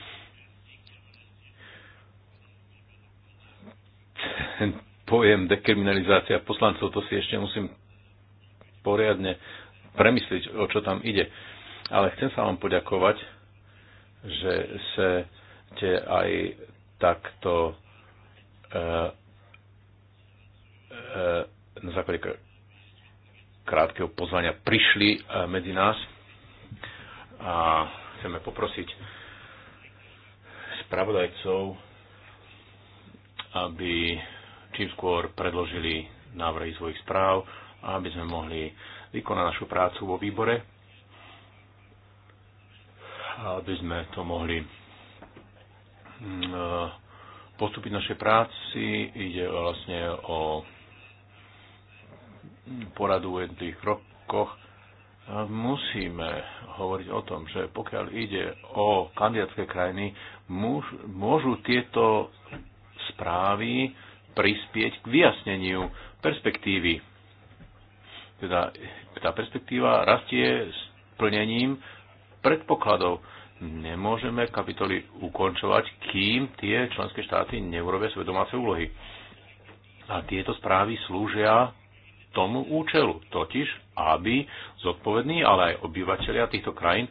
pojem dekriminalizácia poslancov, to si ešte musím poriadne premyslieť, o čo tam ide ale chcem sa vám poďakovať, že ste aj takto e, e, na základe krátkeho pozvania prišli e, medzi nás a chceme poprosiť spravodajcov, aby čím skôr predložili návrhy svojich správ a aby sme mohli vykonať našu prácu vo výbore aby sme to mohli mm, e, postúpiť našej práci. Ide vlastne o poradu v jednotlivých krokoch. E, musíme hovoriť o tom, že pokiaľ ide o kandidátske krajiny, môžu tieto správy prispieť k vyjasneniu perspektívy. Teda tá perspektíva rastie s plnením predpokladov. Nemôžeme kapitoly ukončovať, kým tie členské štáty neurobia svoje domáce úlohy. A tieto správy slúžia tomu účelu, totiž aby zodpovední, ale aj obyvateľia týchto krajín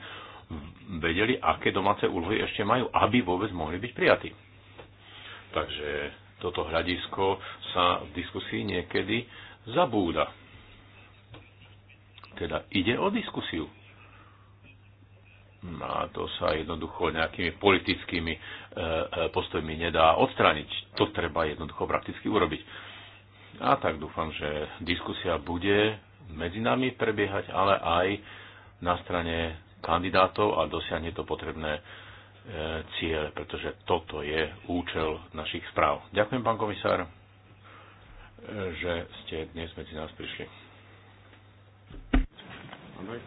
vedeli, aké domáce úlohy ešte majú, aby vôbec mohli byť prijatí. Takže toto hľadisko sa v diskusii niekedy zabúda. Teda ide o diskusiu. A to sa jednoducho nejakými politickými e, e, postojmi nedá odstrániť. To treba jednoducho prakticky urobiť. A tak dúfam, že diskusia bude medzi nami prebiehať, ale aj na strane kandidátov a dosiahne to potrebné e, ciele, pretože toto je účel našich správ. Ďakujem, pán komisár, že ste dnes medzi nás prišli. Dobre.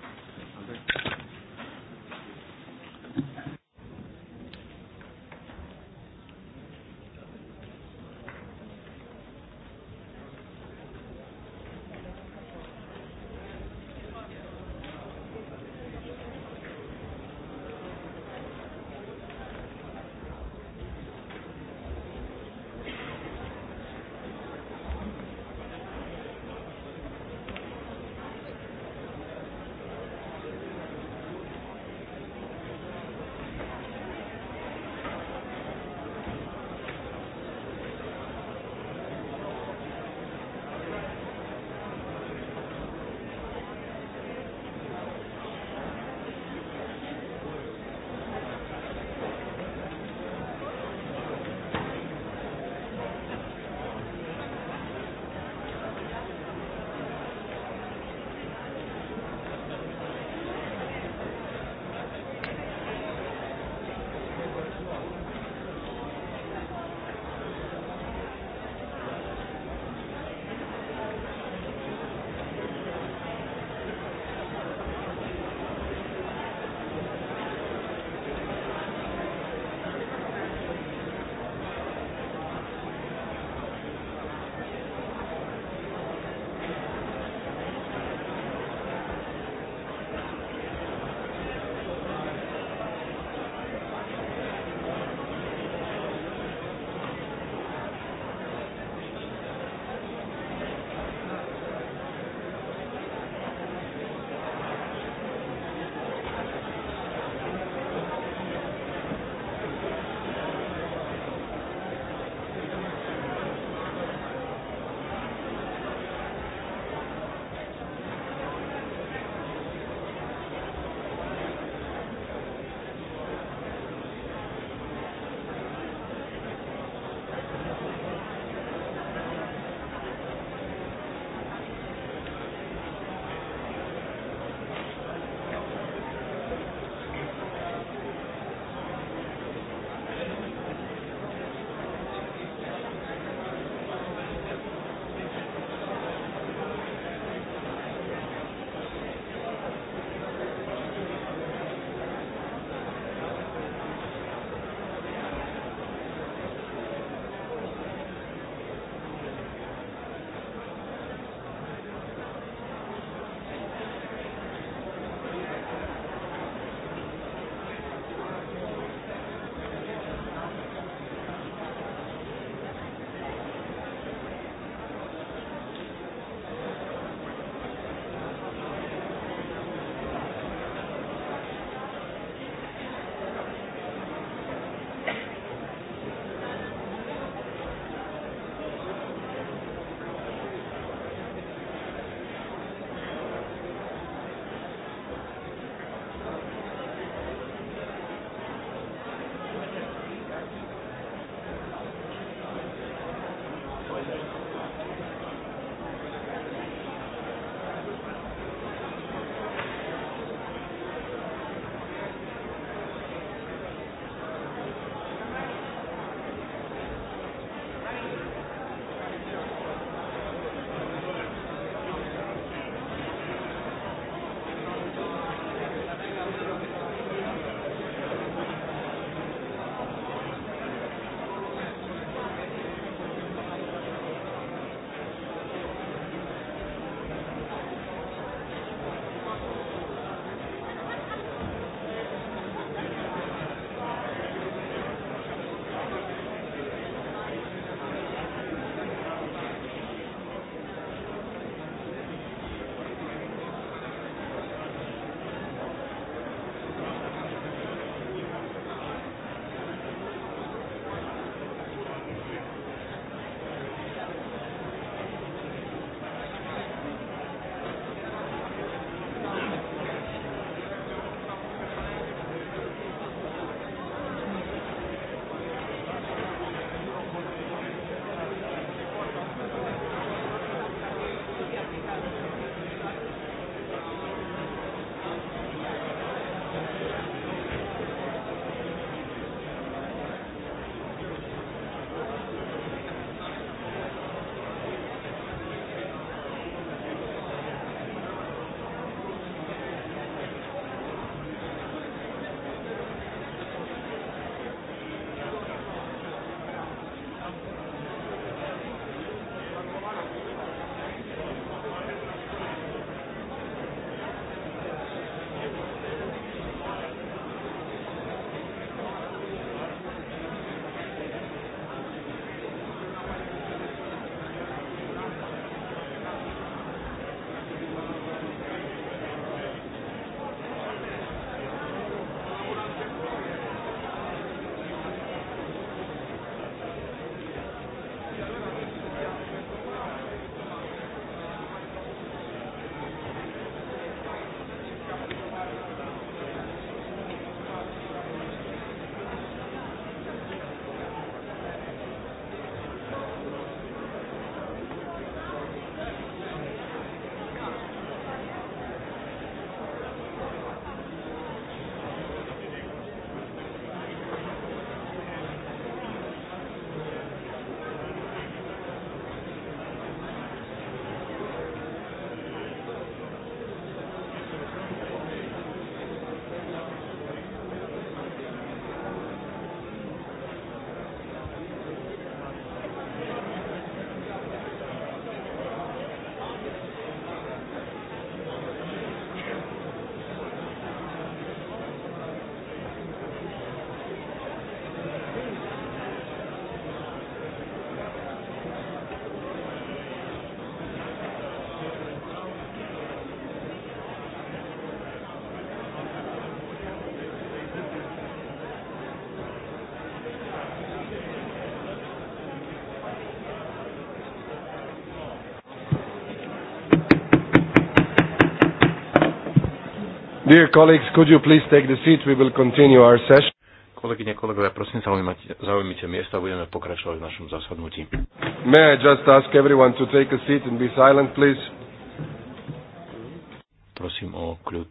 Dear colleagues, could you please take the seat? We will continue our session. Kolegyne, kolegovia, prosím sa, zaujímite miesto a budeme pokračovať v našom zasadnutí. May I just ask everyone to take a seat and be silent, please? Prosím o kľud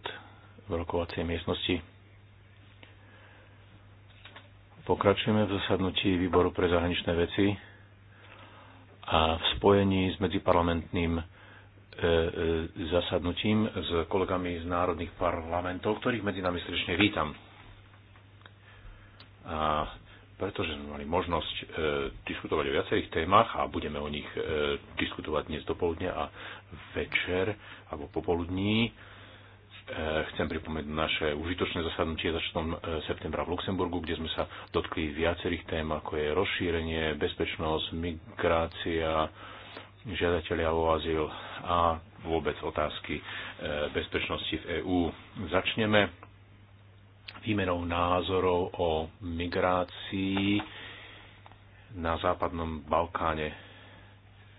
v rokovacej miestnosti. Pokračujeme v zasadnutí výboru pre zahraničné veci a v spojení s medziparlamentným výborom E, e, zasadnutím s kolegami z národných parlamentov, ktorých medzi nami srdečne vítam. A pretože sme mali možnosť e, diskutovať o viacerých témach a budeme o nich e, diskutovať dnes dopoludne a večer alebo popoludní, e, chcem pripomenúť naše užitočné zasadnutie začiatkom e, septembra v Luxemburgu, kde sme sa dotkli viacerých tém, ako je rozšírenie, bezpečnosť, migrácia, e, žiadatelia o azyl a vôbec otázky e, bezpečnosti v EÚ. Začneme výmenou názorov o migrácii na západnom Balkáne.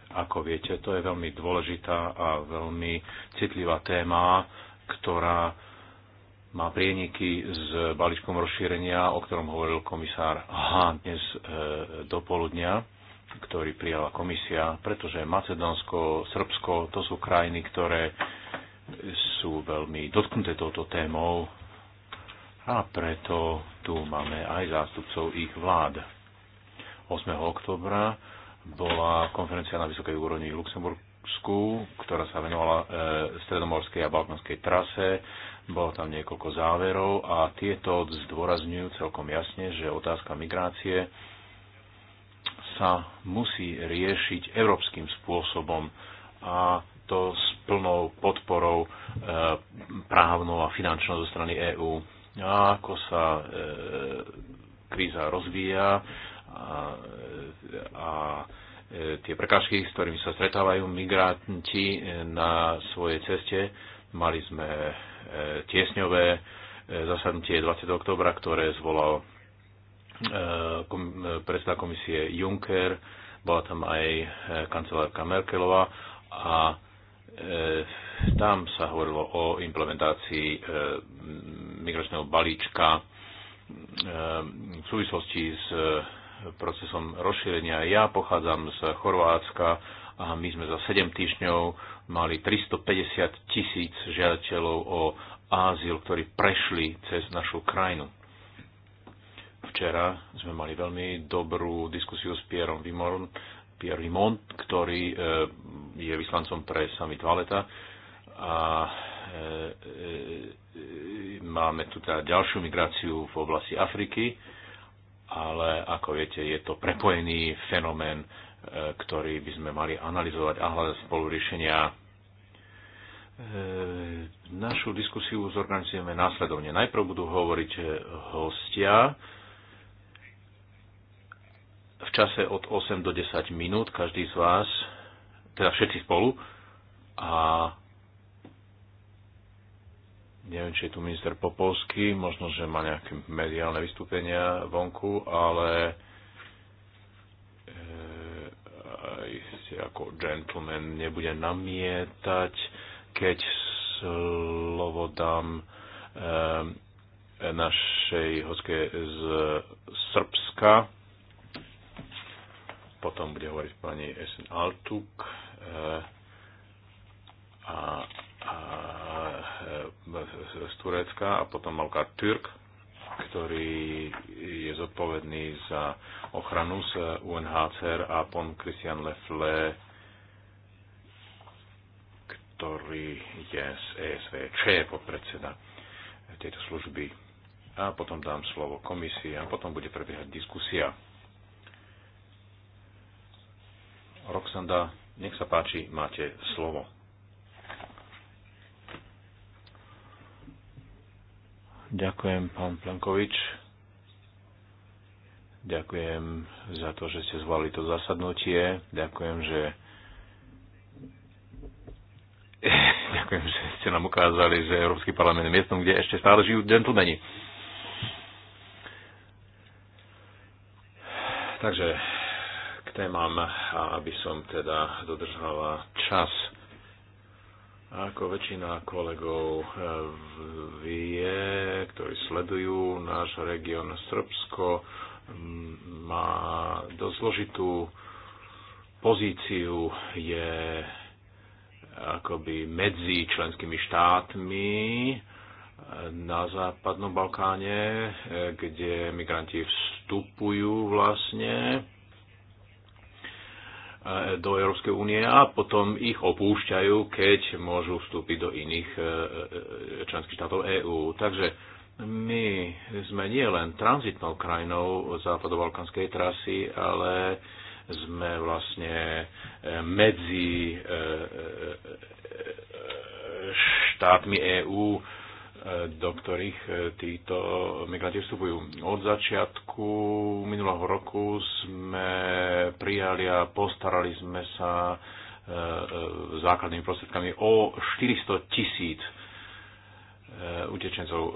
Ako viete, to je veľmi dôležitá a veľmi citlivá téma, ktorá má prieniky s balíčkom rozšírenia, o ktorom hovoril komisár Hahn dnes e, do poludnia ktorý prijala komisia, pretože Macedónsko, Srbsko, to sú krajiny, ktoré sú veľmi dotknuté touto témou a preto tu máme aj zástupcov ich vlád. 8. oktobra bola konferencia na vysokej úrovni v Luxembursku, ktorá sa venovala e, stredomorskej a balkanskej trase. Bolo tam niekoľko záverov a tieto zdôrazňujú celkom jasne, že otázka migrácie sa musí riešiť európskym spôsobom a to s plnou podporou e, právnou a finančnou zo strany EÚ. A ako sa e, kríza rozvíja a, a e, tie prekážky, s ktorými sa stretávajú migranti e, na svojej ceste, mali sme e, tiesňové e, zasadnutie 20. oktobra, ktoré zvolal Eh, eh, predseda komisie Juncker, bola tam aj eh, kancelárka Merkelová a tam sa hovorilo o implementácii migračného balíčka v súvislosti s procesom rozšírenia. Ja pochádzam z Chorvátska a my sme za 7 týždňov mali 350 tisíc žiadateľov o azyl, ktorí prešli cez našu krajinu. Včera sme mali veľmi dobrú diskusiu s Pierom Vimorom, Pierre Rimont, ktorý e, je vyslancom pre summit Valeta. A e, e, máme tu teda ďalšiu migráciu v oblasti Afriky, ale ako viete, je to prepojený fenomén, ktorý by sme mali analyzovať a hľadať spolu riešenia. Našu diskusiu zorganizujeme následovne. Najprv budú hovoriť hostia, v čase od 8 do 10 minút, každý z vás, teda všetci spolu. A neviem, či je tu minister Popolský, možno, že má nejaké mediálne vystúpenia vonku, ale e, aj ako gentleman nebudem namietať, keď slovo dám e, našej hoske z Srbska potom bude hovoriť pani Esen Altuk eh, a, a, eh, z Turecka a potom Malka Türk, ktorý je zodpovedný za ochranu z UNHCR a pon Christian Lefle, ktorý je z je podpredseda tejto služby. A potom dám slovo komisii a potom bude prebiehať diskusia. Roxanda, nech sa páči, máte slovo. Ďakujem, pán Plankovič. Ďakujem za to, že ste zvolali to zasadnutie. Ďakujem, že Ďakujem, že ste nám ukázali, že Európsky parlament je miestom, kde ešte stále žijú džentlmeni. Takže témam, aby som teda dodržala čas. Ako väčšina kolegov eh, vie, ktorí sledujú náš región Srbsko, mm, má dosť zložitú pozíciu, je akoby medzi členskými štátmi eh, na Západnom Balkáne, eh, kde migranti vstupujú vlastne E, do Európskej únie a potom ich opúšťajú, keď môžu vstúpiť do iných e, e, členských štátov EÚ. Takže my sme nie len tranzitnou krajinou západovalkanskej trasy, ale sme vlastne medzi štátmi EÚ do ktorých e, títo migranti vstupujú. Od začiatku minulého roku sme prijali a postarali sme sa e, e, základnými prostriedkami o 400 tisíc utečencov.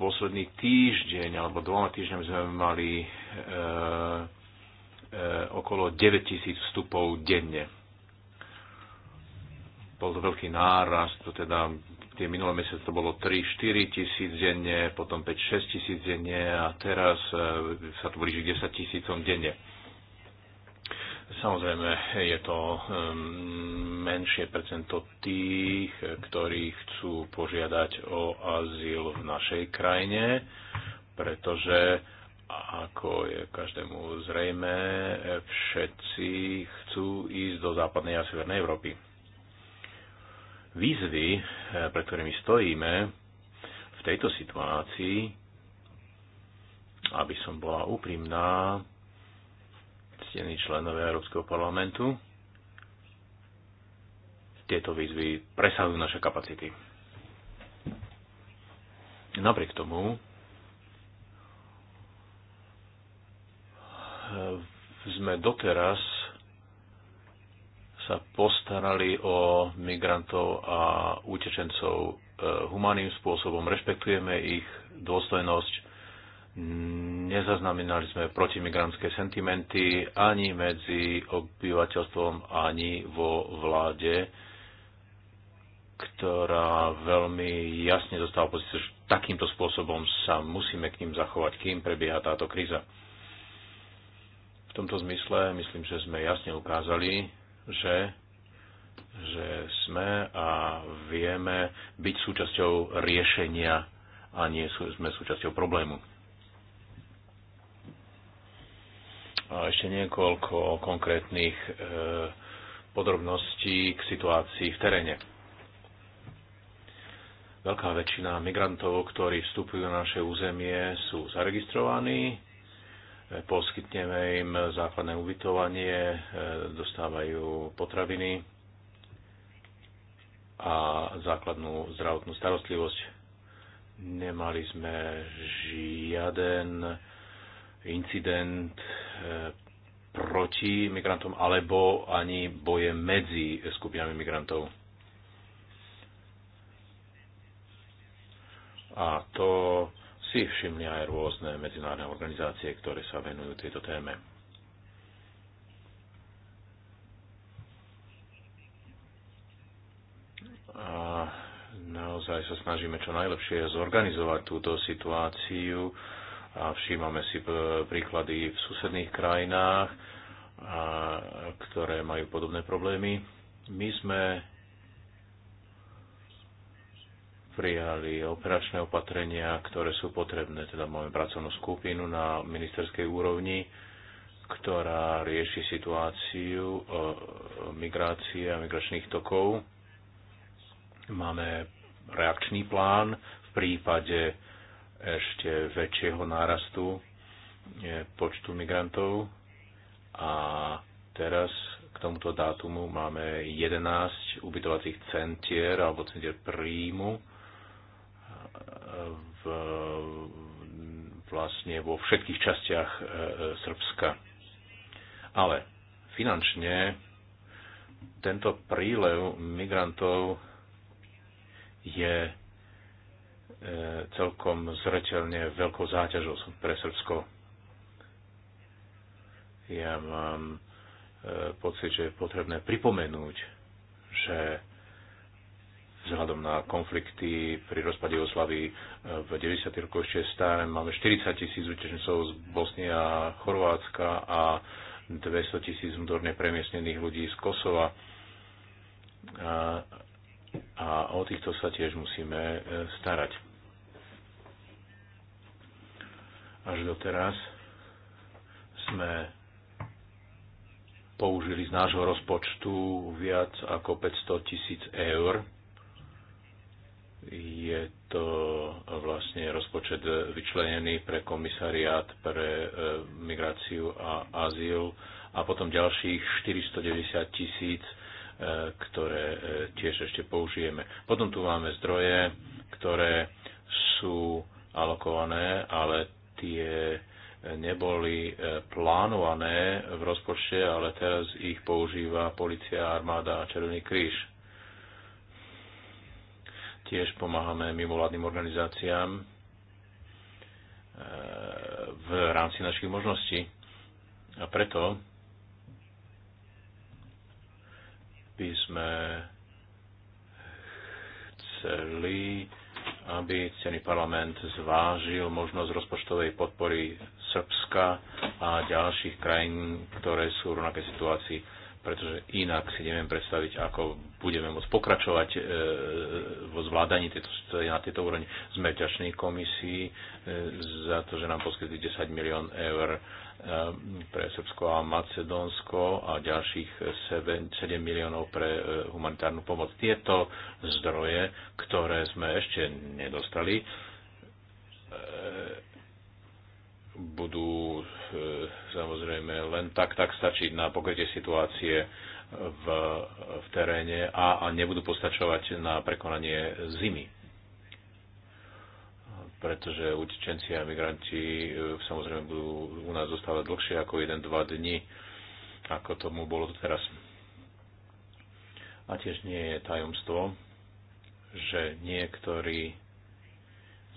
Posledný týždeň alebo dvoma týždňami sme mali okolo 9 tisíc vstupov denne bol to veľký nárast, to teda tie minulé mesiace to bolo 3-4 tisíc denne, potom 5-6 tisíc denne a teraz e, sa to blíži k 10 tisícom denne. Samozrejme, je to menšie percento tých, ktorí chcú požiadať o azyl v našej krajine, pretože ako je každému zrejme, e, všetci chcú ísť do západnej a severnej Európy. Výzvy, eh, pred ktorými stojíme v tejto situácii, aby som bola úprimná, ctení členové Európskeho parlamentu, tieto výzvy presahujú naše kapacity. Napriek tomu eh, sme doteraz sa postarali o migrantov a utečencov e, humaným spôsobom, rešpektujeme ich dôstojnosť, nezaznamenali sme protimigrantské sentimenty ani medzi obyvateľstvom, ani vo vláde, ktorá veľmi jasne dostala pozíciu, že takýmto spôsobom sa musíme k ním zachovať, kým prebieha táto kríza. V tomto zmysle myslím, že sme jasne ukázali, že, že sme a vieme byť súčasťou riešenia a nie sú, sme súčasťou problému. A ešte niekoľko konkrétnych e, podrobností k situácii v teréne. Veľká väčšina migrantov, ktorí vstupujú na naše územie, sú zaregistrovaní poskytneme im základné ubytovanie, e, dostávajú potraviny a základnú zdravotnú starostlivosť. Nemali sme žiaden incident e, proti migrantom alebo ani boje medzi skupinami migrantov. A to si všimli aj rôzne medzinárodné organizácie, ktoré sa venujú tejto téme. A naozaj sa snažíme čo najlepšie zorganizovať túto situáciu a všímame si e, príklady v susedných krajinách, ktoré majú podobné problémy. My sme prijali operačné opatrenia, ktoré sú potrebné. Teda máme pracovnú skupinu na ministerskej úrovni, ktorá rieši situáciu e, migrácie a migračných tokov. Máme reakčný plán v prípade ešte väčšieho nárastu e, počtu migrantov a teraz k tomuto dátumu máme 11 ubytovacích centier alebo centier príjmu v, vlastne vo všetkých častiach e, e, Srbska. Ale finančne tento prílev migrantov je e, celkom zreteľne veľkou záťažou pre Srbsko. Ja mám pocit, že je potrebné pripomenúť, že vzhľadom na konflikty pri rozpade Oslavy e, v 90. rokoch ešte staré. Máme 40 tisíc utečencov z Bosny a Chorvátska a 200 tisíc vnútorne premiestnených ľudí z Kosova. A, a o týchto sa tiež musíme e, starať. Až doteraz sme použili z nášho rozpočtu viac ako 500 tisíc eur je to vlastne rozpočet vyčlenený pre komisariát pre e, migráciu a azyl a potom ďalších 490 tisíc, e, ktoré e, tiež ešte použijeme. Potom tu máme zdroje, ktoré sú alokované, ale tie neboli plánované v rozpočte, ale teraz ich používa policia, armáda a Červený kríž Tiež pomáhame mimovládnym organizáciám e, v rámci našich možností. A preto by sme chceli, aby cený parlament zvážil možnosť rozpočtovej podpory Srbska a ďalších krajín, ktoré sú v rovnakej situácii pretože inak si neviem predstaviť, ako budeme môcť pokračovať e, vo zvládaní tieto, na tejto úrovni. Sme vďační komisii e, za to, že nám poskytli 10 milión eur e, pre Srbsko a Macedónsko a ďalších 7, 7 miliónov pre e, humanitárnu pomoc. Tieto zdroje, ktoré sme ešte nedostali, e, budú e, samozrejme len tak, tak stačiť na pokrytie situácie v, v teréne a, a nebudú postačovať na prekonanie zimy. Pretože utečenci a migranti e, samozrejme budú u nás zostávať dlhšie ako 1-2 dní, ako tomu bolo teraz. A tiež nie je tajomstvo, že niektorí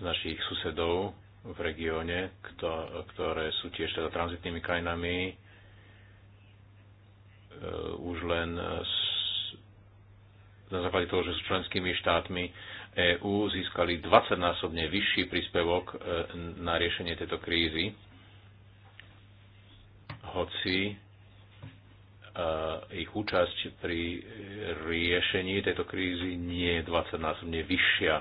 z našich susedov v regióne, ktoré sú tiež teda tranzitnými krajinami, e, už len s, na základe toho, že sú členskými štátmi EÚ, získali 20-násobne vyšší príspevok e, na riešenie tejto krízy, hoci e, ich účasť pri riešení tejto krízy nie je 20-násobne vyššia,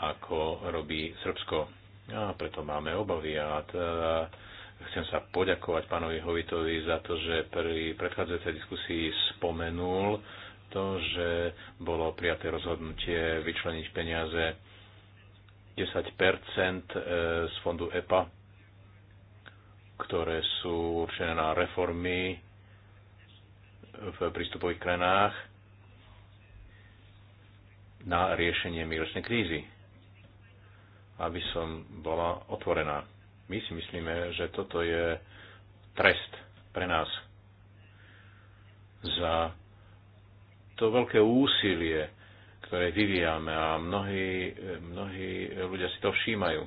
ako robí Srbsko a preto máme obavy a teda chcem sa poďakovať pánovi Hovitovi za to, že pri predchádzajúcej diskusii spomenul to, že bolo prijaté rozhodnutie vyčleniť peniaze 10 e, z fondu EPA, ktoré sú určené na reformy v prístupových krajinách na riešenie migračnej krízy aby som bola otvorená. My si myslíme, že toto je trest pre nás za to veľké úsilie, ktoré vyvíjame a mnohí, mnohí ľudia si to všímajú.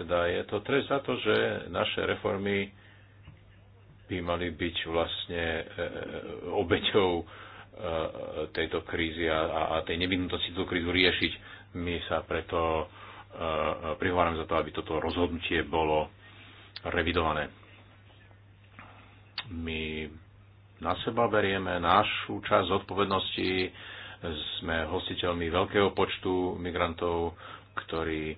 Teda je to trest za to, že naše reformy by mali byť vlastne e, e, obeťou e, tejto krízy a, a tej nevyhnutosti tú krízu riešiť. My sa preto prihováram za to, aby toto rozhodnutie bolo revidované. My na seba berieme našu časť zodpovednosti, sme hostiteľmi veľkého počtu migrantov, ktorí,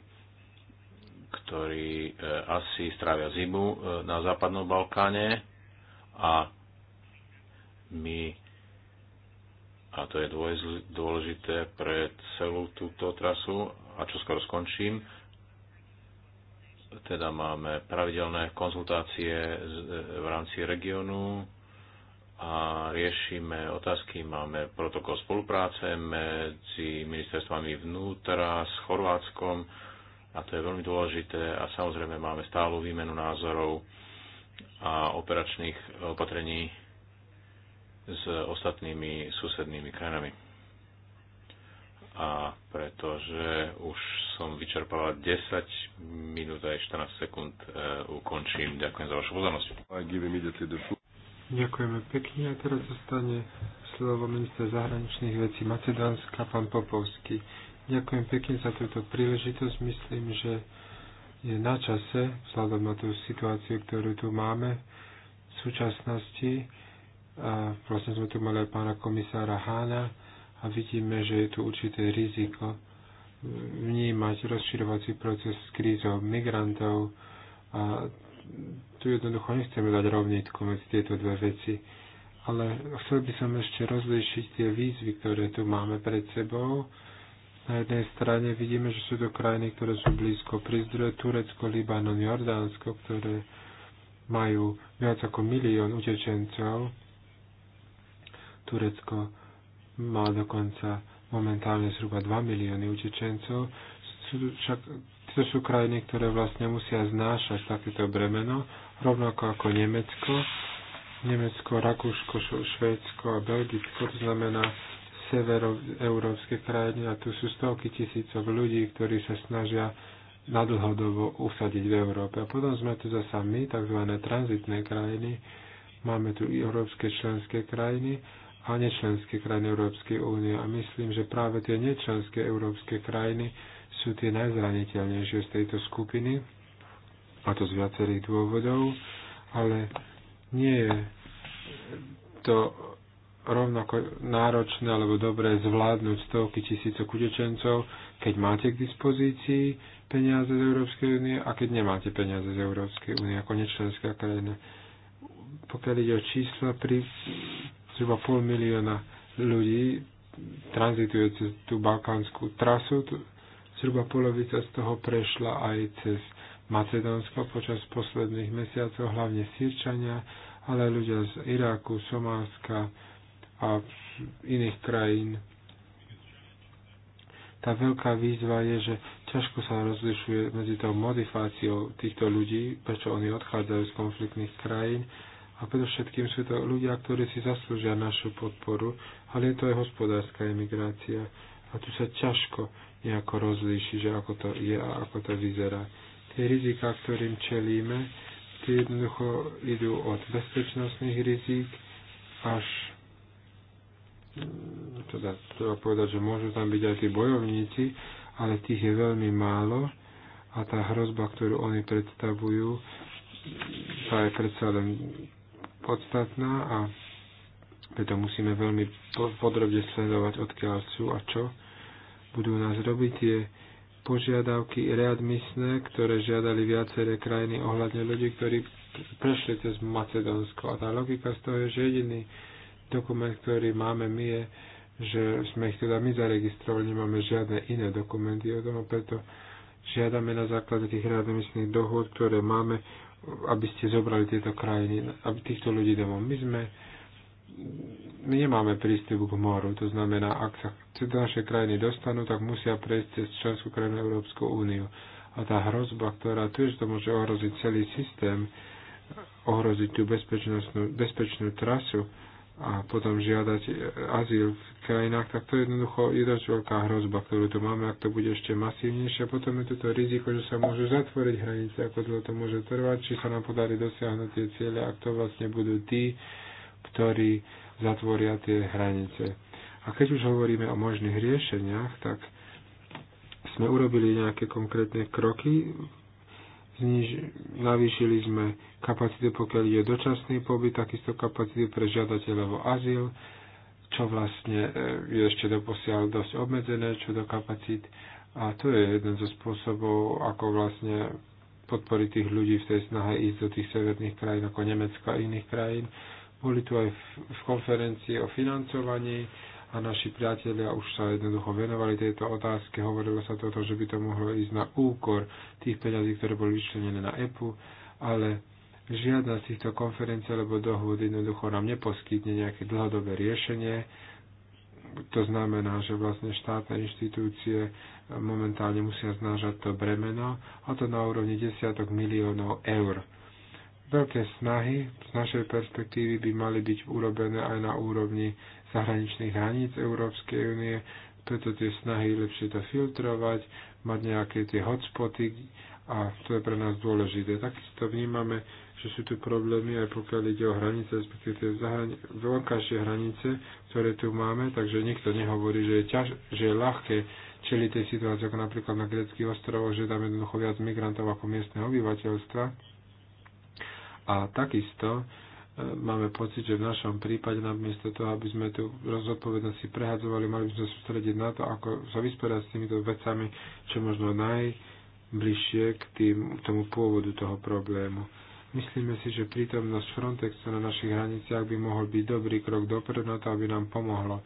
ktorí e, asi strávia zimu e, na západnom Balkáne a my, a to je dôležité pre celú túto trasu, a čo skoro skončím, teda máme pravidelné konzultácie e, v rámci regiónu a riešime otázky, máme protokol spolupráce medzi ministerstvami vnútra s Chorvátskom a to je veľmi dôležité a samozrejme máme stálu výmenu názorov a operačných opatrení s ostatnými susednými krajinami a pretože už som vyčerpala 10 minút a 14 sekúnd, e, ukončím. Ďakujem za vašu pozornosť. Ďakujeme pekne a teraz zostane slovo minister zahraničných vecí Macedánska, pán Popovský. Ďakujem pekne za túto príležitosť. Myslím, že je na čase, vzhľadom na tú situáciu, ktorú tu máme v súčasnosti, a vlastne sme tu mali aj pána komisára Hána, a vidíme, že je tu určité riziko vnímať rozširovací proces s krízou migrantov a tu jednoducho nechceme dať rovnitku medzi tieto dve veci. Ale chcel by som ešte rozlíšiť tie výzvy, ktoré tu máme pred sebou. Na jednej strane vidíme, že sú to krajiny, ktoré sú blízko pri zdroje Turecko, Libanon, Jordánsko, ktoré majú viac ako milión utečencov. Turecko má dokonca momentálne zhruba 2 milióny utečencov. Však to sú krajiny, ktoré vlastne musia znášať takéto bremeno, rovnako ako Nemecko. Nemecko, Rakúško, Švédsko a Belgicko, to znamená severoeurópske krajiny a tu sú stovky tisícov ľudí, ktorí sa snažia na dlhodobo usadiť v Európe. A potom sme tu zase my, tzv. tranzitné krajiny, máme tu európske členské krajiny a nečlenské krajiny Európskej únie. A myslím, že práve tie nečlenské európske krajiny sú tie najzraniteľnejšie z tejto skupiny, a to z viacerých dôvodov, ale nie je to rovnako náročné alebo dobré zvládnuť stovky tisícok utečencov, keď máte k dispozícii peniaze z Európskej únie a keď nemáte peniaze z Európskej únie ako nečlenská krajina. Pokiaľ ide o čísla pri zhruba pol milióna ľudí tranzituje cez tú balkánsku trasu. Zhruba polovica z toho prešla aj cez Macedónsko počas posledných mesiacov, hlavne Sýrčania, ale ľudia z Iráku, Somálska a iných krajín. Tá veľká výzva je, že ťažko sa rozlišuje medzi tou modifáciou týchto ľudí, prečo oni odchádzajú z konfliktných krajín a predovšetkým sú to ľudia, ktorí si zaslúžia našu podporu, ale je to aj hospodárska emigrácia. A tu sa ťažko nejako rozlíši, že ako to je a ako to vyzerá. Tie rizika, ktorým čelíme, tie jednoducho idú od bezpečnostných rizik až mm, teda treba povedať, že môžu tam byť aj tí bojovníci, ale tých je veľmi málo a tá hrozba, ktorú oni predstavujú, mm, tá je predsa len podstatná a preto musíme veľmi podrobne sledovať, odkiaľ sú a čo budú nás robiť tie požiadavky readmisné, ktoré žiadali viaceré krajiny ohľadne ľudí, ktorí prešli cez Macedónsko. A tá logika z toho je, že jediný dokument, ktorý máme my je, že sme ich teda my zaregistrovali, nemáme žiadne iné dokumenty o tom, preto žiadame na základe tých readmisných dohod, ktoré máme, aby ste zobrali tieto krajiny, aby týchto ľudí domov. My sme my nemáme prístup k moru, to znamená, ak sa do našej krajiny dostanú, tak musia prejsť cez členskú krajinu Európsku úniu. A tá hrozba, ktorá tu to môže ohroziť celý systém, ohroziť tú bezpečnú trasu, a potom žiadať e, azyl v krajinách, tak to je jednoducho je dosť veľká hrozba, ktorú tu máme, ak to bude ešte masívnejšie. Potom je tu to riziko, že sa môžu zatvoriť hranice, ako dlho to môže trvať, či sa nám podarí dosiahnuť tie ciele, ak to vlastne budú tí, ktorí zatvoria tie hranice. A keď už hovoríme o možných riešeniach, tak sme urobili nejaké konkrétne kroky Zniž, navýšili sme kapacitu, pokiaľ je dočasný pobyt, takisto kapacitu pre žiadateľov o azyl, čo vlastne e, je ešte doposiaľ dosť obmedzené, čo do kapacít. A to je jeden zo spôsobov, ako vlastne podporiť tých ľudí v tej snahe ísť do tých severných krajín, ako Nemecka a iných krajín. Boli tu aj v, v konferencii o financovaní, a naši priatelia už sa jednoducho venovali tejto otázke. Hovorilo sa to, že by to mohlo ísť na úkor tých peňazí, ktoré boli vyčlenené na EPU, ale žiadna z týchto konferencií alebo dohôd jednoducho nám neposkytne nejaké dlhodobé riešenie. To znamená, že vlastne štátne inštitúcie momentálne musia znážať to bremeno, a to na úrovni desiatok miliónov eur veľké snahy z našej perspektívy by mali byť urobené aj na úrovni zahraničných hraníc Európskej únie, preto tie snahy lepšie to filtrovať, mať nejaké tie hotspoty a to je pre nás dôležité. Takisto vnímame, že sú tu problémy aj pokiaľ ide o hranice, respektíve tie zahrani- vonkajšie hranice, ktoré tu máme, takže nikto nehovorí, že je, ťaž, že je ľahké čeliť tej situácii, ako napríklad na greckých ostrovoch, že tam jednoducho viac migrantov ako miestne obyvateľstva. A takisto máme pocit, že v našom prípade namiesto toho, aby sme tu rozodpovednosti prehadzovali, mali by sme sústrediť na to, ako sa vysporiadať s týmito vecami, čo možno najbližšie k tým, tomu pôvodu toho problému. Myslíme si, že prítomnosť Frontexu na našich hraniciach by mohol byť dobrý krok dopredu na to, aby nám pomohlo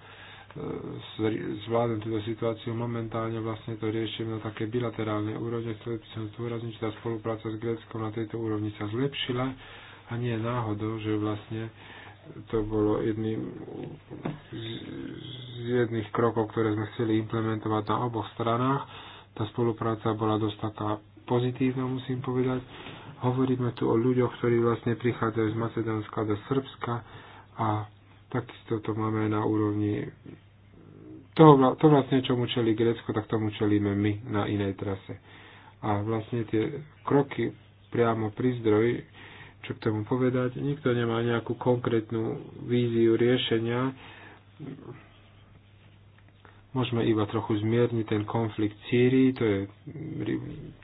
e, zvládnem túto situáciu momentálne vlastne to riešim na také bilaterálnej úrovne. Chcel by som zdôrazniť, že tá spolupráca s Gréckom na tejto úrovni sa zlepšila a nie náhodou, že vlastne to bolo jedným z, jedných krokov, ktoré sme chceli implementovať na oboch stranách. Tá spolupráca bola dosť taká pozitívna, musím povedať. Hovoríme tu o ľuďoch, ktorí vlastne prichádzajú z Macedónska do Srbska a takisto to máme na úrovni toho, to vlastne, čomu čeli Grécko, tak tomu čelíme my na inej trase. A vlastne tie kroky priamo pri zdroji čo k tomu povedať. Nikto nemá nejakú konkrétnu víziu riešenia. Môžeme iba trochu zmierniť ten konflikt Sýrii, to je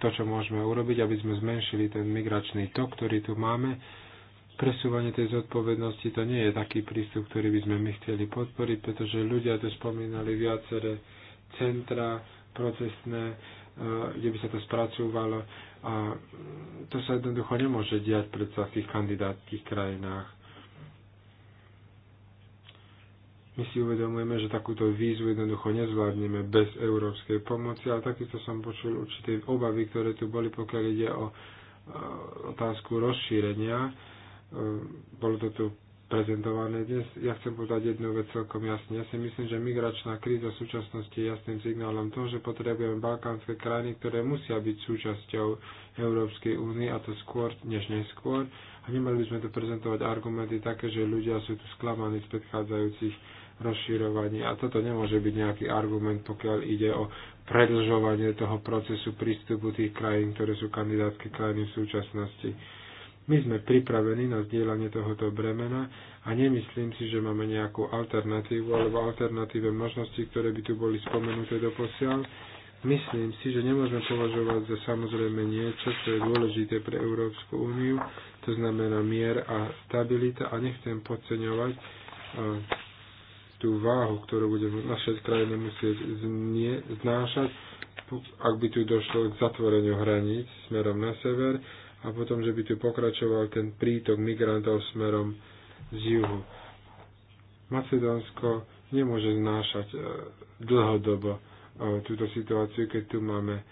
to, čo môžeme urobiť, aby sme zmenšili ten migračný tok, ktorý tu máme. Presúvanie tej zodpovednosti to nie je taký prístup, ktorý by sme my chceli podporiť, pretože ľudia to spomínali viaceré centra procesné, eh, kde by sa to spracúvalo. A to sa jednoducho nemôže diať predsa v tých kandidátskych krajinách. My si uvedomujeme, že takúto výzvu jednoducho nezvládneme bez európskej pomoci, ale takisto som počul určité obavy, ktoré tu boli, pokiaľ ide o otázku rozšírenia. Bolo to tu prezentované dnes. Ja chcem povedať jednu vec celkom jasne. Ja si myslím, že migračná kríza v súčasnosti je jasným signálom toho, že potrebujeme balkánske krajiny, ktoré musia byť súčasťou Európskej únie a to skôr než neskôr. A nemali by sme tu prezentovať argumenty také, že ľudia sú tu sklamaní z predchádzajúcich rozširovaní. A toto nemôže byť nejaký argument, pokiaľ ide o predlžovanie toho procesu prístupu tých krajín, ktoré sú kandidátske krajiny v súčasnosti. My sme pripravení na zdieľanie tohoto bremena a nemyslím si, že máme nejakú alternatívu alebo alternatíve možnosti, ktoré by tu boli spomenuté do posiaľ. Myslím si, že nemôžeme považovať za samozrejme niečo, čo je dôležité pre Európsku úniu, to znamená mier a stabilita a nechcem podceňovať e, tú váhu, ktorú bude naše krajiny musieť znášať, ak by tu došlo k zatvoreniu hraníc smerom na sever a potom, že by tu pokračoval ten prítok migrantov smerom z juhu. Macedónsko nemôže znášať e, dlhodobo e, túto situáciu, keď tu máme e,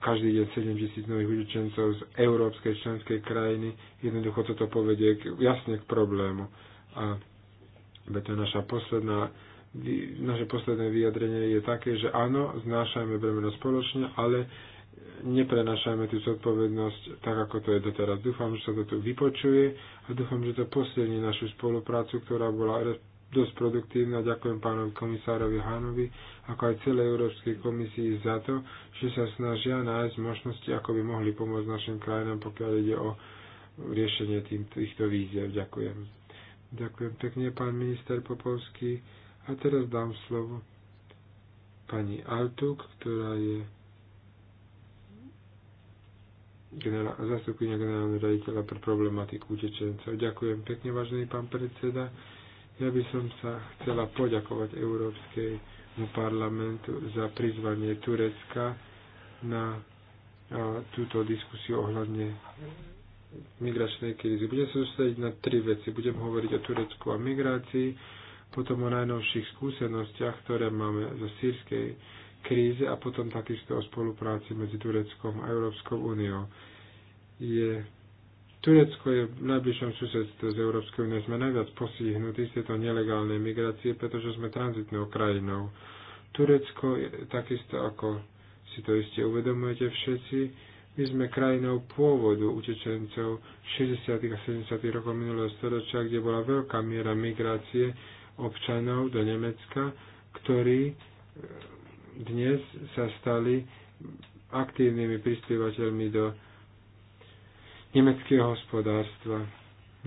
každý deň 7 tisíc nových utečencov z európskej členskej krajiny. Jednoducho toto povedie k, jasne k problému. A to naša posledná, naše posledné vyjadrenie je také, že áno, znášajme bremeno spoločne, ale neprenašajme tú zodpovednosť tak, ako to je doteraz. Dúfam, že sa to tu vypočuje a dúfam, že to posilní našu spoluprácu, ktorá bola dosť produktívna. Ďakujem pánovi komisárovi Hanovi, ako aj celej Európskej komisii za to, že sa snažia nájsť možnosti, ako by mohli pomôcť našim krajinám, pokiaľ ide o riešenie tým, týchto víziev. Ďakujem. Ďakujem pekne, pán minister Popovský. A teraz dám slovo pani Altuk, ktorá je generál, zastupkynia generálneho raditeľa pre problematiku utečencov. Ďakujem pekne, vážený pán predseda. Ja by som sa chcela poďakovať Európskej parlamentu za prizvanie Turecka na a, túto diskusiu ohľadne migračnej krízy. Budem sa zostaviť na tri veci. Budem hovoriť o Turecku a migrácii, potom o najnovších skúsenostiach, ktoré máme zo sírskej kríze a potom takisto o spolupráci medzi Tureckom a Európskou úniou. Je, Turecko je v najbližšom susedstve z Európskej únie. Sme najviac postihnutí z tejto nelegálnej migrácie, pretože sme tranzitnou krajinou. Turecko je takisto ako si to iste uvedomujete všetci, my sme krajinou pôvodu utečencov 60. a 70. rokov minulého storočia, kde bola veľká miera migrácie občanov do Nemecka, ktorí dnes sa stali aktívnymi prispievateľmi do nemeckého hospodárstva.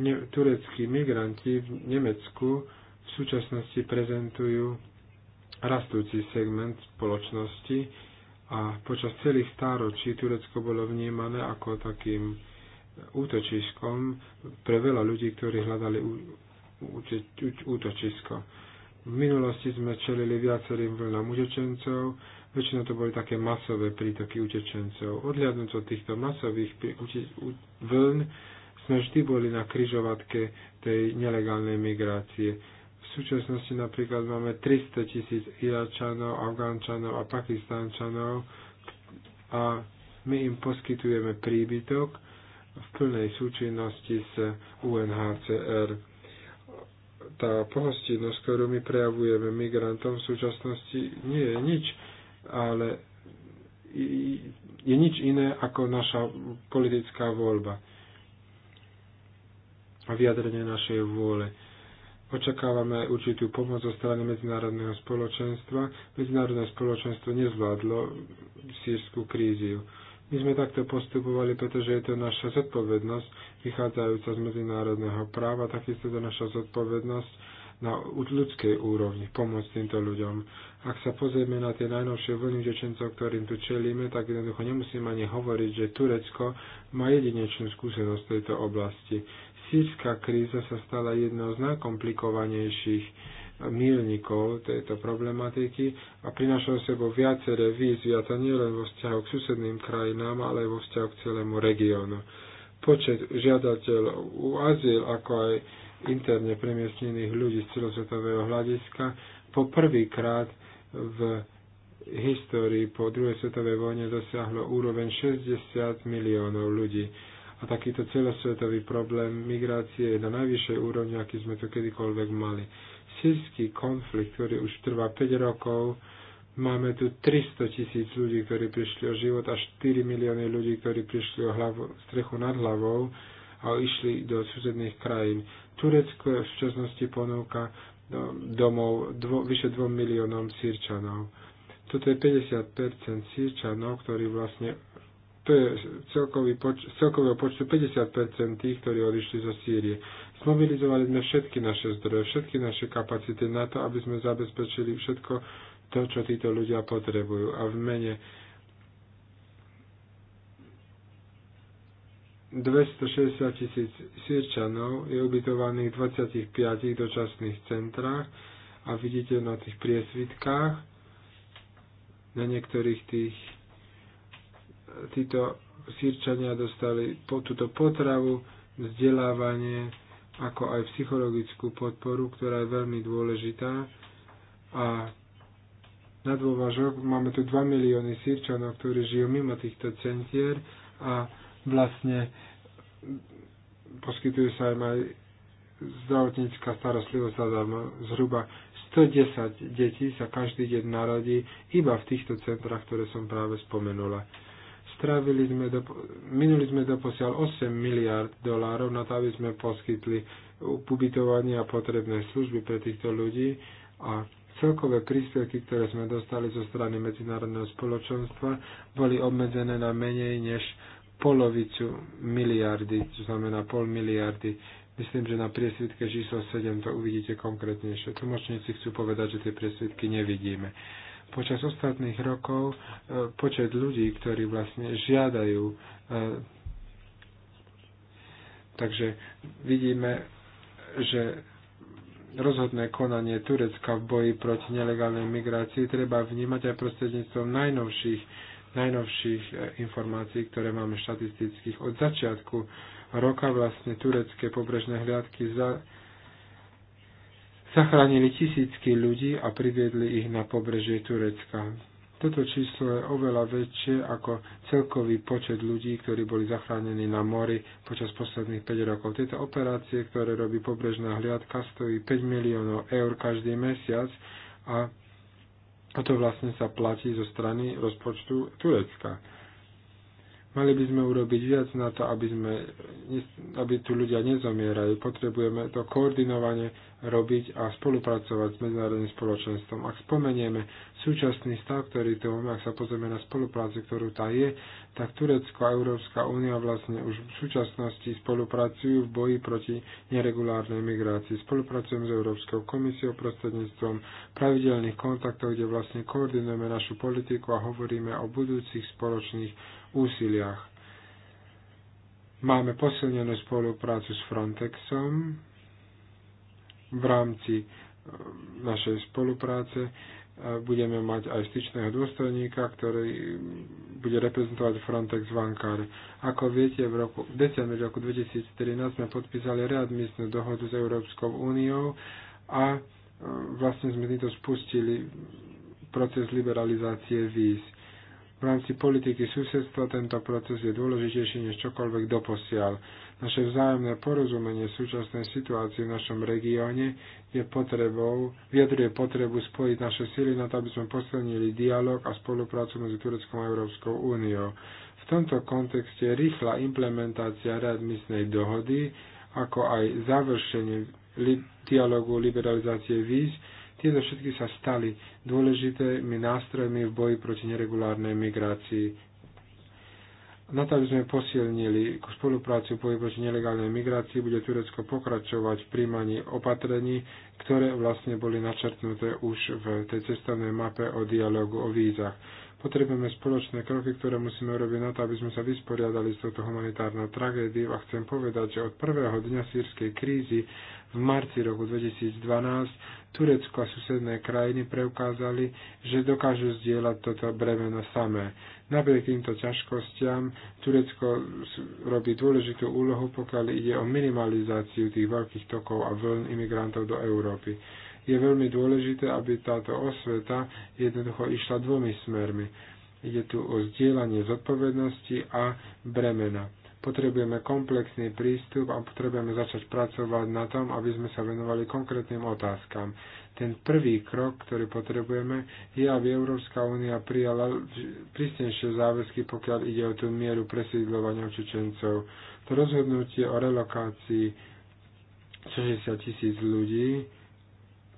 Ne, tureckí migranti v Nemecku v súčasnosti prezentujú rastúci segment spoločnosti a počas celých stáročí Turecko bolo vnímané ako takým útočiskom pre veľa ľudí, ktorí hľadali útočisko. V minulosti sme čelili viacerým vlnám utečencov, väčšinou to boli také masové prítoky utečencov. Odliadnúť od týchto masových vln sme vždy boli na kryžovatke tej nelegálnej migrácie. V súčasnosti napríklad máme 300 tisíc Iračanov, Afgánčanov a Pakistánčanov a my im poskytujeme príbytok v plnej súčinnosti s UNHCR tá pohostinnosť, ktorú my prejavujeme migrantom v súčasnosti, nie je nič, ale je nič iné ako naša politická voľba a vyjadrenie našej vôle. Očakávame určitú pomoc zo strany medzinárodného spoločenstva. Medzinárodné spoločenstvo nezvládlo sírskú kríziu my sme takto postupovali, pretože je to naša zodpovednosť, vychádzajúca z medzinárodného práva, takisto to naša zodpovednosť na ľudskej úrovni, pomôcť týmto ľuďom. Ak sa pozrieme na tie najnovšie vlny dečencov, ktorým tu čelíme, tak jednoducho nemusím ani hovoriť, že Turecko má jedinečnú skúsenosť v tejto oblasti. Sírska kríza sa stala jednou z najkomplikovanejších milníkov tejto problematiky a prinašal sebou viaceré výzvy, a to nielen vo vzťahu k susedným krajinám, ale aj vo vzťahu k celému regiónu. Počet žiadateľov u azyl, ako aj interne premiestnených ľudí z celosvetového hľadiska, po prvýkrát v histórii po druhej svetovej vojne dosiahlo úroveň 60 miliónov ľudí. A takýto celosvetový problém migrácie je na najvyššej úrovni, aký sme to kedykoľvek mali sírsky konflikt, ktorý už trvá 5 rokov, máme tu 300 tisíc ľudí, ktorí prišli o život a 4 milióny ľudí, ktorí prišli o hlavu, strechu nad hlavou a išli do susedných krajín. Turecko v súčasnosti ponúka domov dvo, vyše 2 miliónom sírčanov. Toto je 50% sírčanov, ktorí vlastne to je celkový poč- celkového počtu 50% tých, ktorí odišli zo Sýrie. Zmobilizovali sme všetky naše zdroje, všetky naše kapacity na to, aby sme zabezpečili všetko to, čo títo ľudia potrebujú. A v mene 260 tisíc sírčanov je ubytovaných v 25 dočasných centrách a vidíte na tých priesvitkách, na niektorých tých títo sírčania dostali po, túto potravu, vzdelávanie, ako aj psychologickú podporu, ktorá je veľmi dôležitá. A na dôvažok máme tu 2 milióny sírčanov, ktorí žijú mimo týchto centier a vlastne poskytuje sa im aj zdravotnícká starostlivosť zadarmo. Zhruba 110 detí sa každý deň narodí iba v týchto centrách, ktoré som práve spomenula. Stravili sme do, minuli sme doposiaľ 8 miliard dolárov na to, aby sme poskytli ubytovanie a potrebné služby pre týchto ľudí a celkové príspevky, ktoré sme dostali zo strany medzinárodného spoločenstva, boli obmedzené na menej než polovicu miliardy, to znamená pol miliardy. Myslím, že na priesvitke číslo 7 to uvidíte konkrétnejšie. Tlmočníci chcú povedať, že tie priesvitky nevidíme. Počas ostatných rokov e, počet ľudí, ktorí vlastne žiadajú. E, takže vidíme, že rozhodné konanie Turecka v boji proti nelegálnej migrácii treba vnímať aj prostredníctvom najnovších, najnovších e, informácií, ktoré máme štatistických. Od začiatku roka vlastne turecké pobrežné hliadky za, zachránili tisícky ľudí a priviedli ich na pobrežie Turecka. Toto číslo je oveľa väčšie ako celkový počet ľudí, ktorí boli zachránení na mori počas posledných 5 rokov. Tieto operácie, ktoré robí pobrežná hliadka, stojí 5 miliónov eur každý mesiac a toto to vlastne sa platí zo strany rozpočtu Turecka. Mali by sme urobiť viac na to, aby, sme, aby tu ľudia nezomierali. Potrebujeme to koordinovane robiť a spolupracovať s medzinárodným spoločenstvom. Ak spomenieme súčasný stav, ktorý tu máme, ak sa pozrieme na spoluprácu, ktorú tá je, tak Turecko a Európska únia vlastne už v súčasnosti spolupracujú v boji proti neregulárnej migrácii. Spolupracujeme s Európskou komisiou prostredníctvom pravidelných kontaktov, kde vlastne koordinujeme našu politiku a hovoríme o budúcich spoločných úsiliach. Máme posilnenú spoluprácu s Frontexom v rámci e, našej spolupráce e, budeme mať aj styčného dôstojníka, ktorý bude reprezentovať Frontex v Ankare. Ako viete, v, roku, v decembri roku 2013 sme podpísali readmisnú dohodu s Európskou úniou a e, vlastne sme týmto spustili proces liberalizácie víz. V rámci politiky susedstva tento proces je dôležitejší než čokoľvek doposiaľ. Naše vzájomné porozumenie súčasnej situácie v našom regióne je potrebou, vyjadruje potrebu spojiť naše sily na to, aby sme posilnili dialog a spoluprácu medzi Tureckom a Európskou úniou. V tomto kontexte rýchla implementácia readmisnej dohody, ako aj završenie li- dialogu liberalizácie víz, tieto všetky sa stali dôležitými nástrojmi v boji proti neregulárnej migrácii na to, aby sme posilnili spoluprácu boji proti nelegálnej migrácii, bude Turecko pokračovať v príjmaní opatrení, ktoré vlastne boli načrtnuté už v tej cestovnej mape o dialogu o vízach. Potrebujeme spoločné kroky, ktoré musíme urobiť na to, aby sme sa vysporiadali s touto humanitárnou tragédiou a chcem povedať, že od prvého dňa sírskej krízy v marci roku 2012 Turecko a susedné krajiny preukázali, že dokážu zdieľať toto bremeno samé. Napriek týmto ťažkostiam Turecko robí dôležitú úlohu, pokiaľ ide o minimalizáciu tých veľkých tokov a vln imigrantov do Európy je veľmi dôležité, aby táto osveta jednoducho išla dvomi smermi. Ide tu o zdieľanie zodpovednosti a bremena. Potrebujeme komplexný prístup a potrebujeme začať pracovať na tom, aby sme sa venovali konkrétnym otázkam. Ten prvý krok, ktorý potrebujeme, je, aby Európska únia prijala prísnejšie záväzky, pokiaľ ide o tú mieru presídľovania Čečencov. To rozhodnutie o relokácii 60 tisíc ľudí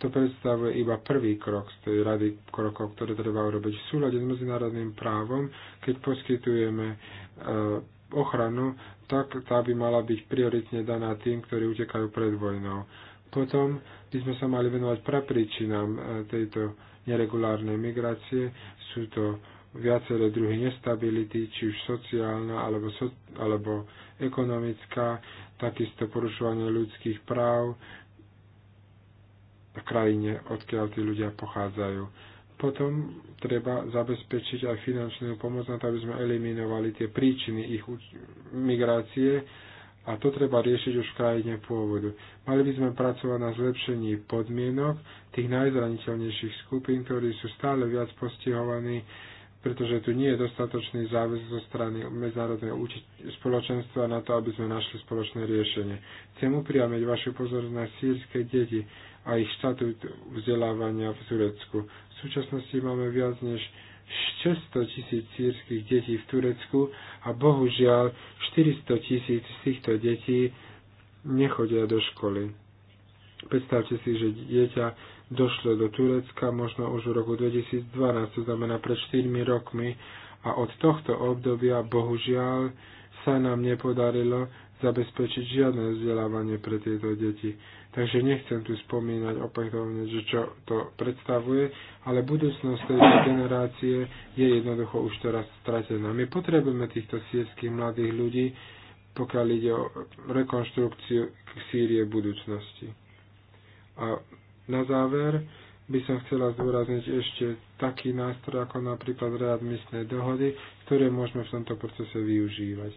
to predstavuje iba prvý krok z tej rady krokov, ktoré treba urobiť v súlade s medzinárodným právom, keď poskytujeme eh, ochranu, tak tá by mala byť prioritne daná tým, ktorí utekajú pred vojnou. Potom by sme sa mali venovať prapríčinám eh, tejto neregulárnej migrácie. Sú to viaceré druhy nestability, či už sociálna alebo, so, alebo ekonomická, takisto porušovanie ľudských práv, krajine, odkiaľ tí ľudia pochádzajú. Potom treba zabezpečiť aj finančnú pomoc na to, aby sme eliminovali tie príčiny ich migrácie a to treba riešiť už v krajine pôvodu. Mali by sme pracovať na zlepšení podmienok tých najzraniteľnejších skupín, ktorí sú stále viac postihovaní pretože tu nie je dostatočný záväz zo strany medzinárodného spoločenstva na to, aby sme našli spoločné riešenie. Chcem upriamiť vašu pozornosť na sírske deti a ich štatút vzdelávania v Turecku. V súčasnosti máme viac než 600 tisíc sírskych detí v Turecku a bohužiaľ 400 tisíc z týchto detí nechodia do školy. Predstavte si, že dieťa došlo do Turecka možno už v roku 2012, to znamená pred 4 rokmi. A od tohto obdobia, bohužiaľ, sa nám nepodarilo zabezpečiť žiadne vzdelávanie pre tieto deti. Takže nechcem tu spomínať opätovne, že čo to predstavuje, ale budúcnosť tejto generácie je jednoducho už teraz stratená. My potrebujeme týchto sírskych mladých ľudí, pokiaľ ide o rekonštrukciu k Sýrie budúcnosti. A na záver by som chcela zdôrazniť ešte taký nástroj ako napríklad readmisné dohody, ktoré môžeme v tomto procese využívať.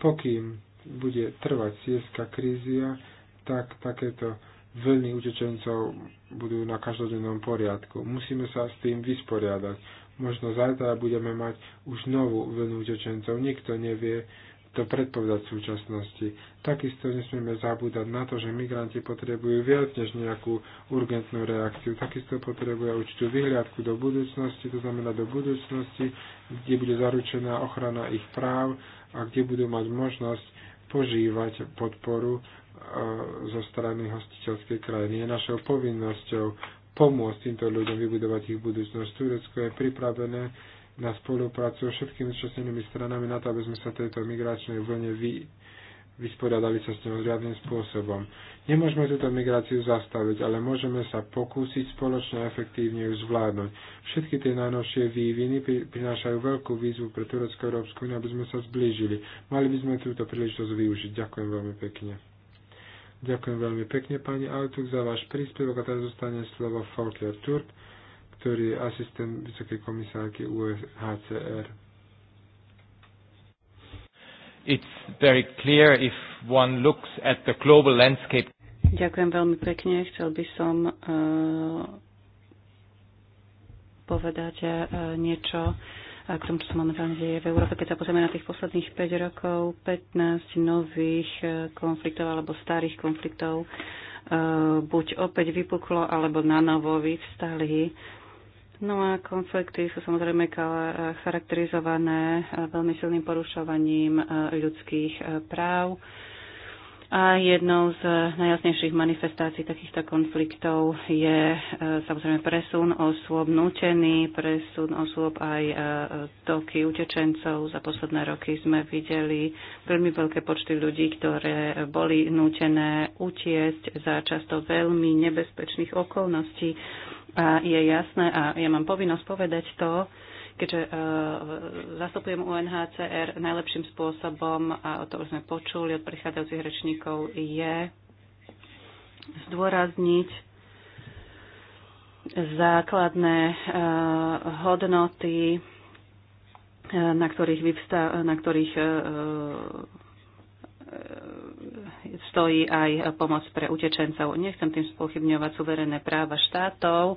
Pokým bude trvať sieska krízia, tak takéto vlny utečencov budú na každodennom poriadku. Musíme sa s tým vysporiadať. Možno zajtra budeme mať už novú vlnu utečencov. Nikto nevie, to predpovedať v súčasnosti. Takisto nesmieme zabúdať na to, že migranti potrebujú viac než nejakú urgentnú reakciu. Takisto potrebujú určitú vyhliadku do budúcnosti, to znamená do budúcnosti, kde bude zaručená ochrana ich práv a kde budú mať možnosť požívať podporu e, zo strany hostiteľskej krajiny. Je našou povinnosťou pomôcť týmto ľuďom vybudovať ich budúcnosť. Turecko je pripravené na spoluprácu so všetkými zúčastnenými stranami na to, aby sme sa tejto migračnej vlne vy, vysporiadali sa s ňou riadným spôsobom. Nemôžeme túto migráciu zastaviť, ale môžeme sa pokúsiť spoločne a efektívne ju zvládnuť. Všetky tie najnovšie výviny prinášajú veľkú výzvu pre Turecko Európsku aby sme sa zblížili. Mali by sme túto príležitosť využiť. Ďakujem veľmi pekne. Ďakujem veľmi pekne, pani Altuk, za váš príspevok a teraz zostane slovo Faulkner Turk ktorý je asistent Vysokej komisárky UNHCR. It's very clear if one looks at the global landscape. Ďakujem veľmi pekne. Chcel by som uh, povedať uh, niečo k tomu, čo sa momentálne deje v Európe. Keď sa pozrieme na tých posledných 5 rokov, 15 nových e, konfliktov alebo starých konfliktov buď opäť vypuklo, alebo na novo vyvstali. No a konflikty sú samozrejme charakterizované eh, veľmi silným porušovaním eh, ľudských eh, práv. A jednou z najjasnejších manifestácií takýchto konfliktov je samozrejme presun osôb, nutený presun osôb, aj toky utečencov. Za posledné roky sme videli veľmi veľké počty ľudí, ktoré boli nútené utiesť za často veľmi nebezpečných okolností a je jasné, a ja mám povinnosť povedať to, keďže e, zastupujem UNHCR najlepším spôsobom, a o to už sme počuli od prichádzajúcich rečníkov, je zdôrazniť základné e, hodnoty, e, na ktorých, vyvsta- na ktorých e, e, stojí aj pomoc pre utečencov. Nechcem tým spochybňovať suverénne práva štátov, e,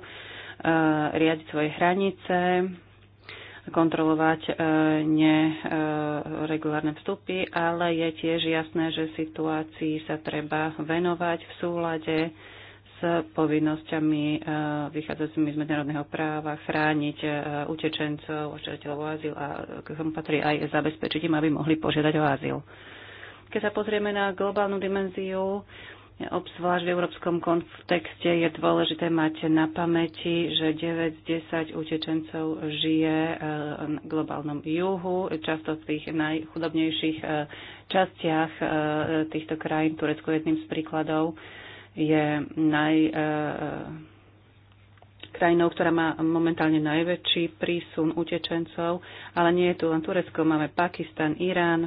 riadiť svoje hranice, kontrolovať e, neregulárne e, vstupy, ale je tiež jasné, že situácii sa treba venovať v súlade s povinnosťami vychádzajúcimi z medzinárodného práva, chrániť utečencov, ošetriteľov o azyl a k tomu patrí aj zabezpečiť im, aby mohli požiadať o azyl. Keď sa pozrieme na globálnu dimenziu, obzvlášť v európskom kontexte je dôležité mať na pamäti, že 9 z 10 utečencov žije eh, na globálnom juhu, často v tých najchudobnejších eh, častiach eh, týchto krajín. Turecko je jedným z príkladov je naj, krajinou, ktorá má momentálne najväčší prísun utečencov, ale nie je tu len Turecko, máme Pakistan, Irán,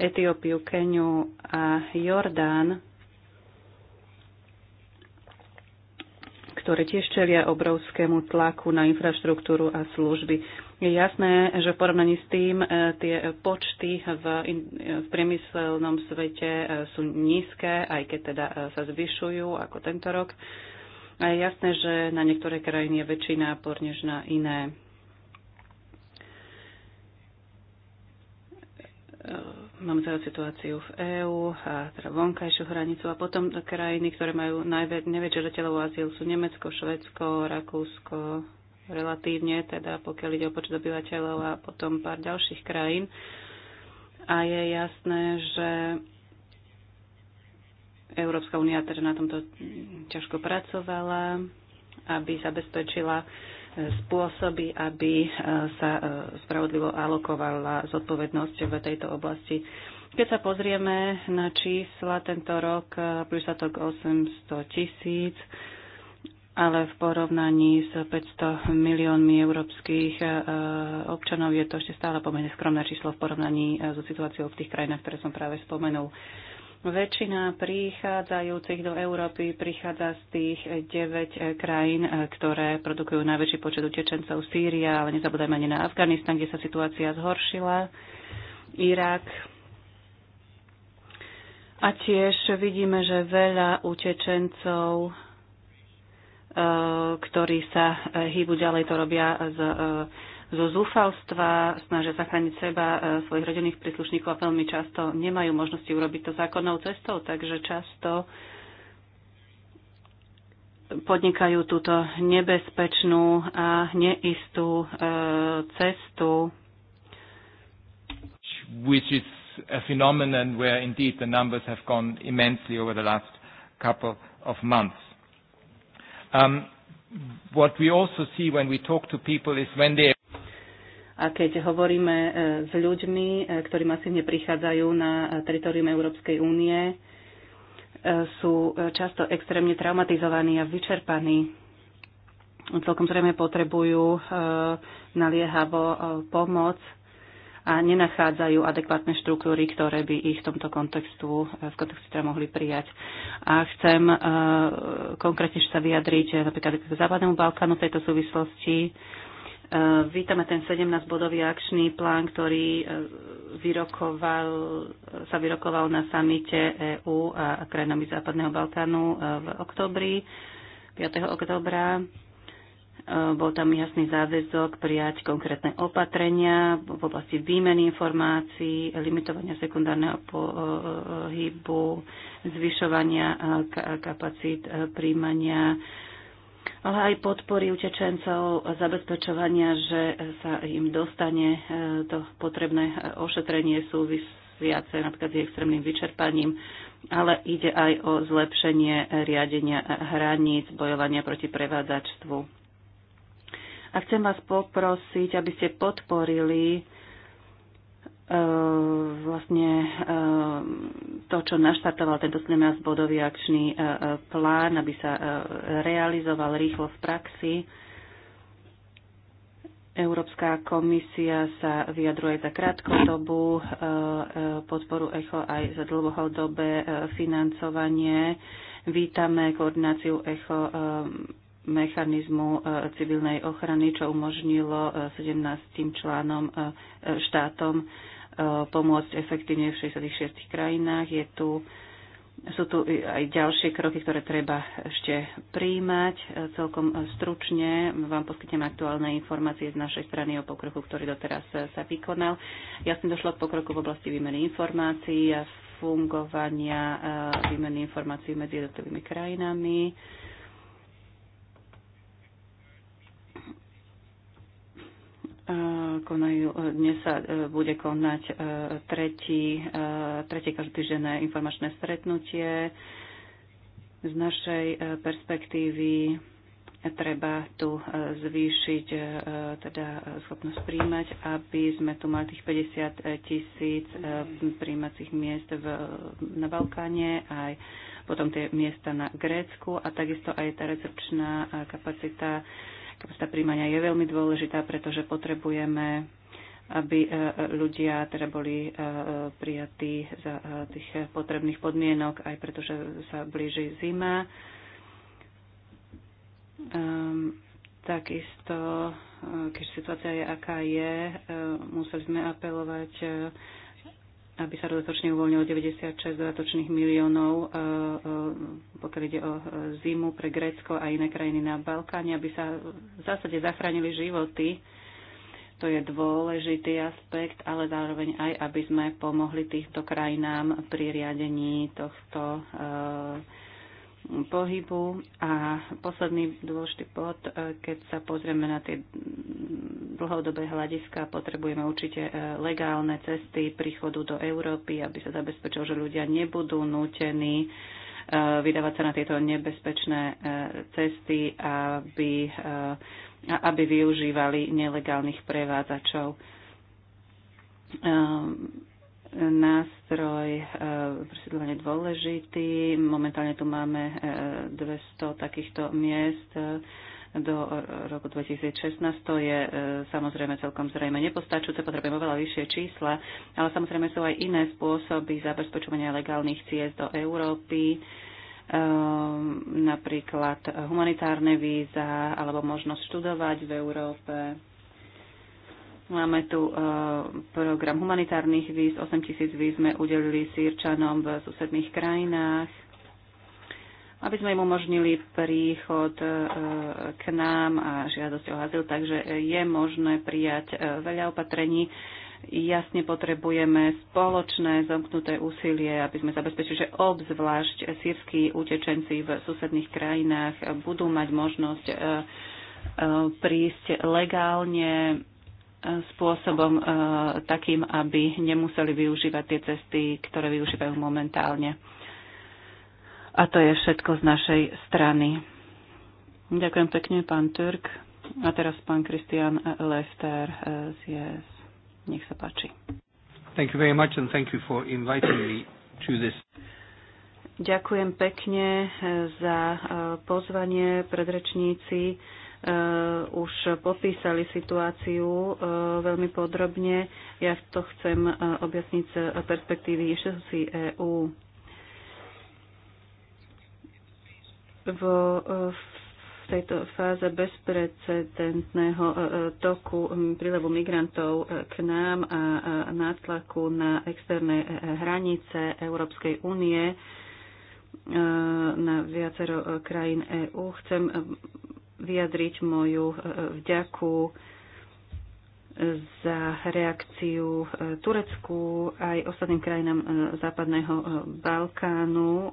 Etiópiu, Keniu a Jordán, ktoré tiež čelia obrovskému tlaku na infraštruktúru a služby. Je jasné, že v porovnaní s tým e, tie počty v, e, v priemyselnom svete e, sú nízke, aj keď teda sa zvyšujú ako tento rok. A je jasné, že na niektoré krajiny je väčší nápor než na iné. Máme teda situáciu v EÚ, a teda vonkajšiu hranicu a potom krajiny, ktoré majú najväčšie žiadateľov azyl sú Nemecko, Švedsko, Rakúsko, relatívne, teda pokiaľ ide o počet obyvateľov a potom pár ďalších krajín. A je jasné, že Európska únia teda na tomto ťažko pracovala, aby zabezpečila spôsoby, aby e, sa e, spravodlivo alokovala zodpovednosť v tejto oblasti. Keď sa pozrieme na čísla tento rok, e, prísatok 800 tisíc, ale v porovnaní s 500 miliónmi európskych občanov je to ešte stále pomerne skromné číslo v porovnaní so situáciou v tých krajinách, ktoré som práve spomenul. Väčšina prichádzajúcich do Európy prichádza z tých 9 krajín, ktoré produkujú najväčší počet utečencov Sýria, ale nezabudajme ani na Afganistan, kde sa situácia zhoršila, Irak. A tiež vidíme, že veľa utečencov e, ktorí sa hýbu ďalej, to robia z e, zo zúfalstva, snažia zachrániť seba, e, svojich rodinných príslušníkov a veľmi často nemajú možnosti urobiť to zákonnou cestou, takže často podnikajú túto nebezpečnú a neistú e, cestu. Which is a phenomenon where indeed the numbers have gone immensely over the last couple of months. Um, what we also see when we talk to people is when they a keď hovoríme e, s ľuďmi, e, ktorí masívne prichádzajú na e, teritorium Európskej únie, sú často extrémne traumatizovaní a vyčerpaní. Celkom zrejme potrebujú naliehavo pomoc a nenachádzajú adekvátne štruktúry, ktoré by ich v tomto kontextu, v kontextu teda mohli prijať. A chcem konkrétne sa vyjadriť napríklad k Západnému Balkánu v tejto súvislosti Eh, vítame ten 17-bodový akčný plán, ktorý eh, vyrokoval, sa vyrokoval na samite EÚ a krajinami Západného Balkánu eh, v oktobri, 5. oktobra. Bol tam jasný záväzok prijať konkrétne opatrenia v oblasti výmeny informácií, limitovania sekundárneho pohybu, zvyšovania kapacít príjmania ale aj podpory utečencov, zabezpečovania, že sa im dostane e, to potrebné e, ošetrenie súvisiace napríklad s extrémnym vyčerpaním, ale ide aj o zlepšenie riadenia hraníc, bojovania proti prevádzačstvu. A chcem vás poprosiť, aby ste podporili E, vlastne e, to, čo naštartoval tento 17-bodový akčný e, plán, aby sa realizoval rýchlo v praxi. Európska komisia sa vyjadruje za krátku dobu, podporu ECHO aj za dlhodobé financovanie. Vítame koordináciu ECHO mechanizmu civilnej ochrany, čo umožnilo 17 článom štátom pomôcť efektívne v 66 krajinách. Je tu, sú tu aj ďalšie kroky, ktoré treba ešte príjmať. Celkom stručne vám poskytnem aktuálne informácie z našej strany o pokroku, ktorý doteraz sa vykonal. Ja som došla k pokroku v oblasti výmeny informácií a fungovania eh, výmeny informácií medzi jednotlivými krajinami konajú, e, dnes sa e, bude konať e, tretí, tretie každotýždenné informačné stretnutie. Z našej perspektívy treba tu zvýšiť teda schopnosť príjmať, aby sme tu mali tých 50 tisíc príjmacích miest v, na Balkáne, aj potom tie miesta na Grécku a takisto aj tá recepčná kapacita Kapacita príjmania je veľmi dôležitá, pretože potrebujeme aby e, e, ľudia teda boli e, prijatí za tých potrebných podmienok, aj pretože sa blíži zima. Ehm, takisto, keď situácia je aká je, museli sme apelovať aby sa dodatočne uvoľnilo 96 dodatočných miliónov, e, e, pokiaľ ide o e, zimu pre Grécko a iné krajiny na Balkáne, aby sa v zásade zachránili životy. To je dôležitý aspekt, ale zároveň aj, aby sme pomohli týchto krajinám pri riadení tohto pohybu a posledný dôležitý bod, e, keď sa pozrieme na tie dlhodobé hľadiska, potrebujeme určite e, legálne cesty príchodu do Európy, aby sa zabezpečilo, že ľudia nebudú nútení e, vydávať sa na tieto nebezpečné cesty, aby, aby využívali nelegálnych prevádzačov ehm, nástroj e, presídlenie dôležitý. Momentálne tu máme 200 e, takýchto miest e, do roku 2016. To je samozrejme celkom zrejme nepostačujúce, potrebujeme oveľa vyššie čísla, ale samozrejme sú aj iné spôsoby zabezpečovania legálnych ciest do Európy ehm, napríklad humanitárne víza alebo možnosť študovať v Európe Máme tu e, program humanitárnych víz, 8 tisíc víz sme udelili sírčanom v susedných krajinách, aby sme im umožnili príchod e, k nám a žiadosť o azyl, takže je možné prijať e, veľa opatrení. Jasne potrebujeme spoločné zomknuté úsilie, aby sme zabezpečili, že obzvlášť sírskí utečenci v susedných krajinách budú mať možnosť prísť legálne spôsobom e, takým, aby nemuseli využívať tie cesty, ktoré využívajú momentálne. A to je všetko z našej strany. Ďakujem pekne, pán Turk. A teraz pán Kristian Lefter e, z JS. Nech sa páči. Thank you very much and thank you for inviting me to this. Ďakujem pekne e, za pozvanie predrečníci Eh, už popísali situáciu eh, veľmi podrobne. Ja to chcem eh, objasniť z perspektívy inštitúcií EÚ. V, v tejto fáze bezprecedentného toku hm, prílevu migrantov k nám a nátlaku na externé hranice Európskej únie na viacero krajín EÚ chcem hm, vyjadriť moju e, vďaku za reakciu e, Turecku aj ostatným krajinám e, Západného Balkánu.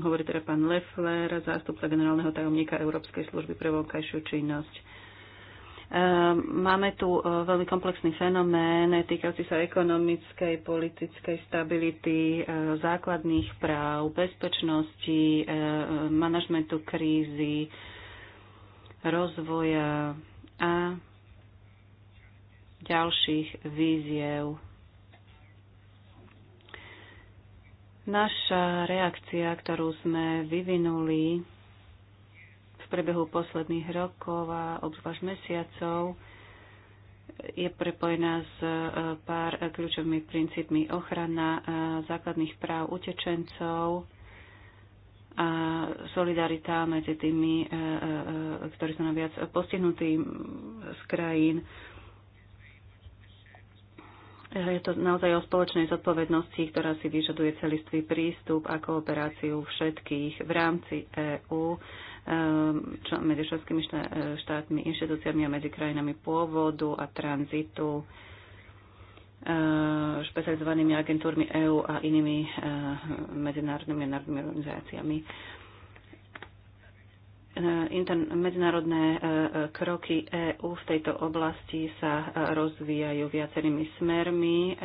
Hovorí teda pán Leffler, zástupca generálneho tajomníka Európskej služby pre vonkajšiu činnosť. Ehm, máme tu e, veľmi komplexný fenomén týkajúci sa ekonomickej, politickej stability, e, základných práv, bezpečnosti, e, manažmentu krízy, rozvoja a ďalších víziev. Naša reakcia, ktorú sme vyvinuli, priebehu posledných rokov a obzvlášť mesiacov je prepojená s e, pár kľúčovými princípmi ochrana e, základných práv utečencov a solidarita medzi tými, e, ktorí sú naviac postihnutí z krajín. Je to naozaj o spoločnej zodpovednosti, ktorá si vyžaduje celistvý prístup a kooperáciu všetkých v rámci EÚ Ehm, medzi všetkými e, štátmi, inštitúciami a medzi krajinami pôvodu a tranzitu, ehm, špecializovanými agentúrmi EÚ a inými ehm, medzinárodnými národnými organizáciami. Medzinárodné e, e, kroky EÚ v tejto oblasti sa rozvíjajú viacerými smermi,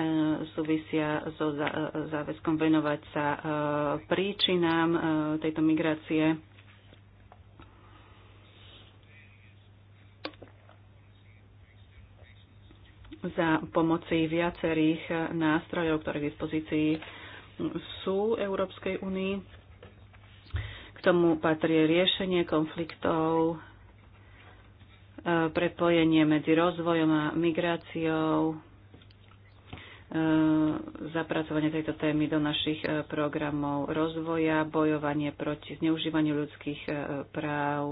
súvisia so záväzkom venovať sa príčinám tejto migrácie za pomoci viacerých nástrojov, ktoré k dispozícii sú Európskej únii. K tomu patrí riešenie konfliktov, e, prepojenie medzi rozvojom a migráciou, e, zapracovanie tejto témy do našich e, programov rozvoja, bojovanie proti zneužívaniu ľudských práv,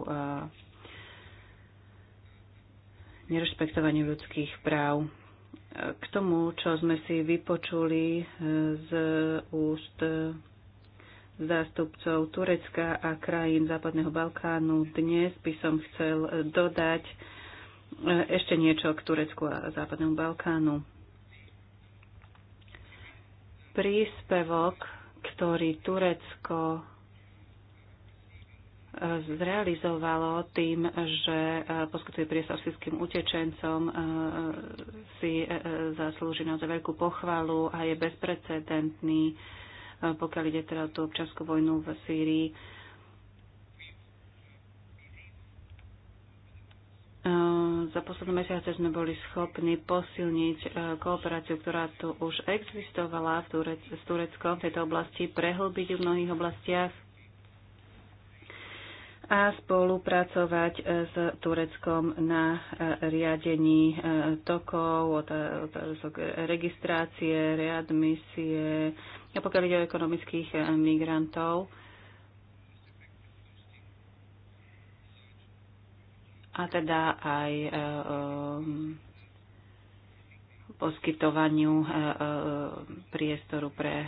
nerešpektovaním ľudských práv. K tomu, čo sme si vypočuli e, z úst e, zástupcov Turecka a krajín Západného Balkánu, dnes by som chcel e, dodať ešte niečo k Turecku a Západnému Balkánu. Príspevok, ktorý Turecko zrealizovalo tým, že eh, poskytuje priestor všetkým utečencom, eh, si eh, zaslúži naozaj veľkú pochvalu a je bezprecedentný, pokiaľ ide teda o tú občanskú vojnu v Sýrii. Za posledné mesiace sme boli schopní posilniť kooperáciu, ktorá tu už existovala v Turec- s Tureckom v tejto oblasti, prehlbiť v mnohých oblastiach a spolupracovať e, s Tureckom na e, riadení e, tokov, od registrácie, readmisie, a pokiaľ ide o ekonomických migrantov. A teda aj poskytovaniu priestoru pre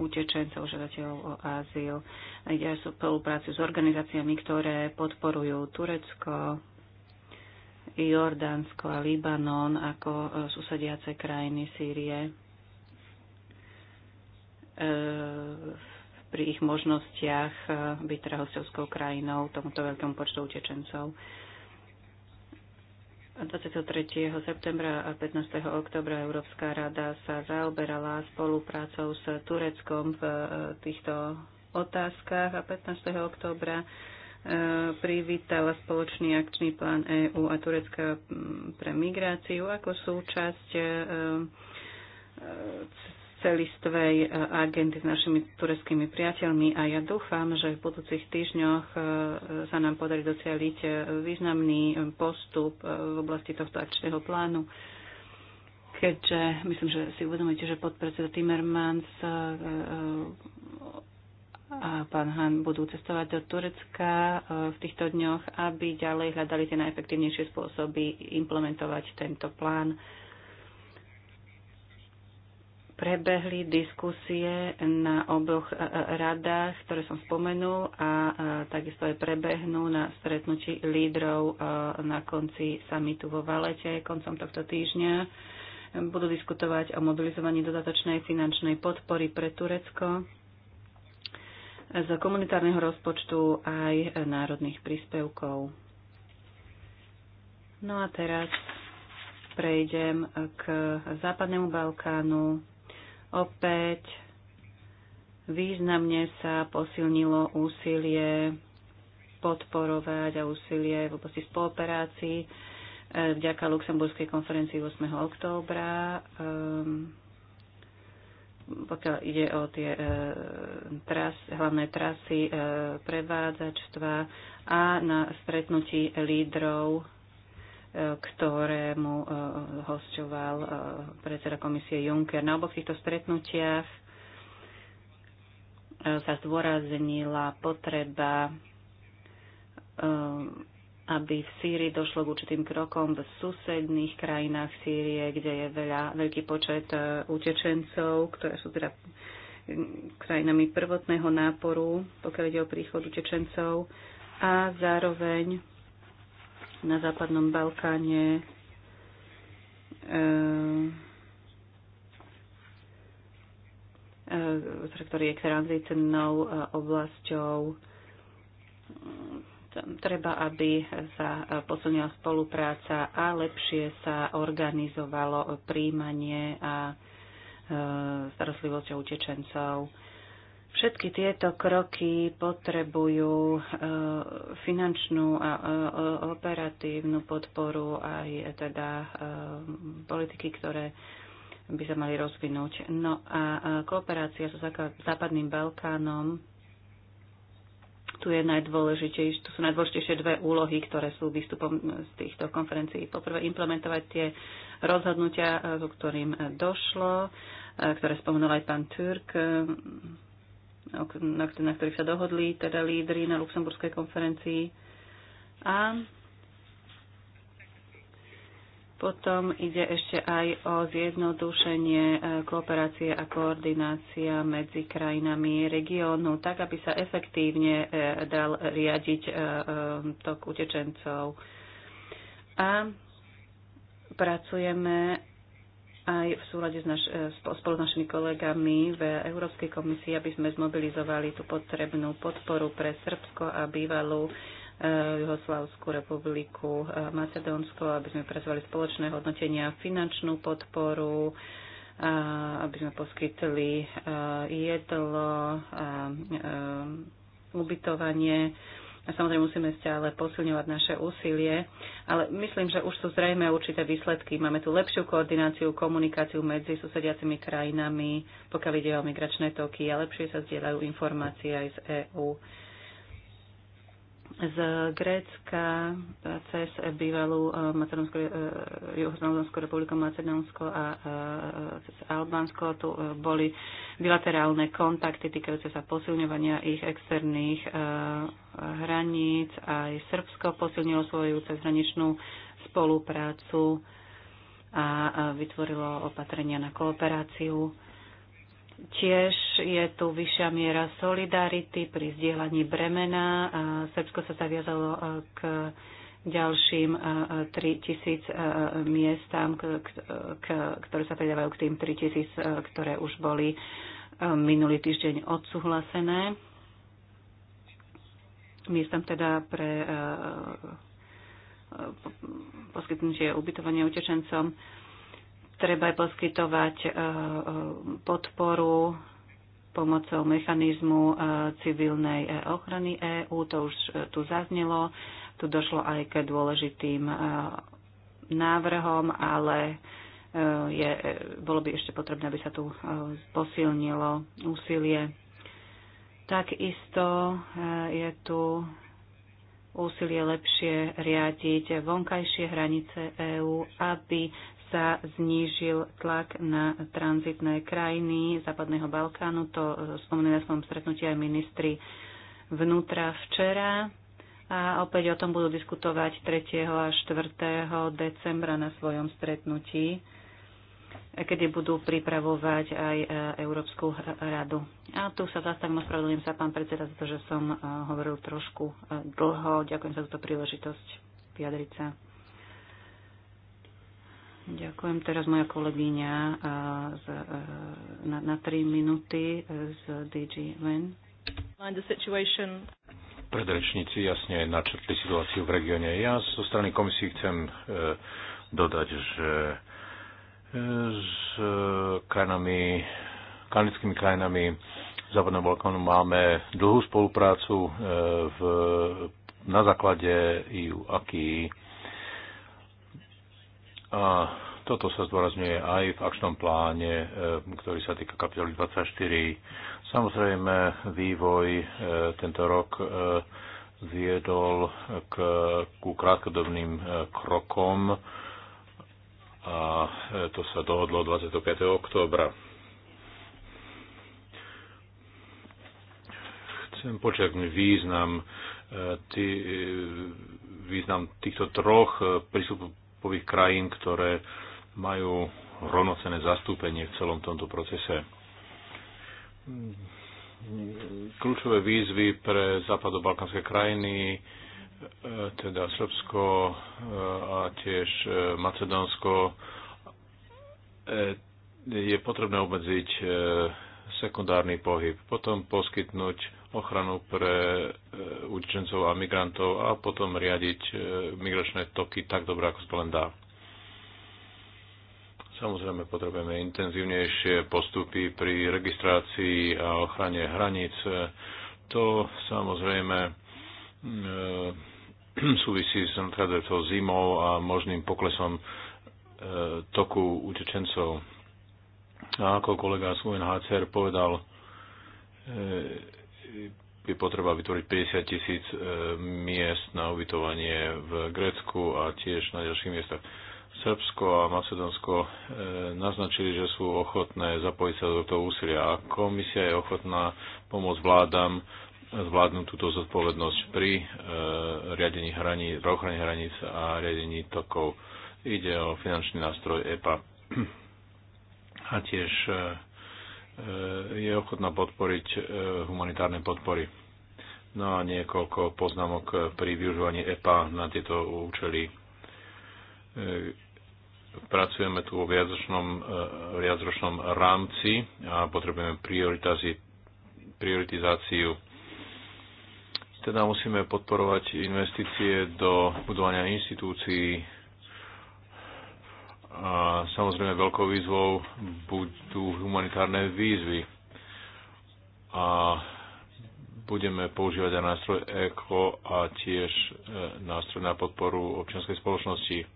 utečencov, žiadateľov o azyl. Ide aj spoluprácu s organizáciami, ktoré podporujú Turecko, Jordánsko a Libanon ako e, susediace krajiny Sýrie e, pri ich možnostiach e, byť teda krajinou tomuto veľkému počtu utečencov. 23. septembra a 15. oktobra Európska rada sa zaoberala spoluprácou s Tureckom v e, týchto otázkach a 15. oktobra e, privítala spoločný akčný plán EÚ a Turecka pre migráciu ako súčasť e, celistvej e, agendy s našimi tureckými priateľmi a ja dúfam, že v budúcich týždňoch e, sa nám podarí docieliť e, významný postup v oblasti tohto akčného plánu. Keďže myslím, že si uvedomíte, že podpredseda Timmermans a pán Han budú cestovať do Turecka v týchto dňoch, aby ďalej hľadali tie najefektívnejšie spôsoby implementovať tento plán prebehli diskusie na oboch e, e, radách, ktoré som spomenul a e, takisto aj prebehnú na stretnutí lídrov na konci samitu vo Valete koncom tohto týždňa. Budú diskutovať o mobilizovaní dodatočnej finančnej podpory pre Turecko z komunitárneho rozpočtu aj národných príspevkov. No a teraz prejdem k Západnému Balkánu Opäť významne sa posilnilo úsilie podporovať a úsilie v oblasti spolupráci eh, vďaka Luxemburskej konferencii 8. októbra ehm, pokiaľ ide o tie e, tras, hlavné trasy e, prevádzačstva a na stretnutí lídrov ktorému e, hosťoval e, predseda komisie Juncker. Na oboch týchto stretnutiach e, sa zdôraznila potreba, aby v Sýrii došlo k určitým krokom v susedných krajinách Sýrie, kde je veľa, veľký počet utečencov, ktoré sú teda krajinami prvotného náporu, pokiaľ ide o príchod utečencov a zároveň na západnom Balkáne eh, eh, ktorý je tranzitnou eh, oblasťou. Treba, aby sa posunila spolupráca a lepšie sa organizovalo príjmanie a starostlivosť o utečencov. Všetky tieto kroky potrebujú eh, finančnú a operatívnu podporu aj eh, teda eh, politiky, ktoré by sa mali rozvinúť. No a kooperácia so Západným Balkánom, tu, je najdôležitejšie, tu sú najdôležitejšie dve úlohy, ktoré sú výstupom z týchto konferencií. Poprvé implementovať tie rozhodnutia, ku ktorým došlo, ktoré spomenul aj pán Turk na ktorých sa dohodli teda lídry na Luxemburskej konferencii. A potom ide ešte aj o zjednodušenie e, kooperácie a koordinácia medzi krajinami regiónu, tak aby sa efektívne e, dal riadiť e, tok utečencov. A pracujeme aj v súlade s naš, e, spolu s našimi kolegami v Európskej komisii, aby sme zmobilizovali tú potrebnú podporu pre Srbsko a bývalú e, Juhoslavskú republiku e, Macedónsko, aby sme prezvali spoločné hodnotenia finančnú podporu, aby sme poskytli jedlo, ubytovanie a samozrejme musíme stále posilňovať naše úsilie, ale myslím, že už sú zrejme určité výsledky. Máme tu lepšiu koordináciu, komunikáciu medzi susediacimi krajinami, pokiaľ ide o migračné toky a lepšie sa zdieľajú informácie aj z EÚ z Grécka cez bývalú eh, eh, Juhoslovanskú republiku Macedónsko a eh, cez Albánsko. Tu boli bilaterálne kontakty týkajúce sa posilňovania ich externých hraníc. Aj Srbsko posilnilo svoju cezhraničnú spoluprácu a vytvorilo opatrenia na kooperáciu. Tiež je tu vyššia miera solidarity pri zdieľaní bremena. Srbsko sa zaviazalo e, k ďalším 3000 e, e, miestam, ktoré sa pridávajú k tým 3000, ktoré už boli minulý týždeň odsúhlasené. Miestam teda pre poskytnutie ubytovania utečencom. Treba aj poskytovať e, e, podporu pomocou mechanizmu e, civilnej ochrany EÚ. To už tu zaznelo. Tu došlo aj k dôležitým návrhom, ale je, bolo by ešte potrebné, aby sa tu posilnilo úsilie. Takisto je tu úsilie lepšie riadiť vonkajšie hranice EÚ, aby sa znížil tlak na tranzitné krajiny Západného Balkánu. To spomenuli na svojom stretnutí aj ministri vnútra včera. A opäť o tom budú diskutovať 3. a 4. decembra na svojom stretnutí, kedy budú pripravovať aj e, Európsku radu. A tu sa zastavím, ospravedlňujem sa, pán predseda, za to, že som e, hovoril trošku e, dlho. Ďakujem za túto príležitosť vyjadriť sa. Ďakujem. Teraz moja kolegyňa eh, z, eh, na, na tri minúty eh, z DG Len. Predrečníci jasne načrtli situáciu v regióne. Ja zo strany komisie chcem e, dodať, že s krajinami, kanadskými krajinami Západného Balkánu máme dlhú spoluprácu v, na základe EU, aký a toto sa zdôrazňuje aj v akčnom pláne, e, ktorý sa týka kapitoly 24. Samozrejme, vývoj e, tento rok e, viedol k, ku krátkodobným krokom a to sa dohodlo 25. októbra. Chcem počerknúť význam, tý, význam týchto troch rozvojových krajín, ktoré majú rovnocené zastúpenie v celom tomto procese. Kľúčové výzvy pre západobalkánske krajiny, e, teda Srbsko e, a tiež e, Macedónsko, je potrebné obmedziť sekundárny pohyb, potom poskytnúť ochranu pre e, utečencov a migrantov a potom riadiť e, migračné toky tak dobre, ako sa len dá. Samozrejme potrebujeme intenzívnejšie postupy pri registrácii a ochrane hraníc. E, to samozrejme súvisí s nadchádzajúcou zimou a možným poklesom toku utečencov. A ako kolega z UNHCR povedal, je potreba vytvoriť 50 tisíc e, miest na ubytovanie v Grécku a tiež na ďalších miestach. Srbsko a Macedónsko e, naznačili, že sú ochotné zapojiť sa do toho úsilia a komisia je ochotná pomôcť vládam zvládnuť túto zodpovednosť pri e, riadení hraní, pri ochrane hraníc a riadení tokov. Ide o finančný nástroj EPA a tiež E, je ochotná podporiť e, humanitárne podpory. No a niekoľko poznámok pri využívaní EPA na tieto účely. E, pracujeme tu vo viacročnom, viacročnom rámci a potrebujeme prioritizáciu. Teda musíme podporovať investície do budovania inštitúcií, a samozrejme veľkou výzvou budú humanitárne výzvy. A budeme používať aj nástroj ECO a tiež e, nástroj na podporu občianskej spoločnosti.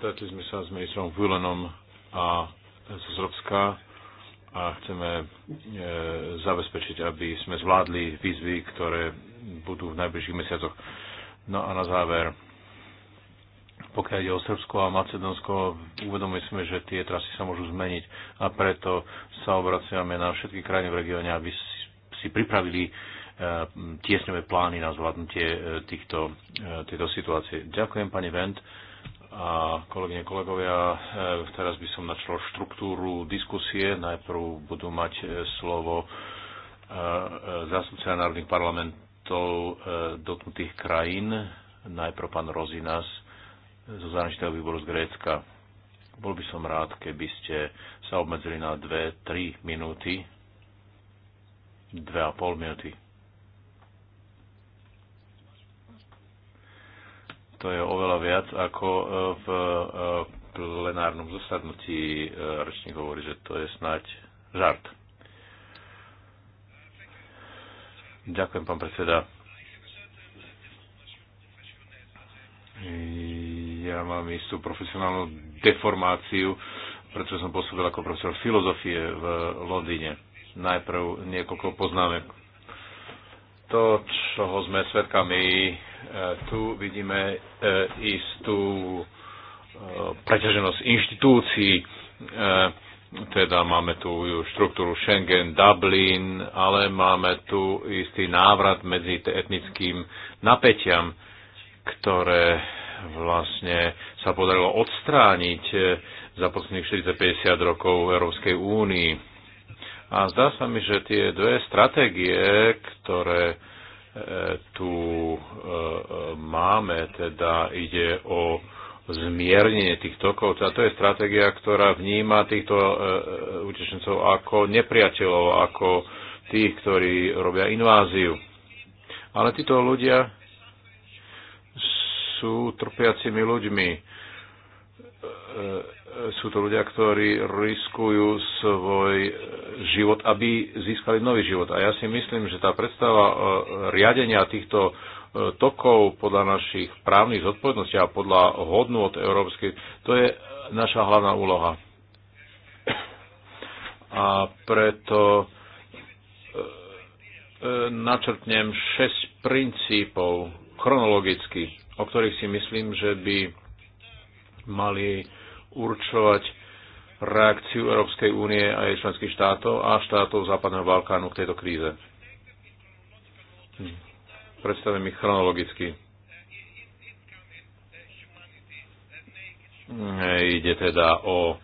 Stretli sme sa s ministrom Vulenom a z Srbska a chceme e, zabezpečiť, aby sme zvládli výzvy, ktoré budú v najbližších mesiacoch. No a na záver, pokiaľ ide o Srbsko a Macedónsko, uvedomili sme, že tie trasy sa môžu zmeniť a preto sa obraciame na všetky krajiny v regióne, aby si pripravili e, tiesňové plány na zvládnutie e, týchto, e, tejto situácie. Ďakujem pani Vent a kolegyne, kolegovia. Teraz by som načal štruktúru diskusie. Najprv budú mať slovo zástupcia národných parlamentov dotknutých krajín. Najprv pán Rozinas zo zahraničného výboru z Grécka. Bol by som rád, keby ste sa obmedzili na 2-3 minúty, 2,5 minúty. To je oveľa viac, ako e, v e, plenárnom zasadnutí e, ročník hovorí, že to je snáď žart. Ďakujem, pán predseda ja mám istú profesionálnu deformáciu, pretože som pôsobil ako profesor filozofie v Londýne. Najprv niekoľko poznámek. To, čoho sme svedkami, e, tu vidíme e, istú e, preťaženosť inštitúcií, teda máme tu štruktúru Schengen, Dublin, ale máme tu istý návrat medzi etnickým napätiam, ktoré vlastne sa podarilo odstrániť e, za posledných 40-50 rokov v Európskej únii. A zdá sa mi, že tie dve stratégie, ktoré e, tu e, máme, teda ide o zmiernenie tých tokov. A to je stratégia, ktorá vníma týchto e, utečencov ako nepriateľov, ako tých, ktorí robia inváziu. Ale títo ľudia sú trpiacimi ľuďmi. E, e, sú to ľudia, ktorí riskujú svoj život, aby získali nový život. A ja si myslím, že tá predstava e, riadenia týchto tokov podľa našich právnych zodpovedností a podľa od Európskej, to je naša hlavná úloha. A preto načrtnem 6 princípov chronologicky o ktorých si myslím, že by mali určovať reakciu Európskej únie a jej členských štátov a štátov Západného Balkánu k tejto kríze. Predstavím ich chronologicky. Hm, ide teda o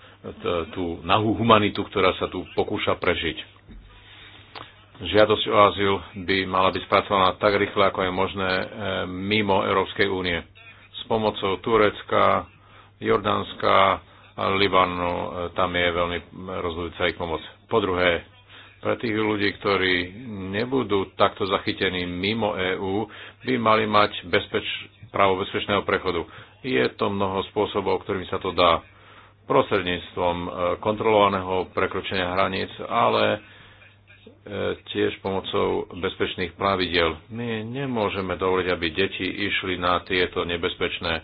tú nahú humanitu, ktorá sa tu pokúša prežiť žiadosť o azyl by mala byť spracovaná tak rýchle, ako je možné e, mimo Európskej únie. S pomocou Turecka, Jordánska a Libanu e, tam je veľmi rozhodujúca ich pomoc. Po druhé, pre tých ľudí, ktorí nebudú takto zachytení mimo EÚ, by mali mať bezpeč, právo bezpečného prechodu. Je to mnoho spôsobov, ktorými sa to dá prostredníctvom e, kontrolovaného prekročenia hraníc, ale tiež pomocou bezpečných pravidel. My nemôžeme dovoliť, aby deti išli na tieto nebezpečné e,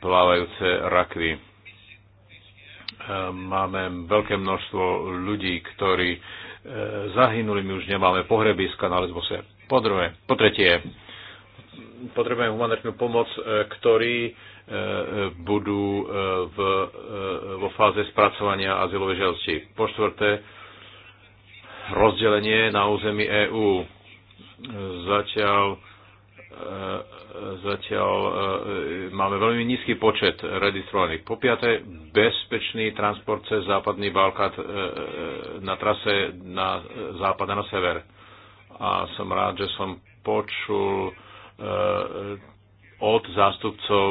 plávajúce rakvy. E, máme veľké množstvo ľudí, ktorí e, zahynuli, my už nemáme pohrebiska na Lesbose. Po, druhé, po tretie, potrebujeme humanitárnu pomoc, ktorí budú v, vo fáze spracovania azylovej žiadosti. Po štvrté, rozdelenie na území EÚ. Zatiaľ, e, zatiaľ e, máme veľmi nízky počet registrovaných. Po piaté, bezpečný transport cez západný Balkát e, na trase na západ a na sever. A som rád, že som počul od zástupcov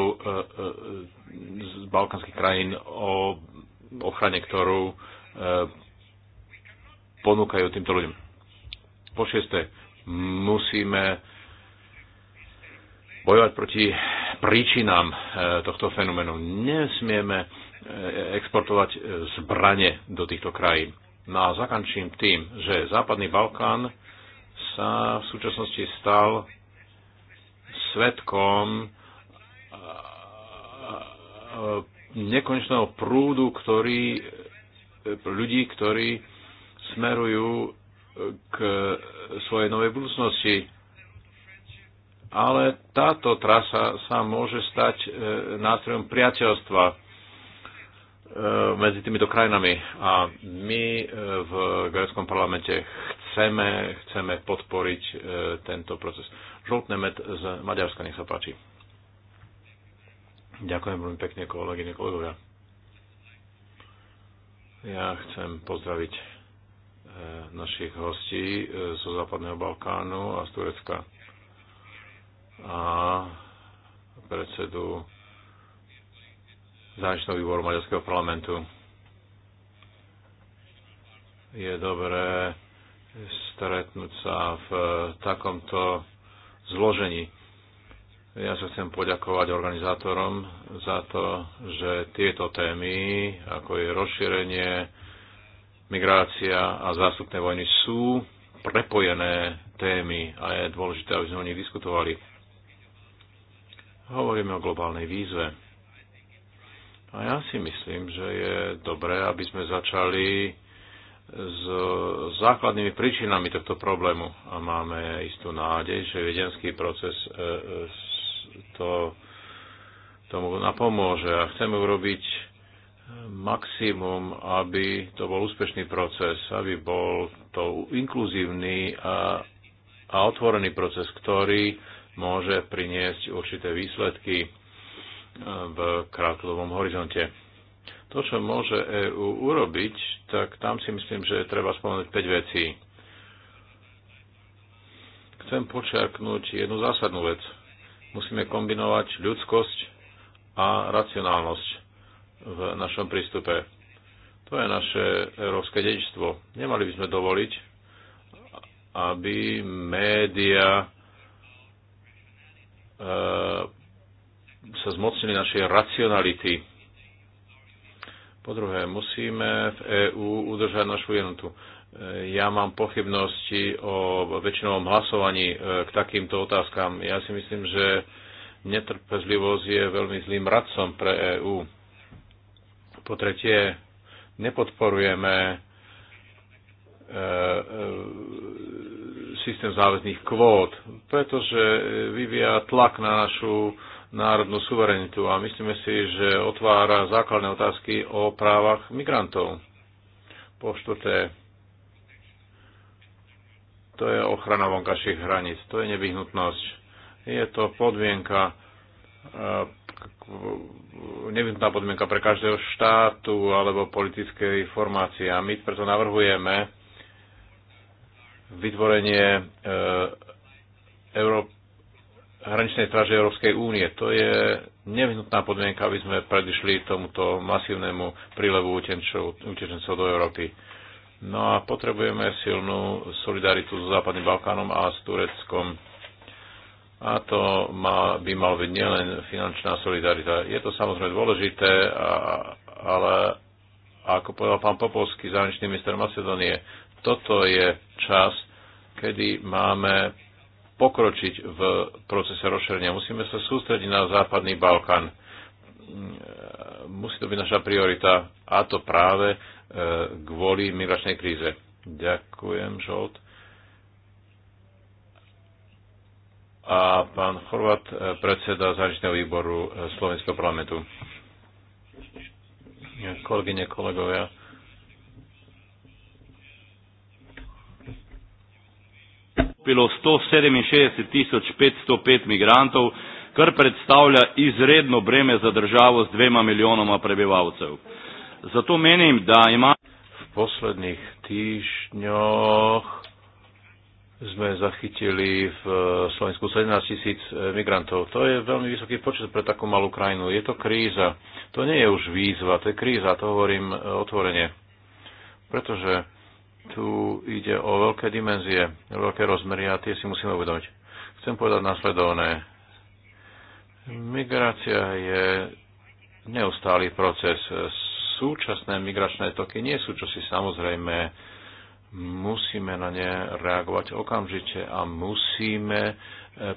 z balkánskych krajín o ochrane, ktorú ponúkajú týmto ľuďom. Po šieste, musíme bojovať proti príčinám e, tohto fenoménu. Nesmieme e, exportovať e, zbranie do týchto krajín. No a zakončím tým, že Západný Balkán sa v súčasnosti stal svetkom nekonečného prúdu, ktorý, ľudí, ktorí smerujú eh, k eh, svojej novej budúcnosti. Ale táto trasa sa môže stať eh, nástrojom priateľstva medzi týmito krajinami. A my v Gréckom parlamente chceme, chceme podporiť tento proces. Žoltné med z Maďarska, nech sa páči. Ďakujem veľmi pekne, kolegyne, kolegovia. Ja chcem pozdraviť E, našich hostí e, zo Západného Balkánu a z Turecka a predsedu zahraničného výboru Maďarského parlamentu. Je dobré stretnúť sa v takomto zložení. Ja sa chcem poďakovať organizátorom za to, že tieto témy, ako je rozšírenie, Migrácia a zástupné vojny sú prepojené témy a je dôležité, aby sme o nich diskutovali. Hovoríme o globálnej výzve. A ja si myslím, že je dobré, aby sme začali s základnými príčinami tohto problému. A máme istú nádej, že vedenský proces e, e, to, tomu napomôže. A chceme urobiť maximum, aby to bol úspešný proces, aby bol to inkluzívny a, a otvorený proces, ktorý môže priniesť určité výsledky e, v krátkodobom horizonte. To, čo môže EÚ urobiť, tak tam si myslím, že treba spomenúť 5 vecí. Chcem počiarknúť jednu zásadnú vec. Musíme kombinovať ľudskosť a racionálnosť v našom prístupe. To je naše európske dedičstvo. Nemali by sme dovoliť, aby média e, sa zmocnili našej racionality. Po druhé, musíme v EÚ udržať našu jednotu. E, ja mám pochybnosti o väčšinovom hlasovaní e, k takýmto otázkam. Ja si myslím, že netrpezlivosť je veľmi zlým radcom pre EÚ po tretie, nepodporujeme e, e, systém záväzných kvót, pretože vyvíja tlak na našu národnú suverenitu a myslíme si, že otvára základné otázky o právach migrantov. Po štvrté, to je ochrana vonkajších hraníc, to je nevyhnutnosť. Je to podmienka e, nevyhnutná podmienka pre každého štátu alebo politickej formácie. A my preto navrhujeme vytvorenie e, Euró- hraničnej straže Európskej únie. To je nevyhnutná podmienka, aby sme predišli tomuto masívnemu prílevu utečencov, do Európy. No a potrebujeme silnú solidaritu so Západným Balkánom a s Tureckom. A to má, by mal byť nielen finančná solidarita. Je to samozrejme dôležité, a, ale ako povedal pán Popovský, zahraničný minister Macedónie, toto je čas, kedy máme pokročiť v procese rozšírenia. Musíme sa sústrediť na Západný Balkán. Musí to byť naša priorita, a to práve e, kvôli migračnej kríze. Ďakujem, Žolt. a pán Chorvat, e, predseda zahraničného výboru e, Slovenského parlamentu. Kolegyne, kolegovia, Bilo 167.505 migrantov, kar predstavlja izredno breme za državo s dvema milijonoma prebivalcev. Zato menim, da ima v poslednjih týždňoch sme zachytili v Slovensku 17 tisíc e, migrantov. To je veľmi vysoký počet pre takú malú krajinu. Je to kríza. To nie je už výzva, to je kríza, to hovorím e, otvorene. Pretože tu ide o veľké dimenzie, veľké rozmery a tie si musíme uvedomiť. Chcem povedať následovné. Migrácia je neustály proces. Súčasné migračné toky nie sú čosi samozrejme musíme na ne reagovať okamžite a musíme e,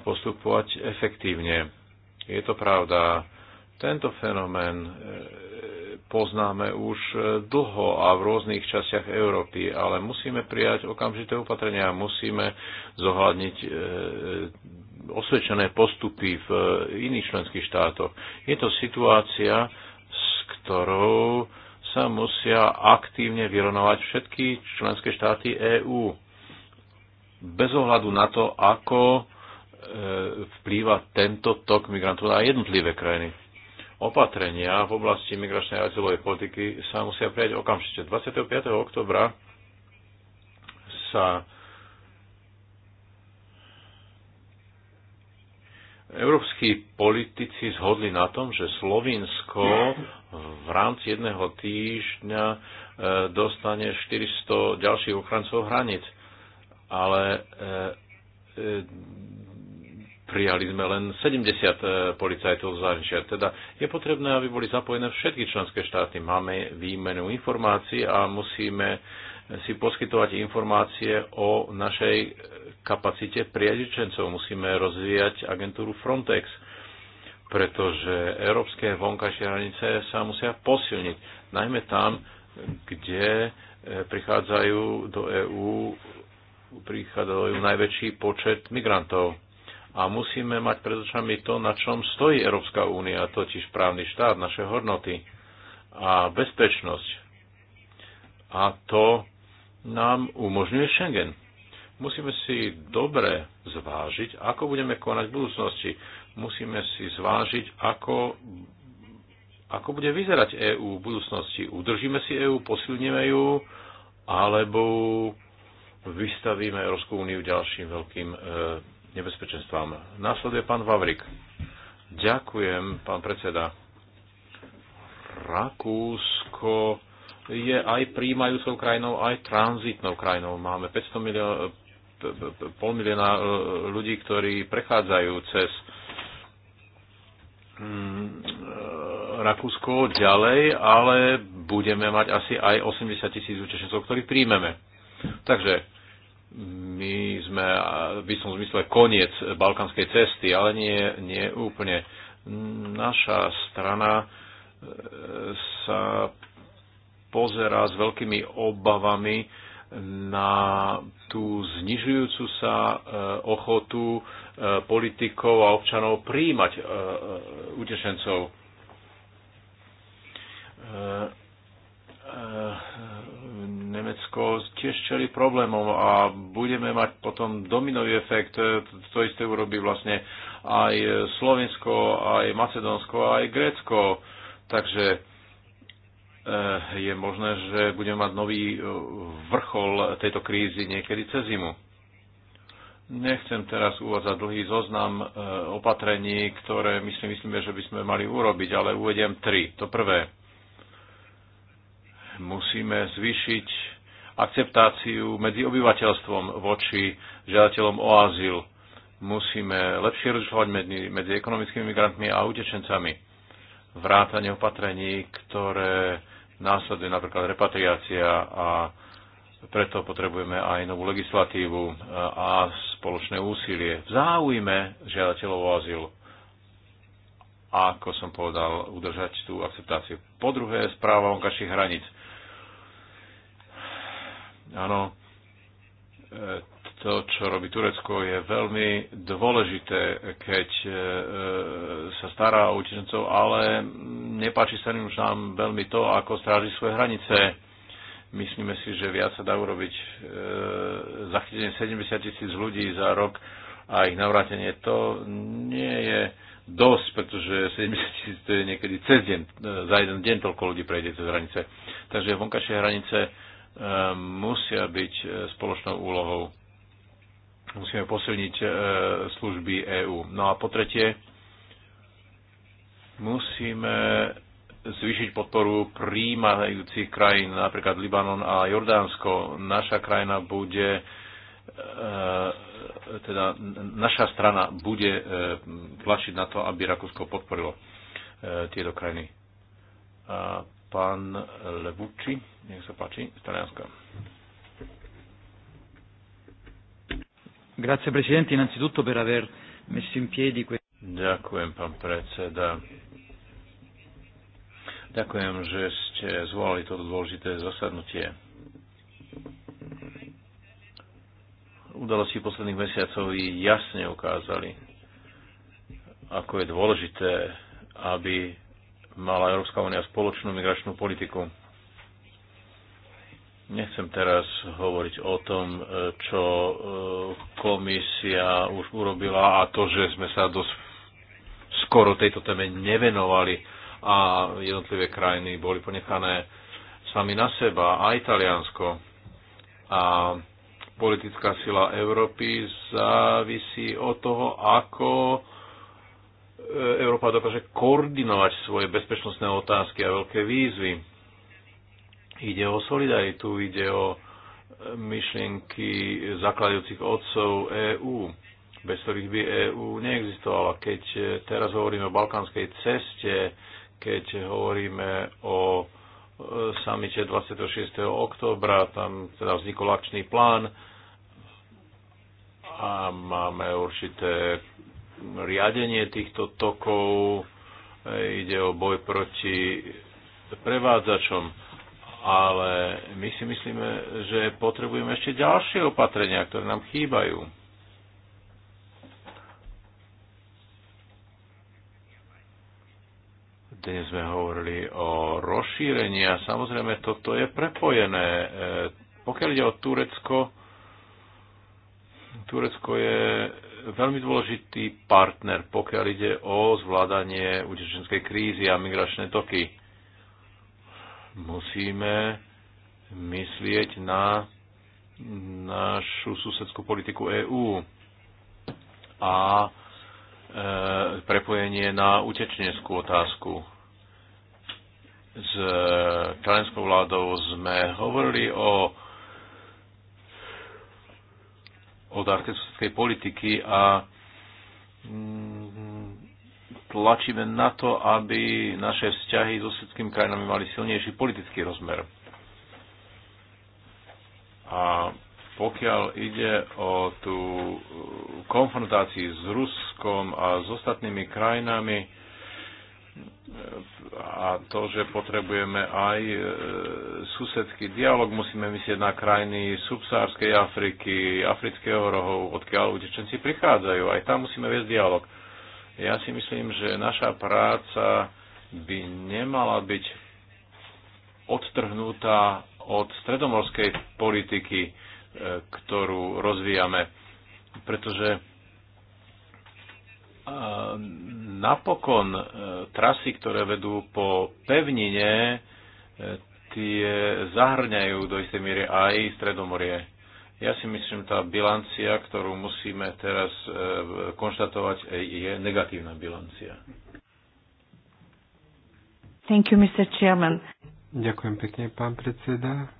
postupovať efektívne. Je to pravda. Tento fenomén e, poznáme už e, dlho a v rôznych častiach Európy, ale musíme prijať okamžité opatrenia, musíme zohľadniť osvedčené postupy v iných členských štátoch. Je to situácia, s ktorou sa musia aktívne vyrovnovať všetky členské štáty EÚ. Bez ohľadu na to, ako e, vplýva tento tok migrantov na jednotlivé krajiny. Opatrenia v oblasti migračnej a azylovej politiky sa musia prijať okamžite. 25. oktobra sa Európsky politici zhodli na tom, že Slovinsko v rámci jedného týždňa e, dostane 400 ďalších ochrancov hraníc. Ale e, e, prijali sme len 70 policajtov z zahraničia. Teda je potrebné, aby boli zapojené všetky členské štáty. Máme výmenu informácií a musíme si poskytovať informácie o našej kapacite priadičencov. Musíme rozvíjať agentúru Frontex, pretože európske vonkajšie hranice sa musia posilniť, najmä tam, kde e, prichádzajú do EÚ prichádzajú najväčší počet migrantov. A musíme mať pred očami to, na čom stojí Európska únia, totiž právny štát, naše hodnoty a bezpečnosť. A to nám umožňuje Schengen. Musíme si dobre zvážiť, ako budeme konať v budúcnosti. Musíme si zvážiť, ako, ako bude vyzerať EÚ v budúcnosti. Udržíme si EÚ, posilníme ju, alebo vystavíme Európsku úniu ďalším veľkým e, nebezpečenstvám. Následuje pán Vavrik. Ďakujem, pán predseda. Rakúsko je aj príjmajúcou krajinou, aj tranzitnou krajinou. Máme 500 milió- pol milióna e, ľudí, ktorí prechádzajú cez mm, e, Rakúsko ďalej, ale budeme mať asi aj 80 tisíc utečencov, ktorých príjmeme. Takže my sme by som zmysle koniec balkanskej cesty, ale nie, nie úplne. Naša strana e, sa pozerá s veľkými obavami na tú znižujúcu sa e, ochotu e, politikov a občanov príjmať e, utečencov. Nemecko tiež čeli problémom a budeme mať potom dominový efekt. To isté urobí vlastne aj Slovensko, aj Macedónsko, aj Grécko. Takže Eh, je možné, že budeme mať nový eh, vrchol tejto krízy niekedy cez zimu. Nechcem teraz uvádzať dlhý zoznam eh, opatrení, ktoré my si myslíme, že by sme mali urobiť, ale uvediem tri. To prvé, musíme zvýšiť akceptáciu medzi obyvateľstvom voči žiadateľom o azyl. Musíme lepšie rozlišovať medzi, medzi ekonomickými migrantmi a utečencami vrátane opatrení, ktoré následuje napríklad repatriácia a preto potrebujeme aj novú legislatívu e, a spoločné úsilie v záujme žiadateľov o azyl. A ako som povedal, udržať tú akceptáciu. Po druhé, správa vonkajších hraníc. Áno, e, to, čo robí Turecko, je veľmi dôležité, keď e, e, sa stará o utečencov, ale nepáči sa im už nám veľmi to, ako stráži svoje hranice. Myslíme si, že viac sa dá urobiť. E, zachytenie 70 tisíc ľudí za rok a ich navrátenie, to nie je dosť, pretože 70 tisíc to je niekedy cez deň, za jeden deň toľko ľudí prejde cez hranice. Takže vonkajšie hranice musia byť spoločnou úlohou Musíme posilniť e, služby EÚ. No a po tretie, musíme zvýšiť podporu príjmajúcich krajín, napríklad Libanon a Jordánsko. Naša krajina bude, e, teda naša strana bude e, tlačiť na to, aby Rakúsko podporilo tieto krajiny. A pán Levucci, nech sa páči, z Talianska. Grazie Presidente innanzitutto per aver messo in piedi questo. Ďakujem, pán predseda. Ďakujem, že ste zvolali toto dôležité zasadnutie. Udalosti posledných mesiacov jasne ukázali, ako je dôležité, aby mala Európska únia spoločnú migračnú politiku. Nechcem teraz hovoriť o tom, e, čo e, komisia už urobila a to, že sme sa dosť skoro tejto téme nevenovali a jednotlivé krajiny boli ponechané sami na seba, a Taliansko. A politická sila Európy závisí od toho, ako e, Európa dokáže koordinovať svoje bezpečnostné otázky a veľké výzvy Ide o solidaritu, ide o e, myšlienky zakladajúcich otcov EÚ, bez ktorých by EÚ neexistovala. Keď e, teraz hovoríme o balkánskej ceste, keď hovoríme o e, samite 26. oktobra, tam teda vznikol akčný plán a máme určité riadenie týchto tokov, ide o boj proti prevádzačom ale my si myslíme, že potrebujeme ešte ďalšie opatrenia, ktoré nám chýbajú. Dnes sme hovorili o rozšírení a samozrejme toto je prepojené. E, pokiaľ ide o Turecko, Turecko je veľmi dôležitý partner, pokiaľ ide o zvládanie utečenskej krízy a migračné toky musíme myslieť na našu susedskú politiku EÚ a e, prepojenie na utečneckú otázku. S členskou e, vládou sme hovorili o o dárke susedskej politiky a mm, tlačíme na to, aby naše vzťahy so všetkými krajinami mali silnejší politický rozmer. A pokiaľ ide o tú eh, konfrontáciu s Ruskom a s ostatnými krajinami eh, a to, že potrebujeme aj eh, susedský dialog, musíme myslieť na krajiny subsárskej Afriky, afrického rohu, odkiaľ utečenci prichádzajú. Aj tam musíme viesť dialog. Ja si myslím, že naša práca by nemala byť odtrhnutá od stredomorskej politiky, e, ktorú rozvíjame, pretože e, napokon e, trasy, ktoré vedú po pevnine, tie zahrňajú do istej miery aj Stredomorie. Ja si myslím, tá bilancia, ktorú musíme teraz e, konštatovať, e, je negatívna bilancia. Thank you, Mr. Chairman. Ďakujem pekne, pán predseda.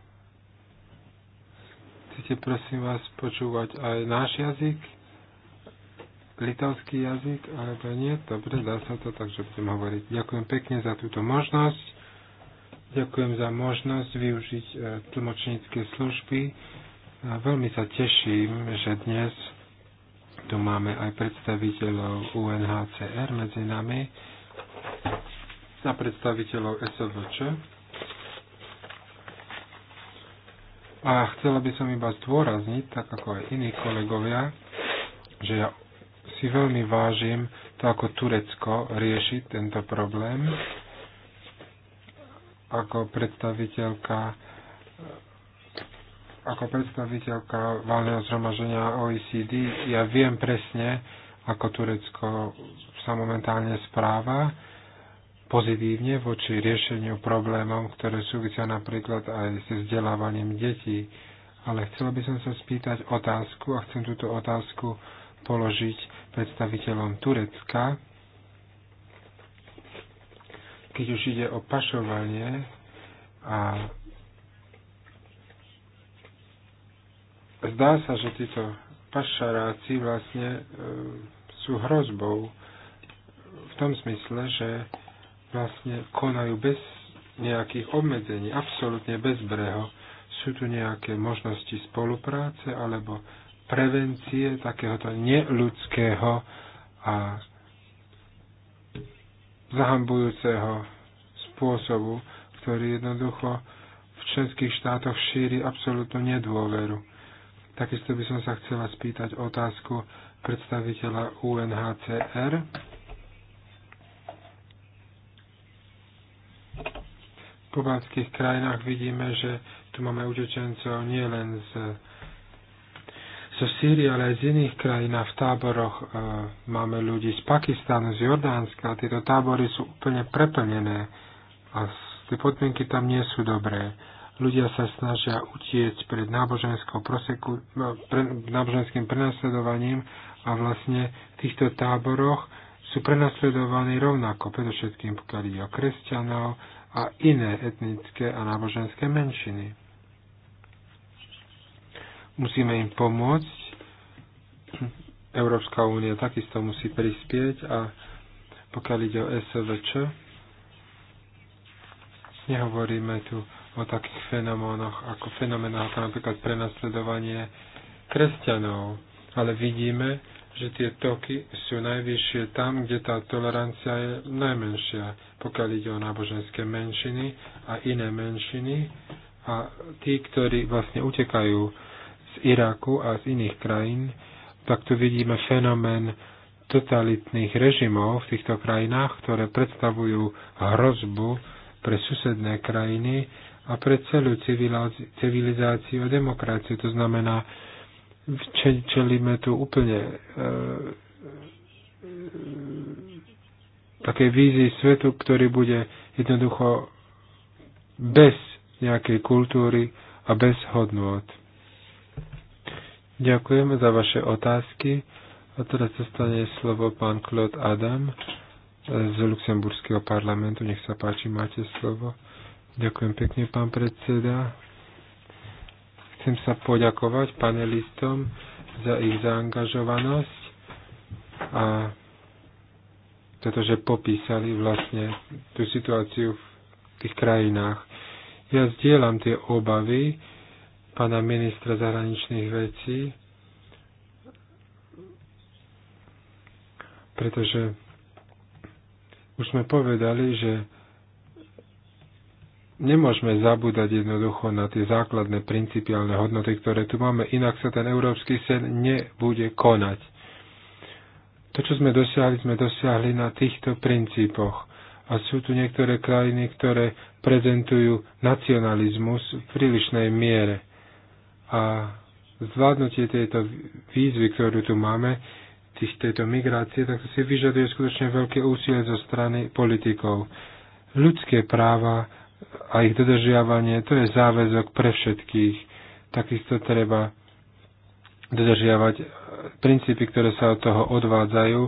Chcete prosím vás počúvať aj náš jazyk? Litovský jazyk, alebo nie? Dobre, dá sa to, takže budem hovoriť. Ďakujem pekne za túto možnosť. Ďakujem za možnosť využiť e, tlmočnícke služby Veľmi sa teším, že dnes tu máme aj predstaviteľov UNHCR medzi nami a predstaviteľov SOVČ. A chcela by som iba zdôrazniť, tak ako aj iní kolegovia, že ja si veľmi vážim to, ako Turecko rieši tento problém. Ako predstaviteľka ako predstaviteľka valného zhromaženia OECD, ja viem presne, ako Turecko sa momentálne správa pozitívne voči riešeniu problémov, ktoré súvisia napríklad aj s vzdelávaním detí. Ale chcela by som sa spýtať otázku a chcem túto otázku položiť predstaviteľom Turecka. Keď už ide o pašovanie a zdá sa, že títo pašaráci vlastne e, sú hrozbou v tom smysle, že vlastne konajú bez nejakých obmedzení, absolútne bez breho. Sú tu nejaké možnosti spolupráce alebo prevencie takéhoto neludského a zahambujúceho spôsobu, ktorý jednoducho v členských štátoch šíri absolútnu nedôveru. Takisto by som sa chcela spýtať otázku predstaviteľa UNHCR. V pobalských krajinách vidíme, že tu máme utečencov nielen z zo Sýrie, ale aj z iných krajín a v táboroch e, máme ľudí z Pakistánu, z Jordánska. a Tieto tábory sú úplne preplnené a tie podmienky tam nie sú dobré. Ľudia sa snažia utiecť pred, proseku, no, pre, náboženským prenasledovaním a vlastne v týchto táboroch sú prenasledovaní rovnako, predovšetkým pokiaľ ide o kresťanov a iné etnické a náboženské menšiny. Musíme im pomôcť. Európska únia takisto musí prispieť a pokiaľ ide o SVČ, nehovoríme tu o takých fenomenoch, ako fenomenách, ako napríklad prenasledovanie kresťanov. Ale vidíme, že tie toky sú najvyššie tam, kde tá tolerancia je najmenšia, pokiaľ ide o náboženské menšiny a iné menšiny. A tí, ktorí vlastne utekajú z Iraku a z iných krajín, tak tu vidíme fenomén totalitných režimov v týchto krajinách, ktoré predstavujú hrozbu pre susedné krajiny a pre celú civilizáciu a demokraciu. To znamená, čelíme tu úplne e, e také vízii svetu, ktorý bude jednoducho bez nejakej kultúry a bez hodnot. Ďakujem za vaše otázky. A teraz zostane slovo pán Claude Adam z Luxemburského parlamentu. Nech sa páči, máte slovo. Ďakujem pekne, pán predseda. Chcem sa poďakovať panelistom za ich zaangažovanosť a pretože popísali vlastne tú situáciu v tých krajinách. Ja zdieľam tie obavy pána ministra zahraničných vecí, pretože už sme povedali, že nemôžeme zabúdať jednoducho na tie základné principiálne hodnoty, ktoré tu máme, inak sa ten európsky sen nebude konať. To, čo sme dosiahli, sme dosiahli na týchto princípoch. A sú tu niektoré krajiny, ktoré prezentujú nacionalizmus v prílišnej miere. A zvládnutie tejto výzvy, ktorú tu máme, tých, tejto migrácie, tak to si vyžaduje skutočne veľké úsilie zo strany politikov. Ľudské práva a ich dodržiavanie, to je záväzok pre všetkých. Takisto treba dodržiavať e, princípy, ktoré sa od toho odvádzajú.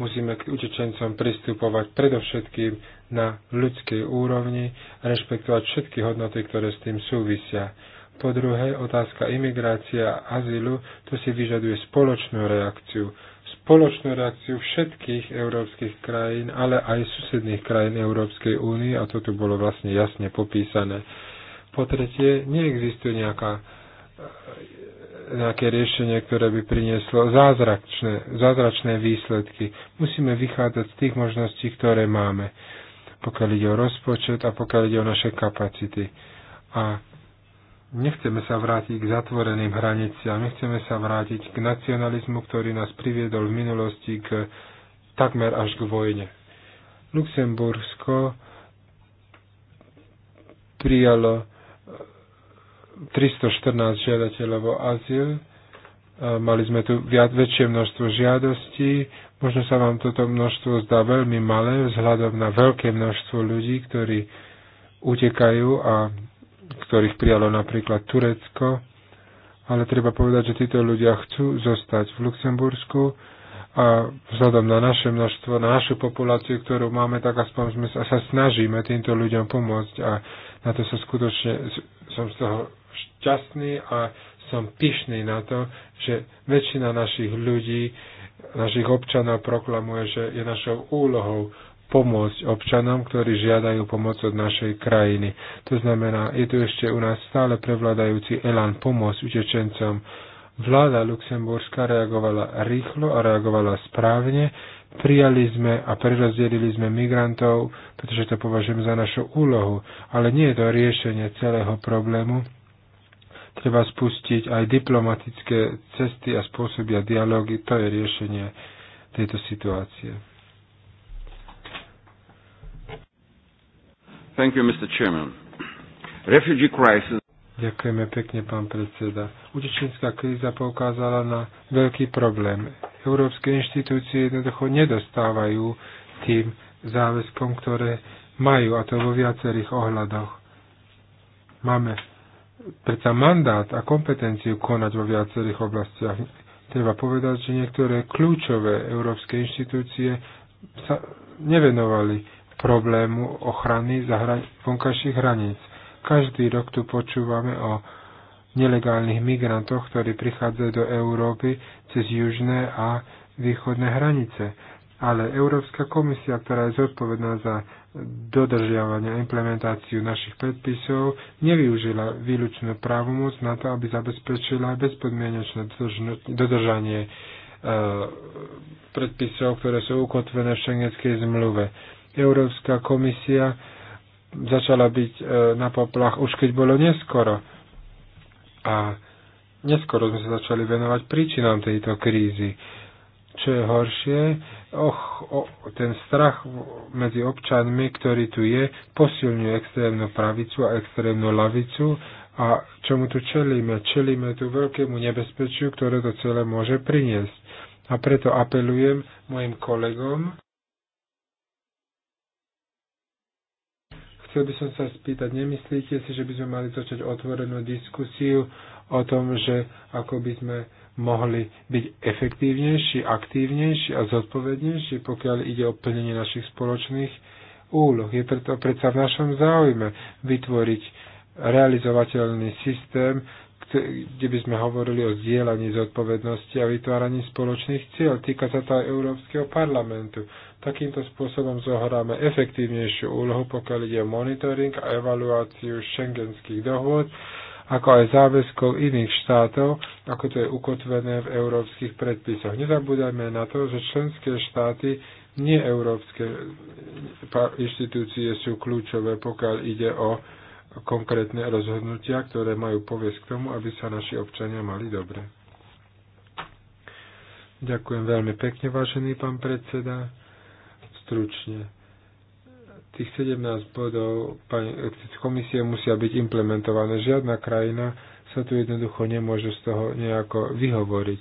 Musíme k utečencom pristupovať predovšetkým na ľudskej úrovni, rešpektovať všetky hodnoty, ktoré s tým súvisia. Po druhé, otázka imigrácia a azylu, to si vyžaduje spoločnú reakciu spoločnú reakciu všetkých európskych krajín, ale aj susedných krajín Európskej únie a to tu bolo vlastne jasne popísané. Po tretie, neexistuje nejaká, e, nejaké riešenie, ktoré by prinieslo zázračné, zázračné výsledky. Musíme vychádzať z tých možností, ktoré máme, pokiaľ ide o rozpočet a pokiaľ ide o naše kapacity. A Nechceme sa vrátiť k zatvoreným hraniciam, nechceme sa vrátiť k nacionalizmu, ktorý nás priviedol v minulosti k takmer až k vojne. Luxembursko prijalo 314 žiadateľov o azyl, mali sme tu viac, väčšie množstvo žiadostí, možno sa vám toto množstvo zdá veľmi malé vzhľadom na veľké množstvo ľudí, ktorí utekajú a ktorých prijalo napríklad Turecko, ale treba povedať, že títo ľudia chcú zostať v Luxembursku a vzhľadom na naše množstvo, na našu populáciu, ktorú máme, tak aspoň sme sa, sa snažíme týmto ľuďom pomôcť a na to sa skutočne som z toho šťastný a som pyšný na to, že väčšina našich ľudí, našich občanov proklamuje, že je našou úlohou pomôcť občanom, ktorí žiadajú pomoc od našej krajiny. To znamená, je tu ešte u nás stále prevladajúci elán pomôcť utečencom. Vláda Luxemburska reagovala rýchlo a reagovala správne. Prijali sme a prerozdelili sme migrantov, pretože to považujem za našu úlohu. Ale nie je to riešenie celého problému. Treba spustiť aj diplomatické cesty a spôsobia dialógy. To je riešenie tejto situácie. Thank you, Mr. Chairman. Refugee crisis. Ďakujeme pekne, pán predseda. Utečenská kríza poukázala na veľký problém. Európske inštitúcie jednoducho nedostávajú tým záväzkom, ktoré majú, a to vo viacerých ohľadoch. Máme predsa mandát a kompetenciu konať vo viacerých oblastiach. Treba povedať, že niektoré kľúčové európske inštitúcie sa nevenovali problému ochrany vonkajších hraníc. Každý rok tu počúvame o nelegálnych migrantoch, ktorí prichádzajú do Európy cez južné a východné hranice. Ale Európska komisia, ktorá je zodpovedná za dodržiavanie a implementáciu našich predpisov, nevyužila výlučnú právomoc na to, aby zabezpečila bezpodmienečné dodržanie e, predpisov, ktoré sú ukotvené v šengenskej zmluve. Európska komisia začala byť e, na poplach už keď bolo neskoro. A neskoro sme sa začali venovať príčinám tejto krízy. Čo je horšie, och, o, ten strach medzi občanmi, ktorý tu je, posilňuje extrémnu pravicu a extrémnu lavicu a čomu tu čelíme? Čelíme tu veľkému nebezpečiu, ktoré to celé môže priniesť. A preto apelujem mojim kolegom, Chcel by som sa spýtať, nemyslíte si, že by sme mali začať otvorenú diskusiu o tom, že ako by sme mohli byť efektívnejší, aktívnejší a zodpovednejší, pokiaľ ide o plnenie našich spoločných úloh. Je preto predsa v našom záujme vytvoriť realizovateľný systém, kde by sme hovorili o zdieľaní zodpovednosti a vytváraní spoločných cieľ. Týka sa to aj Európskeho parlamentu. Takýmto spôsobom zohráme efektívnejšiu úlohu, pokiaľ ide o monitoring a evaluáciu šengenských dohôd, ako aj záväzkov iných štátov, ako to je ukotvené v európskych predpisoch. Nezabúdajme na to, že členské štáty nie európske inštitúcie sú kľúčové, pokiaľ ide o konkrétne rozhodnutia, ktoré majú poviesť k tomu, aby sa naši občania mali dobre. Ďakujem veľmi pekne, vážený pán predseda stručne. Tých 17 bodov pani, komisie musia byť implementované. Žiadna krajina sa tu jednoducho nemôže z toho nejako vyhovoriť.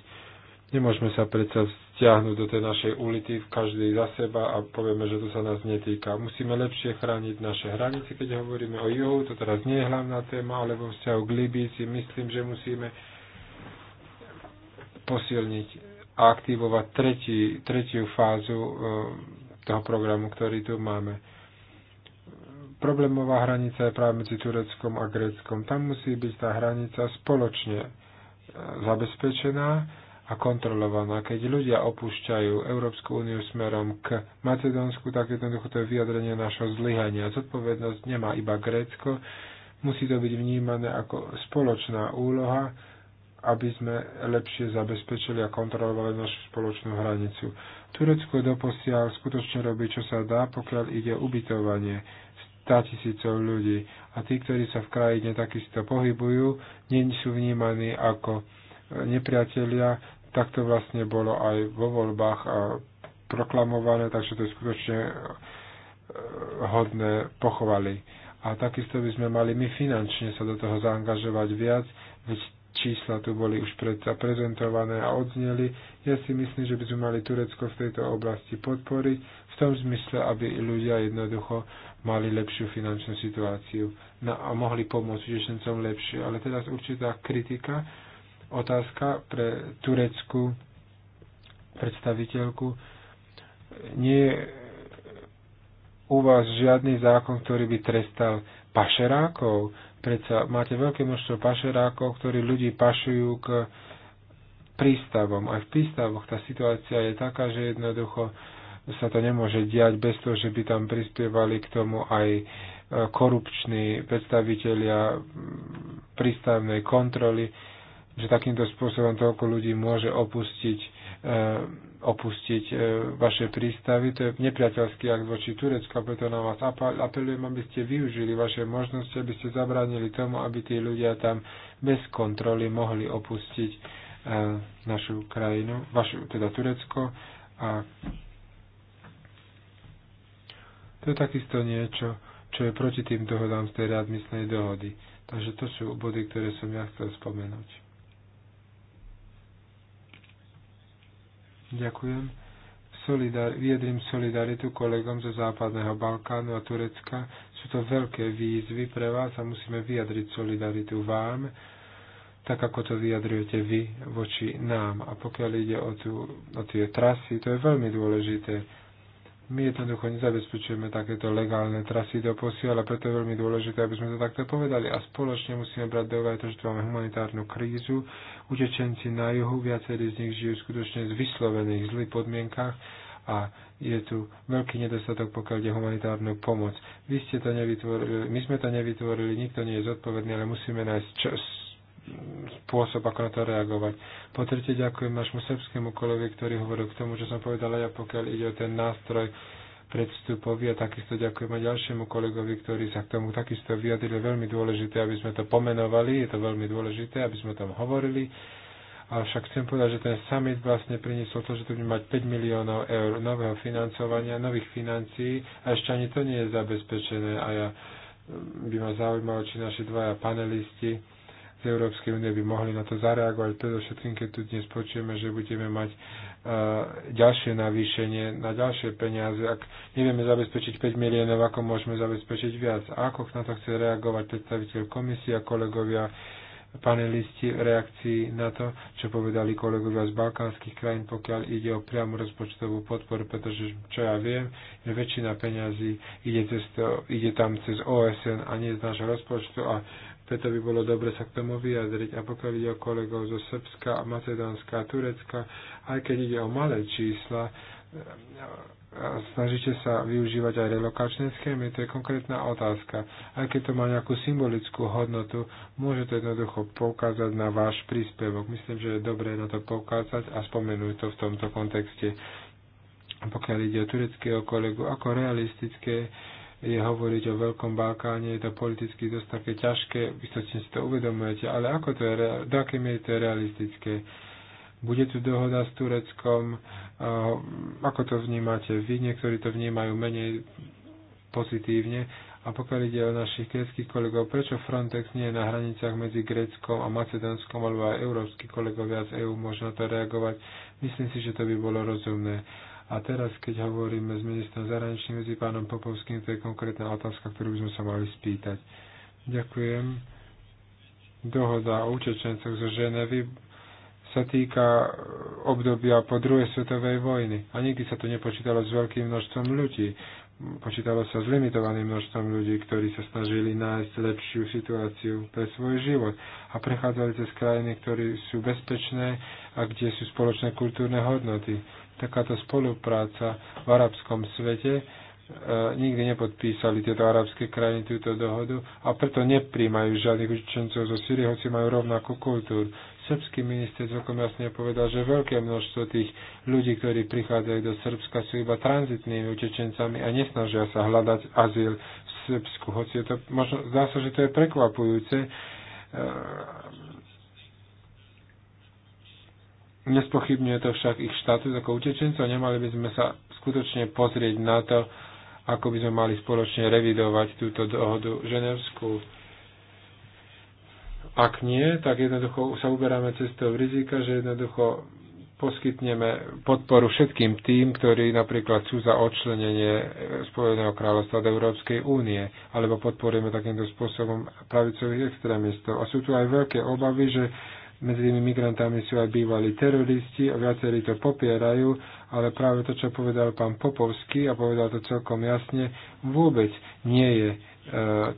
Nemôžeme sa predsa stiahnuť do tej našej ulity v každej za seba a povieme, že to sa nás netýka. Musíme lepšie chrániť naše hranice, keď hovoríme o juhu, to teraz nie je hlavná téma, ale vo vzťahu k Libii si myslím, že musíme posilniť a aktivovať tretí, tretiu fázu ehm, toho programu, ktorý tu máme. Problémová hranica je práve medzi Tureckom a Gréckom. Tam musí byť tá hranica spoločne e, zabezpečená a kontrolovaná. Keď ľudia opúšťajú Európsku úniu smerom k Macedónsku, tak jednoducho to je vyjadrenie našho zlyhania. Zodpovednosť nemá iba Grécko, musí to byť vnímané ako spoločná úloha, aby sme lepšie zabezpečili a kontrolovali našu spoločnú hranicu. Turecko doposiaľ skutočne robí, čo sa dá, pokiaľ ide ubytovanie 100 tisícov ľudí. A tí, ktorí sa v krajine takisto pohybujú, nie sú vnímaní ako e, nepriatelia. Tak to vlastne bolo aj vo voľbách a proklamované, takže to je skutočne e, hodné pochovali. A takisto by sme mali my finančne sa do toho zaangažovať viac, veď čísla tu boli už predsa prezentované a odzneli. Ja si myslím, že by sme mali Turecko v tejto oblasti podporiť, v tom zmysle, aby ľudia jednoducho mali lepšiu finančnú situáciu na, a mohli pomôcť utečencom lepšie. Ale teraz určitá kritika, otázka pre tureckú predstaviteľku. Nie je u vás žiadny zákon, ktorý by trestal pašerákov, Predsa máte veľké množstvo pašerákov, ktorí ľudí pašujú k prístavom. Aj v prístavoch tá situácia je taká, že jednoducho sa to nemôže diať bez toho, že by tam prispievali k tomu aj e, korupční predstavitelia mm, prístavnej kontroly, že takýmto spôsobom toľko ľudí môže opustiť e, opustiť e, vaše prístavy. To je nepriateľský akt voči Turecku a preto na vás apelujem, aby ste využili vaše možnosti, aby ste zabránili tomu, aby tí ľudia tam bez kontroly mohli opustiť e, našu krajinu, vašu, teda Turecko. A to je takisto niečo, čo je proti tým dohodám z tej readmisnej dohody. Takže to sú body, ktoré som ja chcel spomenúť. Ďakujem. Solidar- vyjadrím solidaritu kolegom zo Západného Balkánu a Turecka. Sú to veľké výzvy pre vás a musíme vyjadriť solidaritu vám, tak ako to vyjadrujete vy voči nám. A pokiaľ ide o, tú, o tie trasy, to je veľmi dôležité my jednoducho nezabezpečujeme takéto legálne trasy do posiel a preto je veľmi dôležité, aby sme to takto povedali. A spoločne musíme brať do to, že tu máme humanitárnu krízu. Utečenci na juhu, viacerí z nich žijú skutočne z vyslovených zlých podmienkach a je tu veľký nedostatok, pokiaľ ide humanitárnu pomoc. Vy ste to nevytvorili, my sme to nevytvorili, nikto nie je zodpovedný, ale musíme nájsť čas spôsob, ako na to reagovať. Po tretie ďakujem našmu srbskému kolegovi, ktorý hovoril k tomu, čo som povedala ja, pokiaľ ide o ten nástroj predstupový a takisto ďakujem aj ďalšiemu kolegovi, ktorý sa k tomu takisto vyjadril. Veľmi dôležité, aby sme to pomenovali, je to veľmi dôležité, aby sme o tom hovorili. Avšak chcem povedať, že ten summit vlastne priniesol to, že tu budeme mať 5 miliónov eur nového financovania, nových financií a ešte ani to nie je zabezpečené a ja by ma zaujímalo, či naši dvaja panelisti z Európskej únie by mohli na to zareagovať, predovšetkým keď tu dnes počujeme, že budeme mať uh, ďalšie navýšenie na ďalšie peniaze. Ak nevieme zabezpečiť 5 miliónov, ako môžeme zabezpečiť viac? A ako na to chce reagovať predstaviteľ komisie a kolegovia panelisti v reakcii na to, čo povedali kolegovia z balkánskych krajín, pokiaľ ide o priamu rozpočtovú podporu, pretože čo ja viem, že väčšina peňazí ide, cez to, ide tam cez OSN a nie z nášho rozpočtu a preto by bolo dobre sa k tomu vyjadriť. A pokiaľ ide o kolegov zo Srbska Macedónska a Turecka, aj keď ide o malé čísla, snažíte sa využívať aj relokačné schémy, to je konkrétna otázka. Aj keď to má nejakú symbolickú hodnotu, môže to jednoducho poukázať na váš príspevok. Myslím, že je dobré na to poukázať a spomenúť to v tomto kontexte. Pokiaľ ide o tureckého kolegu, ako realistické je hovoriť o Veľkom Balkáne, je to politicky dosť také ťažké, vystočne si to uvedomujete, ale ako to je, do akej miery to je realistické? Bude tu dohoda s Tureckom? Ehm, ako to vnímate? Vy niektorí to vnímajú menej pozitívne. A pokiaľ ide o našich gréckých kolegov, prečo Frontex nie je na hraniciach medzi Gréckom a Macedónskom, alebo aj európsky kolegovia z EÚ môžu na to reagovať, myslím si, že to by bolo rozumné. A teraz, keď hovoríme s ministrom zahraničných medzi pánom Popovským, to je konkrétna otázka, ktorú by sme sa mali spýtať. Ďakujem. Dohoda o učečencoch zo Ženevy sa týka e, obdobia po druhej svetovej vojny. A nikdy sa to nepočítalo s veľkým množstvom ľudí. Počítalo sa s limitovaným množstvom ľudí, ktorí sa snažili nájsť lepšiu situáciu pre svoj život a prechádzali cez krajiny, ktoré sú bezpečné a kde sú spoločné kultúrne hodnoty takáto spolupráca v arabskom svete. E, nikdy nepodpísali tieto arabské krajiny túto dohodu a preto nepríjmajú žiadnych učencov zo Syrie, hoci majú rovnakú kultúru. Srbský minister celkom jasne povedal, že veľké množstvo tých ľudí, ktorí prichádzajú do Srbska, sú iba tranzitnými utečencami a nesnažia sa hľadať azyl v Srbsku. Hoci je to, možno, zdá sa, že to je prekvapujúce, e, Nespochybňuje to však ich štatus ako utečencov. Nemali by sme sa skutočne pozrieť na to, ako by sme mali spoločne revidovať túto dohodu ženevskú. Ak nie, tak jednoducho sa uberáme cestou rizika, že jednoducho poskytneme podporu všetkým tým, ktorí napríklad sú za odčlenenie Spojeného kráľovstva do Európskej únie, alebo podporujeme takýmto spôsobom pravicových extrémistov. A sú tu aj veľké obavy, že medzi tými migrantami sú aj bývalí teroristi a viacerí to popierajú, ale práve to, čo povedal pán Popovský a povedal to celkom jasne, vôbec nie je e,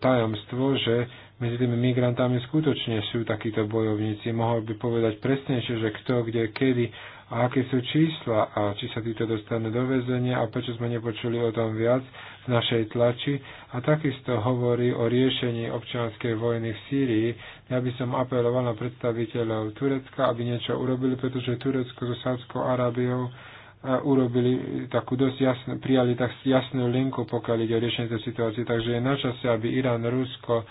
tajomstvo, že medzi tými migrantami skutočne sú takíto bojovníci. Mohol by povedať presnejšie, že kto, kde, kedy a aké sú čísla a či sa títo dostanú do väzenia a prečo sme nepočuli o tom viac v našej tlači a takisto hovorí o riešení občianskej vojny v Sýrii. Ja by som apeloval na predstaviteľov Turecka, aby niečo urobili, pretože Turecko so Sádskou Arábiou e, urobili takú dosť jasnú, prijali tak jasnú linku, pokiaľ ide o riešenie tej situácie. Takže je na čase, aby Irán, Rusko,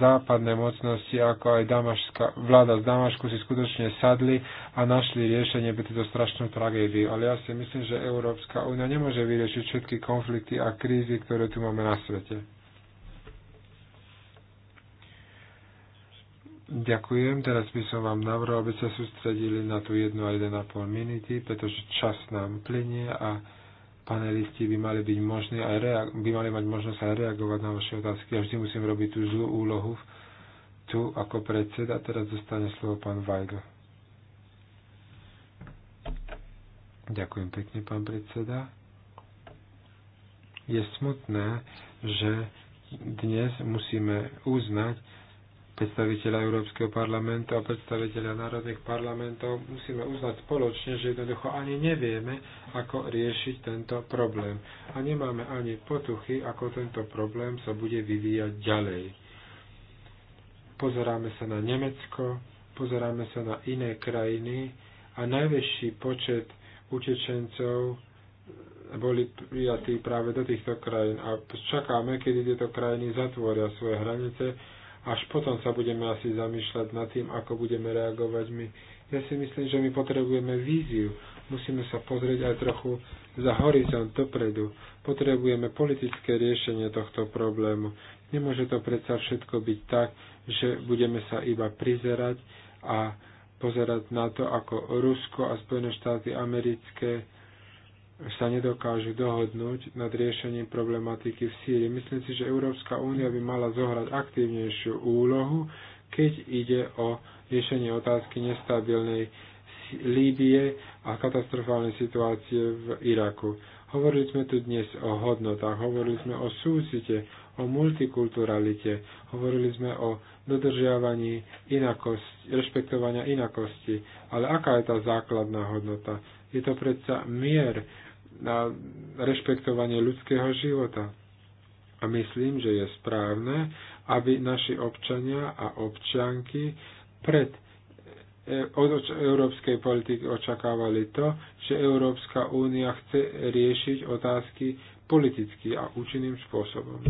západné mocnosti, ako aj Damaška, vláda z Damašku si skutočne sadli a našli riešenie pre túto strašnú tragédiu. Ale ja si myslím, že Európska únia nemôže vyriešiť všetky konflikty a krízy, ktoré tu máme na svete. Ďakujem. Teraz by som vám navrhol, aby sa sústredili na tú jednu a 1,5 minúty, pretože čas nám plinie a panelisti by mali, byť možné aj reag- by mali mať možnosť aj reagovať na vaše otázky. Ja vždy musím robiť tú zlú úlohu tu ako predseda. Teraz dostane slovo pán Weigl. Ďakujem pekne, pán predseda. Je smutné, že dnes musíme uznať, predstaviteľa Európskeho parlamentu a predstaviteľa národných parlamentov, musíme uznať spoločne, že jednoducho ani nevieme, ako riešiť tento problém. A nemáme ani potuchy, ako tento problém sa bude vyvíjať ďalej. Pozeráme sa na Nemecko, pozeráme sa na iné krajiny a najväčší počet utečencov boli prijatí práve do týchto krajín a čakáme, kedy tieto krajiny zatvoria svoje hranice až potom sa budeme asi zamýšľať nad tým, ako budeme reagovať my. Ja si myslím, že my potrebujeme víziu. Musíme sa pozrieť aj trochu za horizont dopredu. Potrebujeme politické riešenie tohto problému. Nemôže to predsa všetko byť tak, že budeme sa iba prizerať a pozerať na to, ako Rusko a Spojené štáty americké sa nedokážu dohodnúť nad riešením problematiky v Sýrii. Myslím si, že Európska únia by mala zohrať aktívnejšiu úlohu, keď ide o riešenie otázky nestabilnej Líbie a katastrofálnej situácie v Iraku. Hovorili sme tu dnes o hodnotách, hovorili sme o súcite, o multikulturalite, hovorili sme o dodržiavaní inakosti, rešpektovania inakosti. Ale aká je tá základná hodnota? Je to predsa mier, na rešpektovanie ľudského života. A myslím, že je správne, aby naši občania a občianky pred e, od európskej politiky očakávali to, že Európska únia chce riešiť otázky politicky a účinným spôsobom.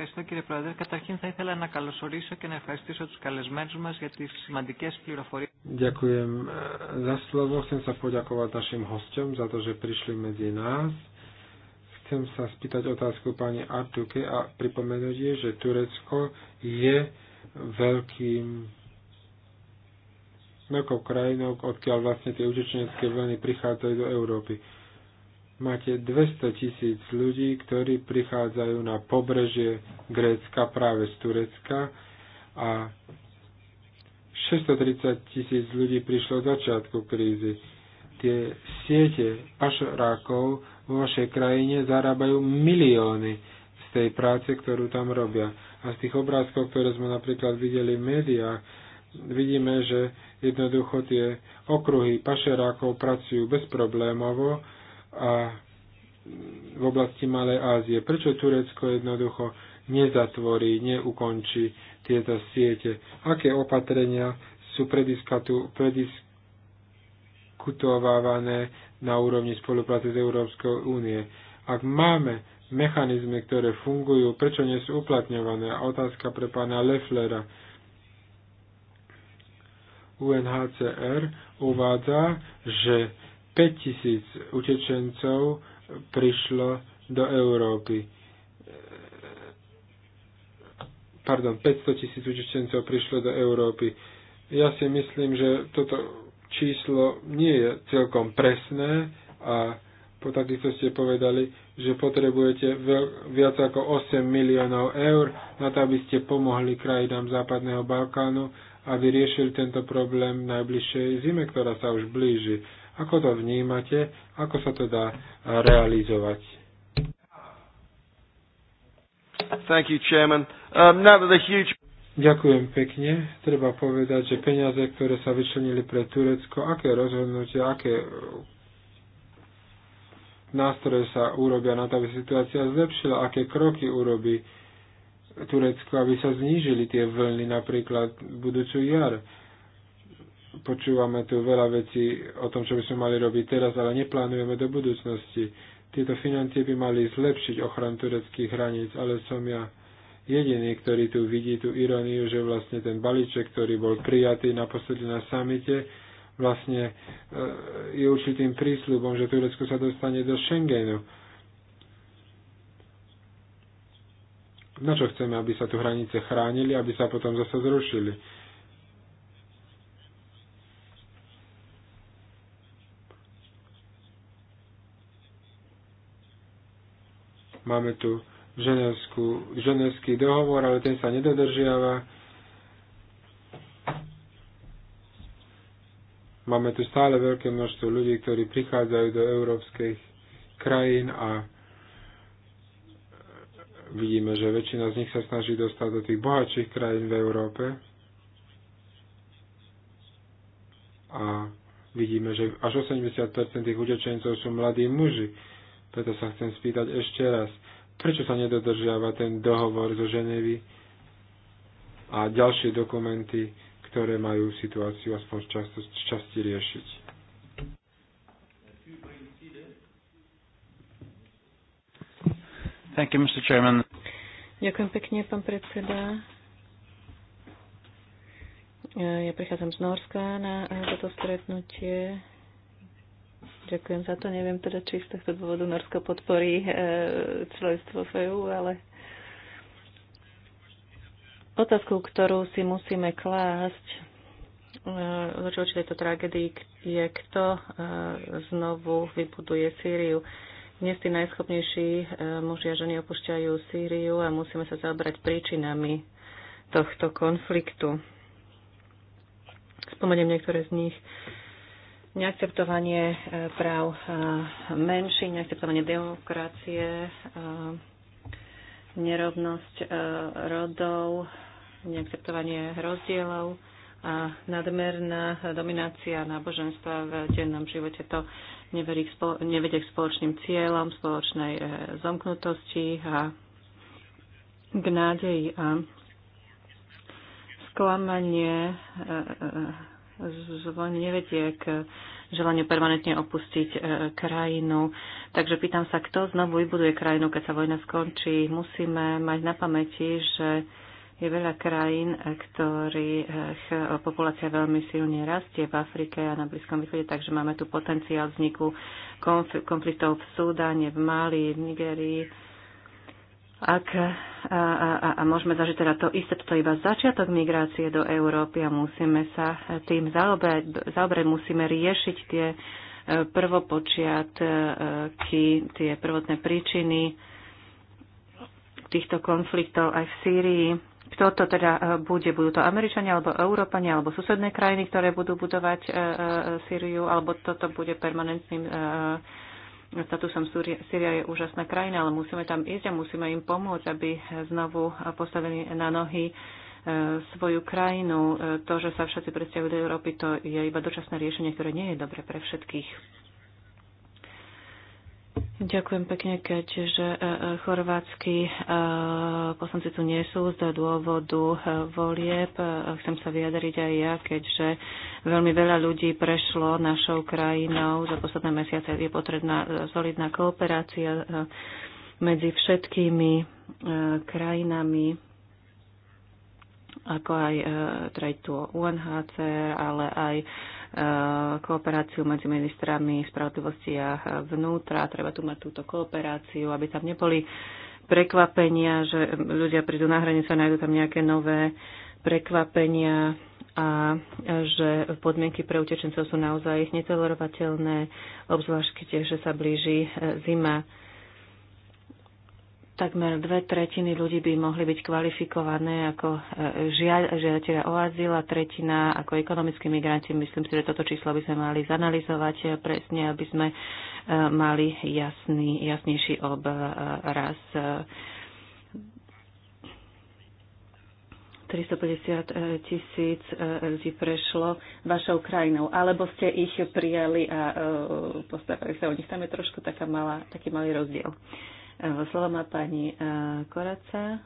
Ευχαριστώ κύριε Πρόεδρε. Καταρχήν θα ήθελα να καλωσορίσω και να ευχαριστήσω τους καλεσμένους μας για τις σημαντικές πληροφορίες. Ďakujem za slovo. Chcem sa poďakovať našim hostom za to, že prišli medzi nás. Chcem sa spýtať otázku pani Artuke a pripomenúť jej, že Turecko je veľkým veľkou krajinou, odkiaľ vlastne tie utečenecké vlny prichádzajú do Európy máte 200 tisíc ľudí, ktorí prichádzajú na pobrežie Grécka práve z Turecka a 630 tisíc ľudí prišlo od začiatku krízy. Tie siete pašrákov vo vašej krajine zarábajú milióny z tej práce, ktorú tam robia. A z tých obrázkov, ktoré sme napríklad videli v médiách, vidíme, že jednoducho tie okruhy pašerákov pracujú bezproblémovo, a v oblasti Malej Ázie. Prečo Turecko jednoducho nezatvorí, neukončí tieto siete? Aké opatrenia sú prediskutovávané na úrovni spolupráce s Európskou únie? Ak máme mechanizmy, ktoré fungujú, prečo nie sú uplatňované? A otázka pre pána Lefflera. UNHCR uvádza, že 5000 utečencov prišlo do Európy. Pardon, 500 tisíc utečencov prišlo do Európy. Ja si myslím, že toto číslo nie je celkom presné a po takisto ste povedali, že potrebujete viac ako 8 miliónov eur na to, aby ste pomohli krajinám Západného Balkánu, aby riešili tento problém najbližšej zime, ktorá sa už blíži. Ako to vnímate? Ako sa to dá eh, realizovať? Thank you, Chairman. Um, now that the huge... Ďakujem pekne. Treba povedať, že peniaze, ktoré sa vyčlenili pre Turecko, aké rozhodnutia, aké eh, nástroje sa urobia na to, aby situácia zlepšila, aké kroky urobí Turecko, aby sa znížili tie vlny napríklad budúcu jar Počúvame tu veľa vecí o tom, čo by sme mali robiť teraz, ale neplánujeme do budúcnosti. Tieto financie by mali zlepšiť ochranu tureckých hraníc, ale som ja jediný, ktorý tu vidí tú ironiu, že vlastne ten balíček, ktorý bol prijatý naposledy na samite, vlastne e, je určitým prísľubom, že Turecko sa dostane do Schengenu. Na čo chceme, aby sa tu hranice chránili, aby sa potom zase zrušili? Máme tu ženevskú, ženevský dohovor, ale ten sa nedodržiava. Máme tu stále veľké množstvo ľudí, ktorí prichádzajú do európskych krajín a vidíme, že väčšina z nich sa snaží dostať do tých bohatších krajín v Európe. A vidíme, že až 80% tých utečencov sú mladí muži preto sa chcem spýtať ešte raz, prečo sa nedodržiava ten dohovor zo Ženevy a ďalšie dokumenty, ktoré majú situáciu aspoň z časti, časti riešiť. Thank you, Mr. Chairman. Ďakujem pekne, pán predseda. Ja prichádzam z Norska na toto stretnutie. Ďakujem za to. Neviem teda, či z tohto dôvodu Norsko podporí e, členstvo v EU, ale otázku, ktorú si musíme klásť e, voči tejto tragédii je, kto e, znovu vybuduje Sýriu. Dnes tí najschopnejší e, muži a ženy opúšťajú Sýriu a musíme sa zaobrať príčinami tohto konfliktu. Spomeniem niektoré z nich. E, neakceptovanie e, práv e, menší, neakceptovanie demokracie, e, nerovnosť rodov, neakceptovanie rozdielov a nadmerná dominácia náboženstva v dennom živote to nevedie k spoločným cieľom, spoločnej zomknutosti a k nádeji a sklamanie vojny nevedie k želaniu permanentne opustiť e, krajinu. Takže pýtam sa, kto znovu vybuduje krajinu, keď sa vojna skončí. Musíme mať na pamäti, že je veľa krajín, e, ktorých e, e, populácia veľmi silne rastie v Afrike a na Blízkom východe, takže máme tu potenciál vzniku konfliktov v Súdane, v Mali, v Nigerii ak a, a, a môžeme zažiť teda to isté, to iba začiatok migrácie do Európy a musíme sa tým zaoberať, zaoberať musíme riešiť tie e, prvopočiatky, tie prvotné príčiny týchto konfliktov aj v Sýrii. Kto to teda e, bude? Budú to Američania, alebo Európania, alebo susedné krajiny, ktoré budú budovať e, Sýriu, alebo toto bude permanentným statusom Syria je úžasná krajina, ale musíme tam ísť a musíme im pomôcť, aby znovu postavili na nohy e, svoju krajinu. E, to, že sa všetci presťahujú do Európy, to je iba dočasné riešenie, ktoré nie je dobre pre všetkých. Ďakujem pekne, keďže e, e, chorvátsky e, poslanci tu nie sú z dôvodu volieb. Chcem sa vyjadriť aj ja, keďže veľmi veľa ľudí prešlo našou krajinou. Za posledné mesiace je potrebná solidná kooperácia medzi všetkými krajinami, ako aj teda tu UNHCR, ale aj Eh, kooperáciu medzi ministrami spravodlivosti a vnútra. Treba tu mať túto kooperáciu, aby tam neboli prekvapenia, že ľudia prídu na hranicu a nájdú tam nejaké nové prekvapenia a že podmienky pre utečencov sú naozaj netolerovateľné, obzvlášť tiež že sa blíži eh, zima. Takmer dve tretiny ľudí by mohli byť kvalifikované ako e, žiadatelia o azyl a tretina ako ekonomickí migranti. Myslím si, že toto číslo by sme mali zanalizovať e, presne, aby sme e, mali jasný, jasnejší obraz. 350 tisíc ľudí prešlo vašou krajinou, alebo ste ich prijali a postavili sa o nich. Tam je trošku taká malá, taký malý rozdiel. Uh, Ehm, slovo má pani ehm, Koraca.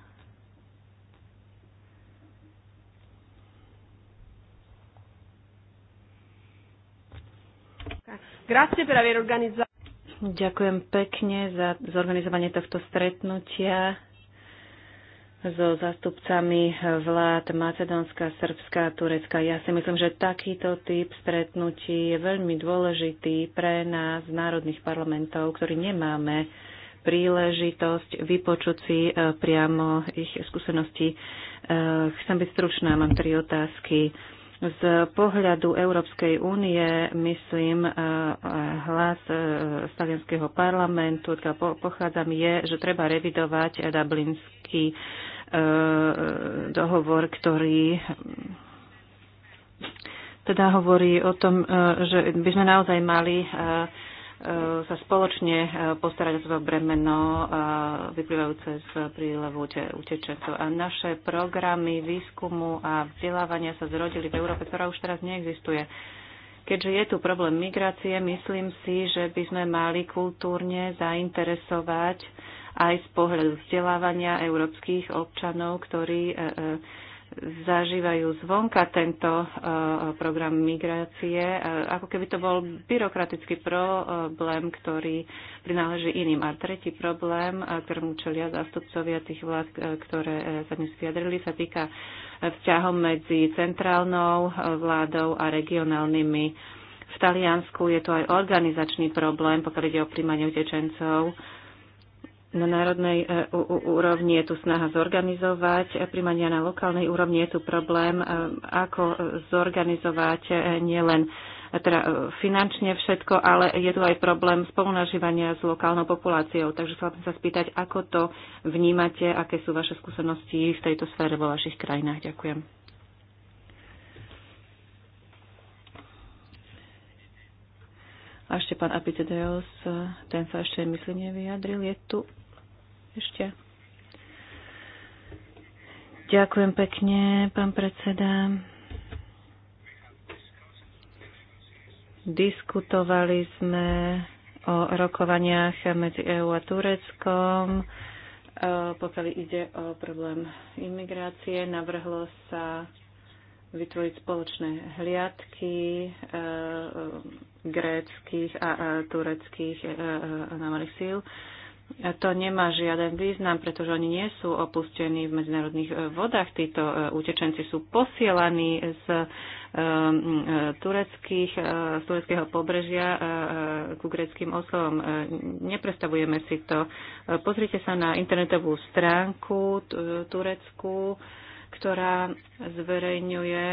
Grazie per aver organizzato. Ďakujem pekne za zorganizovanie tohto stretnutia so zástupcami vlád Macedónska, Srbska, Turecka. Ja si myslím, že takýto typ stretnutí je veľmi dôležitý pre nás, národných parlamentov, ktorý nemáme príležitosť vypočuť si e, priamo ich skúsenosti. E, chcem byť stručná, mám tri otázky. Z pohľadu Európskej únie, myslím, e, hlas z parlamentu, odkiaľ pochádzam, je, že treba revidovať Dublinský dohovor, ktorý teda hovorí o tom, že by sme naozaj mali E, sa spoločne e, postarať o svoje bremeno e, vyplývajúce z prílevu utečencov. A naše programy výskumu a vzdelávania sa zrodili v Európe, ktorá už teraz neexistuje. Keďže je tu problém migrácie, myslím si, že by sme mali kultúrne zainteresovať aj z pohľadu vzdelávania európskych občanov, ktorí zažívajú zvonka tento e, program migrácie, e, ako keby to bol byrokratický problém, ktorý prináleží iným. A tretí problém, e, ktorému čelia zástupcovia tých vlád, ktoré sa dnes vyjadrili, sa týka vzťahom medzi centrálnou vládou a regionálnymi. V Taliansku je to aj organizačný problém, pokiaľ ide o príjmanie utečencov na národnej e, úrovni je tu snaha zorganizovať e, príjmania na lokálnej úrovni je tu problém, e, ako zorganizovať nielen teda finančne všetko, ale je tu aj problém spolunažívania s lokálnou populáciou. Takže chcela som sa spýtať, ako to vnímate, aké sú vaše skúsenosti v tejto sfére vo vašich krajinách. Ďakujem. A ešte pán Apitedeos, ten sa ešte myslím nevyjadril, je tu ešte? Ďakujem pekne, pán predseda. Diskutovali sme o rokovaniach medzi EÚ a Tureckom, e, pokiaľ ide o problém imigrácie. Navrhlo sa vytvoriť spoločné hliadky e, gréckých a, tureckých e, e námorných síl to nemá žiaden význam, pretože oni nie sú opustení v medzinárodných e, vodách. Títo e, utečenci sú posielaní z, e, tureckých, z tureckého pobrežia ku greckým oslovom. Neprestavujeme si to. Pozrite sa na internetovú stránku tureckú ktorá zverejňuje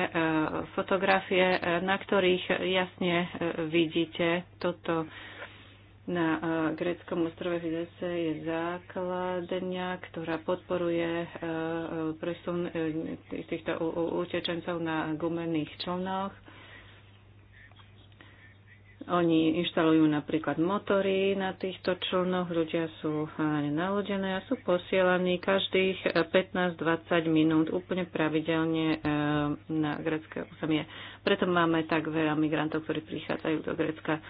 fotografie, na ktorých jasne vidíte toto na e, gréckom ostrove Fidese je základňa, ktorá podporuje e, e, presun týchto utečencov na gumených člnoch. Oni inštalujú napríklad motory na týchto člnoch, ľudia sú nalodené a sú posielaní každých 15-20 minút úplne pravidelne na grecké územie. Preto máme tak veľa migrantov, ktorí prichádzajú do Grécka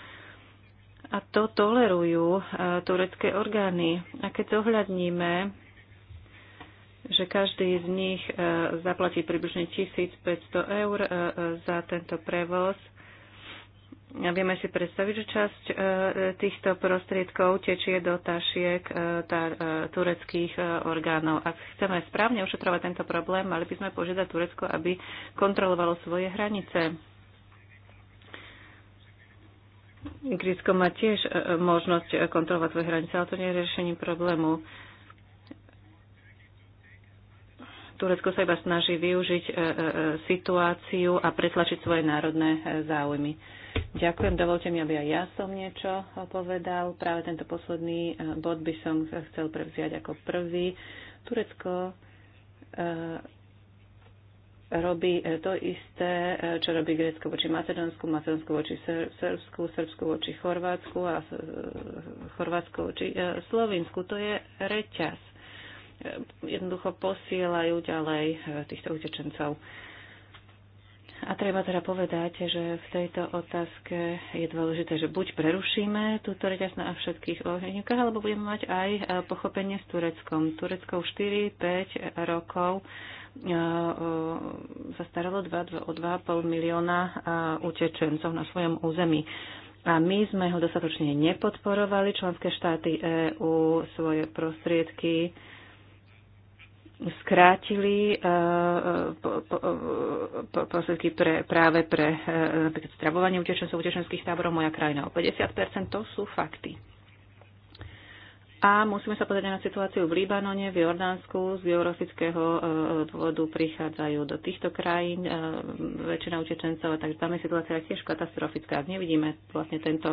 a to tolerujú e, turecké orgány. A keď zohľadníme, že každý z nich e, zaplatí približne 1500 eur e, za tento prevoz, a vieme si predstaviť, že časť týchto prostriedkov tečie do tašiek tureckých orgánov. Ak chceme správne ošetrovať tento problém, mali by sme požiadať Turecko, aby kontrolovalo svoje hranice. Grécko má tiež e, e, možnosť e, kontrolovať svoje hranice, ale to nie je riešením problému. Turecko sa iba snaží využiť situáciu a pretlačiť svoje národné záujmy. Ďakujem, dovolte mi, aby aj ja som niečo povedal. Práve tento posledný bod by som chcel prevziať ako prvý. Turecko robí e, to isté, e, čo robí Grécko voči Macedónsku, Macedónsku voči Srbsku, Srbsku voči Chorvátsku a e, Chorvátsku voči Slovensku. To je reťaz. Jednoducho posielajú ďalej týchto utečencov. A treba teda povedať, že v tejto otázke je dôležité, že buď prerušíme túto reťaz na všetkých ohňovkách, alebo budeme mať aj pochopenie s Tureckom. Tureckou 4-5 rokov sa staralo o 2,5 milióna utečencov na svojom území. A my sme ho dostatočne nepodporovali. Členské štáty EÚ svoje prostriedky skrátili prostriedky pre, práve pre e, napríklad stravovanie utečencov utečenských táborov. Moja krajina o 50%. To sú fakty. A musíme sa pozrieť na situáciu v Libanone, v Jordánsku. Z geografického e, dôvodu prichádzajú do týchto krajín e, väčšina utečencov, takže tam je situácia tiež katastrofická. Ak nevidíme vlastne tento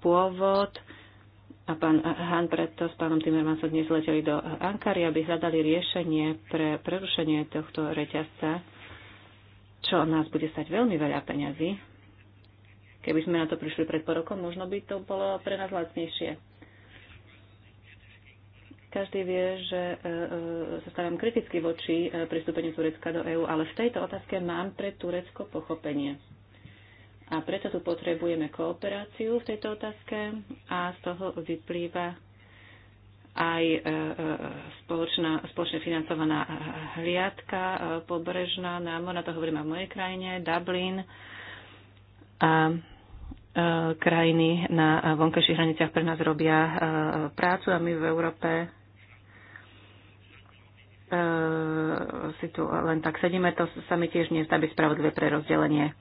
pôvod, a pán Han preto s pánom Timmermansom dnes leteli do Ankary, aby hľadali riešenie pre prerušenie tohto reťazca, čo nás bude stať veľmi veľa peňazí. Keby sme na to prišli pred porokom, možno by to bolo pre nás lacnejšie. Každý vie, že e, e, sa stávam kriticky voči e, pristúpeniu Turecka do EÚ, ale v tejto otázke mám pre Turecko pochopenie. A preto tu potrebujeme kooperáciu v tejto otázke a z toho vyplýva aj spoločná, spoločne financovaná hliadka, pobrežná námorná, to hovorím aj v mojej krajine, Dublin a krajiny na vonkajších hraniciach pre nás robia prácu a my v Európe Eh, si tu len tak sedíme, to sa mi tiež nezdá byť spravodlivé pre rozdelenie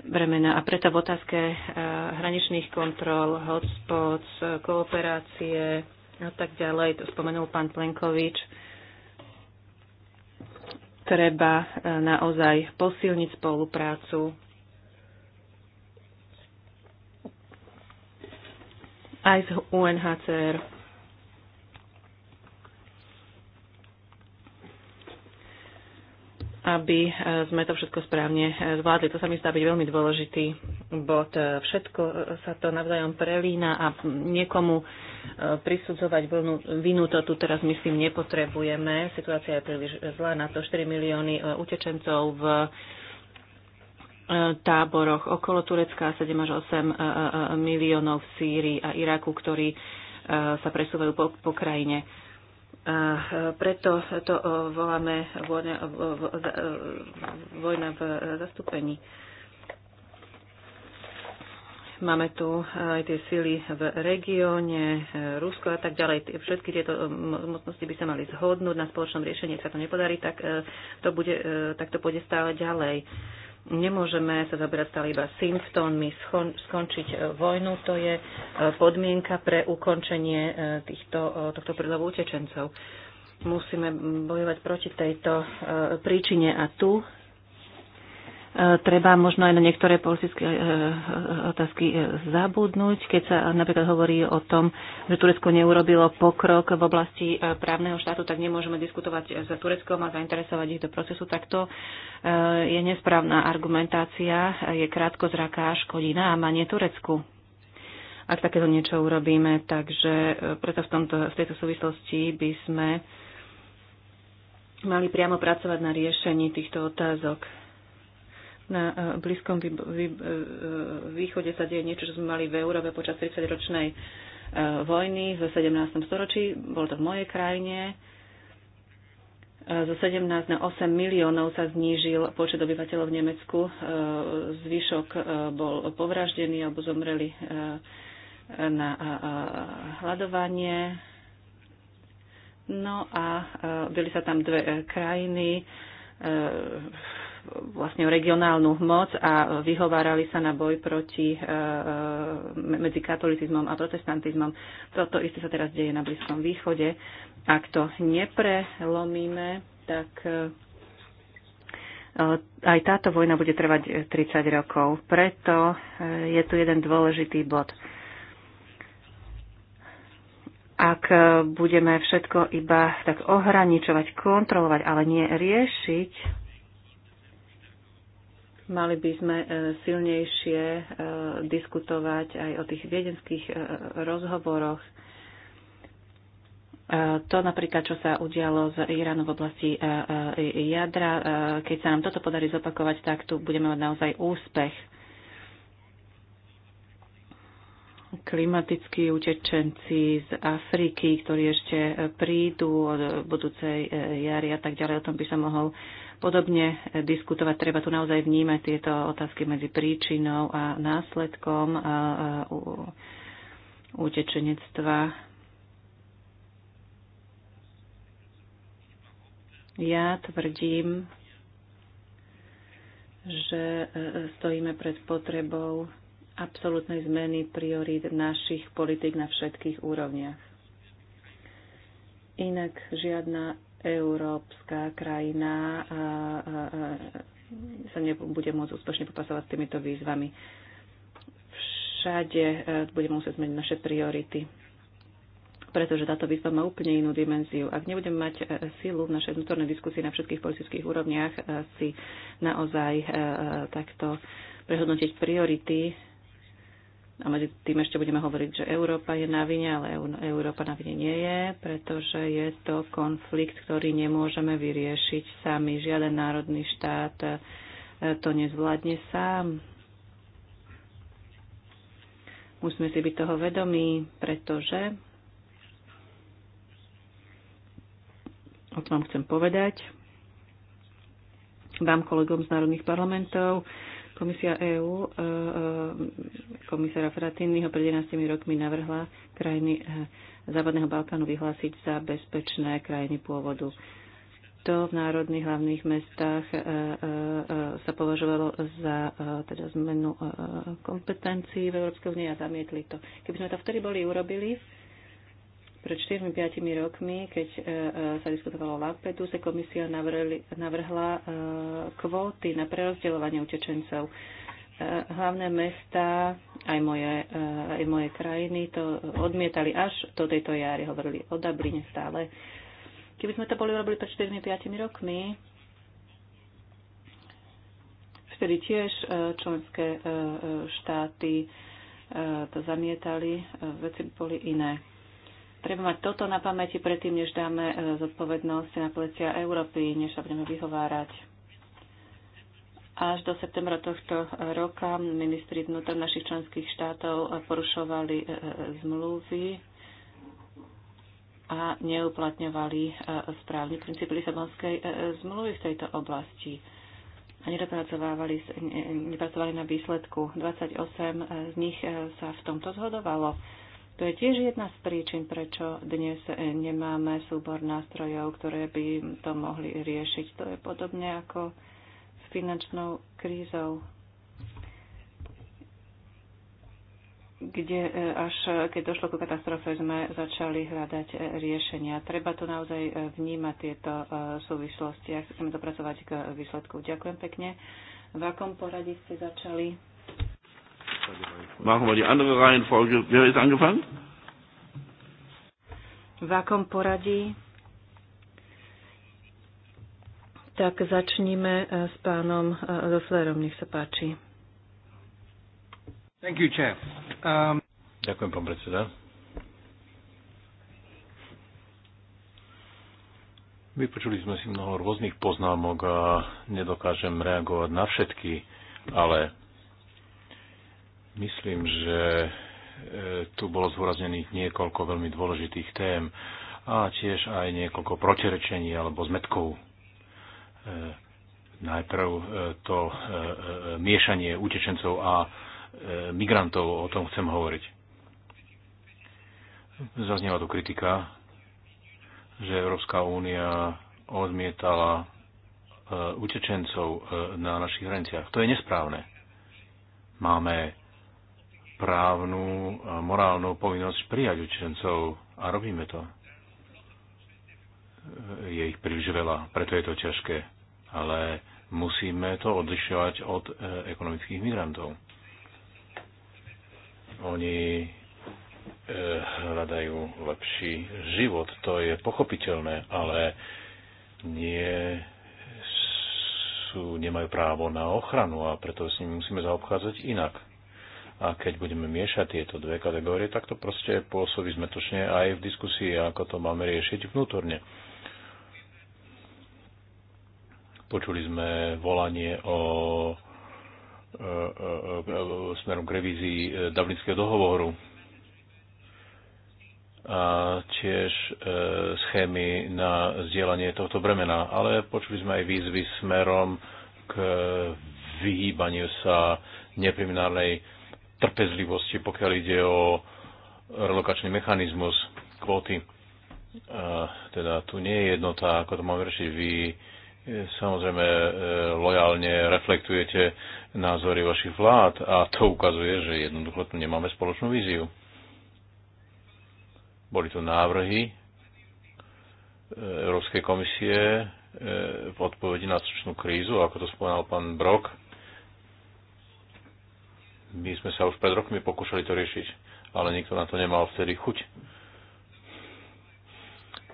bremena. A preto v otázke eh, hraničných kontrol, hotspots, kooperácie a tak ďalej, to spomenul pán Plenkovič, treba eh, naozaj posilniť spoluprácu aj z UNHCR aby e, sme to všetko správne e, zvládli. To sa mi zdá byť veľmi dôležitý bod. E, všetko sa to navzájom prelína a niekomu prisudzovať vlnu, vinu to tu teraz myslím nepotrebujeme. Situácia je príliš zlá na to. 4 milióny utečencov v táboroch okolo Turecka, 7 až 8 miliónov v Sýrii a Iraku, ktorí sa presúvajú po, po krajine. A e, preto to e, voláme e, vojna, vojna v zastúpení. Máme tu aj tie sily v regióne, Rusko a tak ďalej. Všetky tieto mocnosti by sa mali zhodnúť na spoločnom riešení. Ak sa to nepodarí, tak to, bude, tak to pôjde stále ďalej. Nemôžeme sa zabrať stále iba symptómmi, skončiť e, vojnu, to je e, podmienka pre ukončenie e, týchto, tohto prílevu utečencov. Musíme bojovať proti tejto príčine a tu treba možno aj na niektoré politické e, e, otázky e, zabudnúť, keď sa napríklad hovorí o tom, že Turecko neurobilo pokrok v oblasti právneho štátu, tak nemôžeme diskutovať s Tureckom a zainteresovať ich do procesu. Tak to je nesprávna argumentácia, je krátkozraká, škodí nám a nie Turecku ak takéto niečo urobíme. Takže preto v, tomto, v tejto súvislosti by sme mali priamo pracovať na riešení týchto otázok na e, Blízkom e, východe sa deje niečo, čo sme mali v Európe počas 30-ročnej e, vojny v 17. storočí. Bolo to v mojej krajine. Zo 17 na 8 miliónov sa znížil počet obyvateľov v Nemecku. Zvyšok bol povraždený alebo zomreli na hľadovanie. No a byli sa tam dve krajiny vlastne o regionálnu moc a vyhovárali sa na boj proti, e, e, medzi katolicizmom a protestantizmom. Toto isté sa teraz deje na Blízkom východe. Ak to neprelomíme, tak e, aj táto vojna bude trvať 30 rokov. Preto je tu jeden dôležitý bod ak budeme všetko iba tak ohraničovať, kontrolovať, ale nie riešiť, Mali by sme e, silnejšie e, diskutovať aj o tých viedenských e, rozhovoroch. To napríklad, čo sa udialo z Iránu v oblasti jadra, keď sa nám toto podarí zopakovať, tak tu budeme mať naozaj úspech. klimatickí utečenci z Afriky, ktorí ešte prídu od budúcej jary a tak ďalej. O tom by sa mohol podobne diskutovať. Treba tu naozaj vnímať tieto otázky medzi príčinou a následkom utečenectva. Ja tvrdím, že e, e, stojíme pred potrebou absolútnej zmeny priorít našich politik na všetkých úrovniach. Inak žiadna európska krajina sa nebude môcť úspešne popasovať s týmito výzvami. Všade e, budeme musieť zmeniť naše priority pretože táto výzva má úplne inú dimenziu. Ak nebudeme mať e, silu v našej vnútornej diskusii na všetkých politických úrovniach e, si naozaj takto prehodnotiť priority, a medzi tým ešte budeme hovoriť, že Európa je na vine, ale Európa na vine nie je, pretože je to konflikt, ktorý nemôžeme vyriešiť sami. Žiaden národný štát e, to nezvládne sám. Musíme si byť toho vedomí, pretože o tom vám chcem povedať. Vám kolegom z národných parlamentov, Komisia EÚ e, e, komisára Fratinnyho pred 11 rokmi navrhla krajiny e, Západného Balkánu vyhlásiť za bezpečné krajiny pôvodu. To v národných hlavných mestách sa považovalo za teda zmenu kompetencií v Európskej únie a zamietli to. Keby sme to vtedy boli urobili, pred 4-5 rokmi, keď e, e, sa diskutovalo o sa komisia navrhla e, kvóty na prerozdeľovanie utečencov. Hlavné mesta, aj moje, aj moje krajiny to odmietali až do tejto jary, hovorili o Dubline stále. Keby sme to boli robili pred 4-5 rokmi, vtedy tiež členské štáty to zamietali, veci boli iné. Treba mať toto na pamäti predtým, než dáme e, zodpovednosť na plecia Európy, než sa budeme vyhovárať. Až do septembra tohto roka ministri vnútra našich členských štátov e, porušovali e, zmluvy a neuplatňovali správny princíp Lisabonskej zmluvy v tejto oblasti a nedopracovávali, nepracovali na výsledku. 28 z nich sa v tomto zhodovalo. To je tiež jedna z príčin, prečo dnes eh, nemáme súbor nástrojov, ktoré by to mohli riešiť. To je podobne ako s finančnou krízou, kde eh, až keď došlo ku katastrofe, sme začali hľadať eh, riešenia. Treba tu naozaj vnímať tieto súvislosti, ak chceme dopracovať k výsledku. Ďakujem pekne. V akom poradí ste začali? Machen wir die andere Reihenfolge. Wer ist angefangen? V akom poradí? Tak začníme eh, s pánom Roslerom, eh, nech sa páči. Thank you, chair. Um... Ďakujem, pán predseda. Vypočuli sme si mnoho rôznych poznámok a nedokážem reagovať na všetky, ale Myslím, že e, tu bolo zúraznených niekoľko veľmi dôležitých tém a tiež aj niekoľko protirečení alebo zmetkov. E, najprv e, to miešanie utečencov a migrantov, o tom chcem hovoriť. Zaznieva tu kritika, že Európska únia odmietala utečencov na našich hraniciach. To je nesprávne. Máme právnu a morálnu povinnosť prijať učencov a robíme to. Je ich príliš veľa, preto je to ťažké, ale musíme to odlišovať od e, ekonomických migrantov. Oni e, hľadajú lepší život, to je pochopiteľné, ale nie sú, nemajú právo na ochranu a preto s nimi musíme zaobchádzať inak. A keď budeme miešať tieto dve kategórie, tak to proste pôsobí zmetočne aj v diskusii, ako to máme riešiť vnútorne. Počuli sme volanie o e, e, e, smerom k revízii Dublinského dohovoru a tiež schémy na zdieľanie tohto bremena. Ale počuli sme aj výzvy smerom k vyhýbaniu sa nepriminárnej trpezlivosti, pokiaľ ide o relokačný mechanizmus, kvóty. Teda tu nie je jednota, ako to mám rešiť. Vy e, samozrejme e, lojálne reflektujete názory vašich vlád a to ukazuje, že jednoducho tu nemáme spoločnú víziu. Boli tu návrhy e, Európskej komisie v odpovedi na súčnú krízu, ako to spomenal pán Brok, my sme sa už pred rokmi pokúšali to riešiť, ale nikto na to nemal vtedy chuť.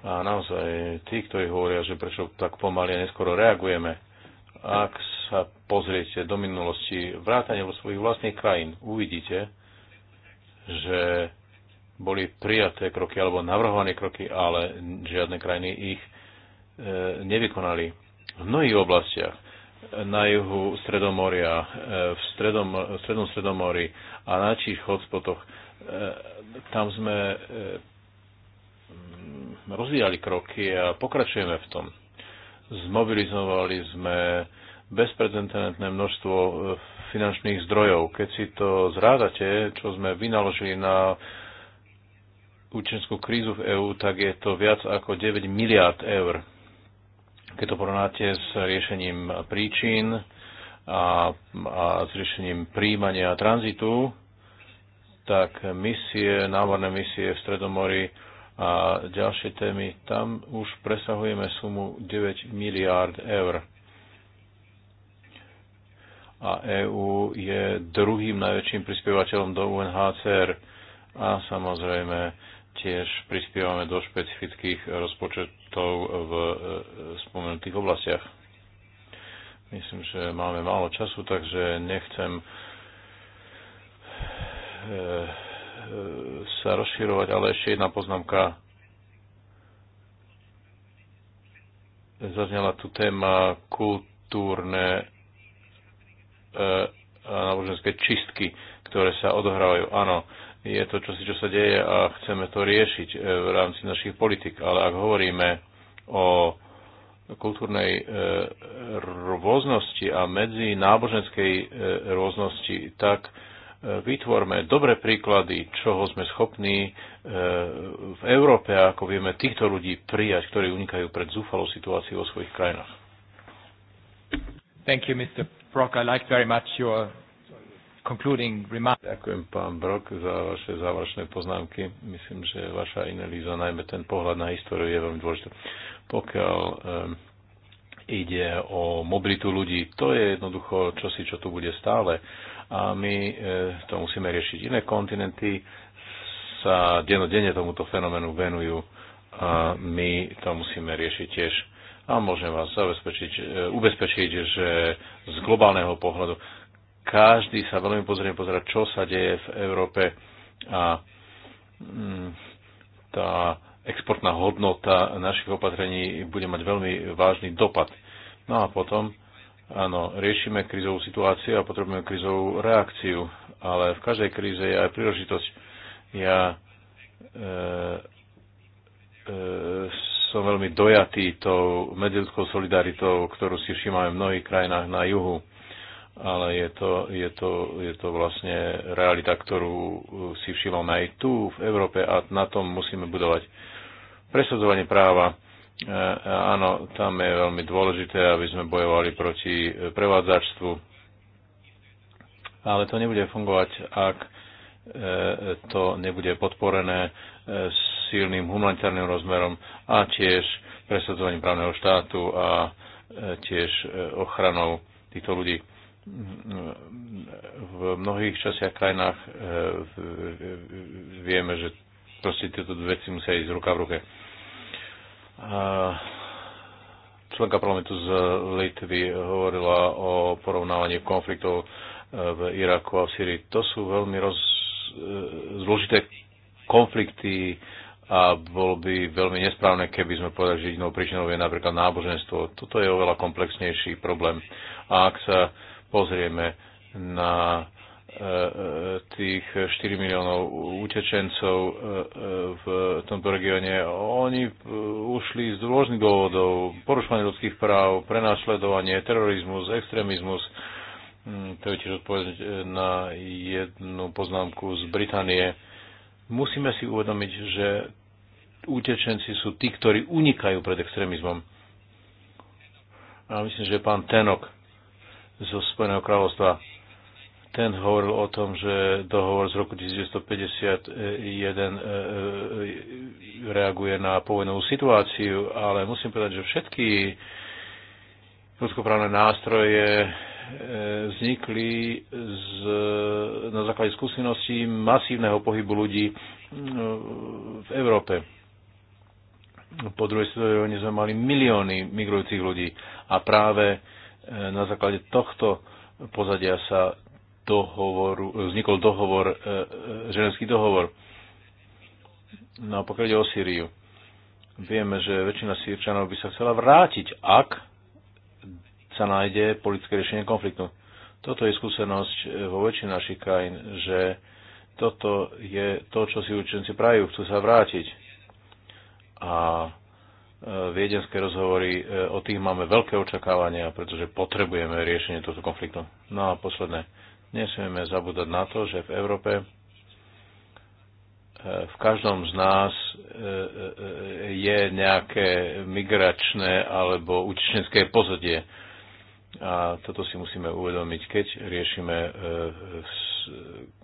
A naozaj, tí, ktorí hovoria, že prečo tak pomaly a neskoro reagujeme, ak sa pozriete do minulosti, vrátane vo svojich vlastných krajín, uvidíte, že boli prijaté kroky alebo navrhované kroky, ale žiadne krajiny ich e, nevykonali. V mnohých oblastiach na juhu Stredomoria, e, v, stredom, v strednom Stredomori a na čich hotspotoch. E, tam sme e, rozvíjali kroky a pokračujeme v tom. Zmobilizovali sme bezprecedentné množstvo finančných zdrojov. Keď si to zrádate, čo sme vynaložili na účenskú krízu v EÚ, tak je to viac ako 9 miliard eur keď to porovnáte s riešením príčin a, a s riešením príjmania tranzitu, tak misie, námorné misie v Stredomori a ďalšie témy, tam už presahujeme sumu 9 miliárd eur. A EÚ je druhým najväčším prispievateľom do UNHCR a samozrejme Tiež prispievame do špecifických rozpočetov v e, spomenutých oblastiach. Myslím, že máme málo času, takže nechcem e, e, sa rozširovať, ale ešte jedna poznámka. Zaznela tu téma kultúrne a náboženské čistky, ktoré sa odohrávajú. Áno, je to čosi, čo sa deje a chceme to riešiť e, v rámci našich politik. Ale ak hovoríme o kultúrnej e, rôznosti a medzi náboženskej e, rôznosti, tak vytvorme dobré príklady, čoho sme schopní v Európe, ako vieme týchto ľudí prijať, ktorí unikajú pred zúfalou situáciou vo svojich krajinách. Thank you, Mr. Brock. I like very much your concluding remarks. Ďakujem pán Brok za vaše závažné poznámky. Myslím, že vaša analýza, najmä ten pohľad na históriu je veľmi dôležitý. Pokiaľ um, ide o mobilitu ľudí, to je jednoducho čosi, čo tu bude stále a my e, to musíme riešiť. Iné kontinenty sa denodene tomuto fenoménu venujú a my to musíme riešiť tiež. A môžem vás zabezpečiť, e, ubezpečiť, že z globálneho pohľadu každý sa veľmi pozrie pozerať, čo sa deje v Európe a mm, tá exportná hodnota našich opatrení bude mať veľmi vážny dopad. No a potom, áno, riešime krizovú situáciu a potrebujeme krizovú reakciu, ale v každej kríze je aj príležitosť. Ja e, e, som veľmi dojatý tou medzilskou solidaritou, ktorú si všímame v mnohých krajinách na juhu ale je to, je to, je to vlastne realita, ktorú uh, si všímame aj tu v Európe a na tom musíme budovať. Presadzovanie práva, e, áno, tam je veľmi dôležité, aby sme bojovali proti e, prevádzačstvu, ale to nebude fungovať, ak e, to nebude podporené silným humanitárnym rozmerom a tiež presadzovaním právneho štátu a tiež ochranou týchto ľudí v mnohých častiach krajinách eh, vieme, že proste tieto veci musia ísť ruka v ruke. Členka parlamentu z Litvy hovorila o porovnávaní konfliktov eh, v Iraku a v Syrii. To sú veľmi roz, eh, zložité konflikty a bolo by veľmi nesprávne, keby sme povedali, že jedinou príčinou je napríklad náboženstvo. Toto je oveľa komplexnejší problém. A ak sa pozrieme na e, e, tých 4 miliónov utečencov e, v tomto regióne. Oni ušli z rôznych dôvodov, porušovanie ľudských práv, prenasledovanie, terorizmus, extrémizmus. Mm, to je tiež odpovedať na jednu poznámku z Británie. Musíme si uvedomiť, že utečenci sú tí, ktorí unikajú pred extrémizmom. A myslím, že pán Tenok zo Spojeného kráľovstva. Ten hovoril o tom, že dohovor z roku 1951 e, e, reaguje na povojnovú situáciu, ale musím povedať, že všetky ľudskoprávne nástroje e, vznikli z, na základe skúseností masívneho pohybu ľudí v Európe. Po druhej svetovej vojne sme mali milióny migrujúcich ľudí a práve na základe tohto pozadia sa dohovoru, vznikol dohovor, e, e, ženský dohovor. No a pokiaľ ide o Sýriu, vieme, že väčšina Sýrčanov by sa chcela vrátiť, ak sa nájde politické riešenie konfliktu. Toto je skúsenosť e, vo väčšine našich krajín, že toto je to, čo si učenci prajú, chcú sa vrátiť. A E, viedenské rozhovory, e, o tých máme veľké očakávania, pretože potrebujeme riešenie tohto konfliktu. No a posledné, nesmieme zabúdať na to, že v Európe e, v každom z nás je nejaké migračné alebo utečenské pozadie. A toto si musíme uvedomiť, keď riešime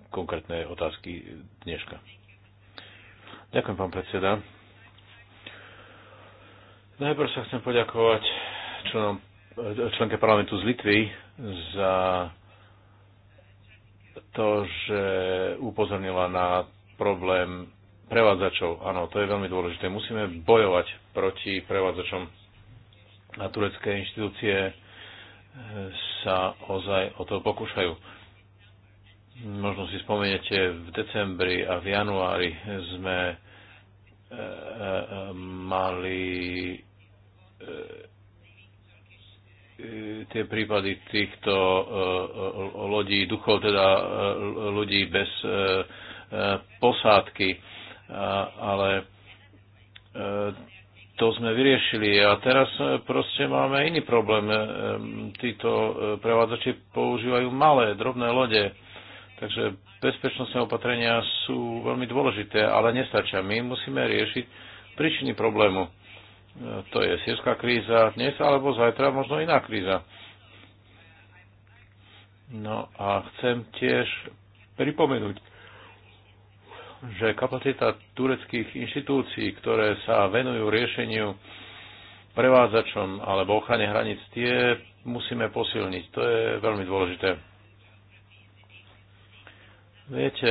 konkrétne otázky dneška. Ďakujem, pán predseda. Najprv sa chcem poďakovať členom, členke parlamentu z Litvy za to, že upozornila na problém prevádzačov. Áno, to je veľmi dôležité. Musíme bojovať proti prevádzačom a turecké inštitúcie sa ozaj o to pokúšajú. Možno si spomeniete, v decembri a v januári sme E, e, mali e, tie prípady týchto lodí, duchov, teda ľudí bez posádky, ale to sme vyriešili. A teraz proste máme iný problém. Títo prevádzači používajú malé, drobné lode Takže bezpečnostné opatrenia sú veľmi dôležité, ale nestačia. My musíme riešiť príčiny problému. E, to je sírska kríza dnes alebo zajtra možno iná kríza. No a chcem tiež pripomenúť, že kapacita tureckých inštitúcií, ktoré sa venujú riešeniu prevádzačom alebo ochrane hraníc, tie musíme posilniť. To je veľmi dôležité. Viete,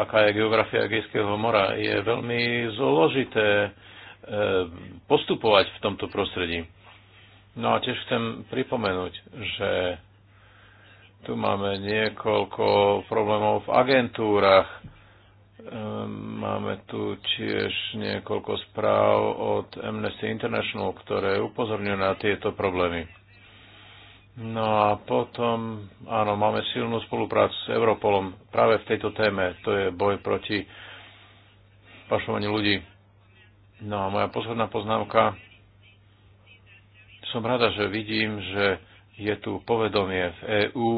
aká je geografia Egejského mora. Je veľmi zložité e, postupovať v tomto prostredí. No a tiež chcem pripomenúť, že tu máme niekoľko problémov v agentúrach. E, máme tu tiež niekoľko správ od Amnesty International, ktoré upozorňujú na tieto problémy. No a potom, áno, máme silnú spoluprácu s Europolom práve v tejto téme. To je boj proti pašovaniu ľudí. No a moja posledná poznámka. Som rada, že vidím, že je tu povedomie v EÚ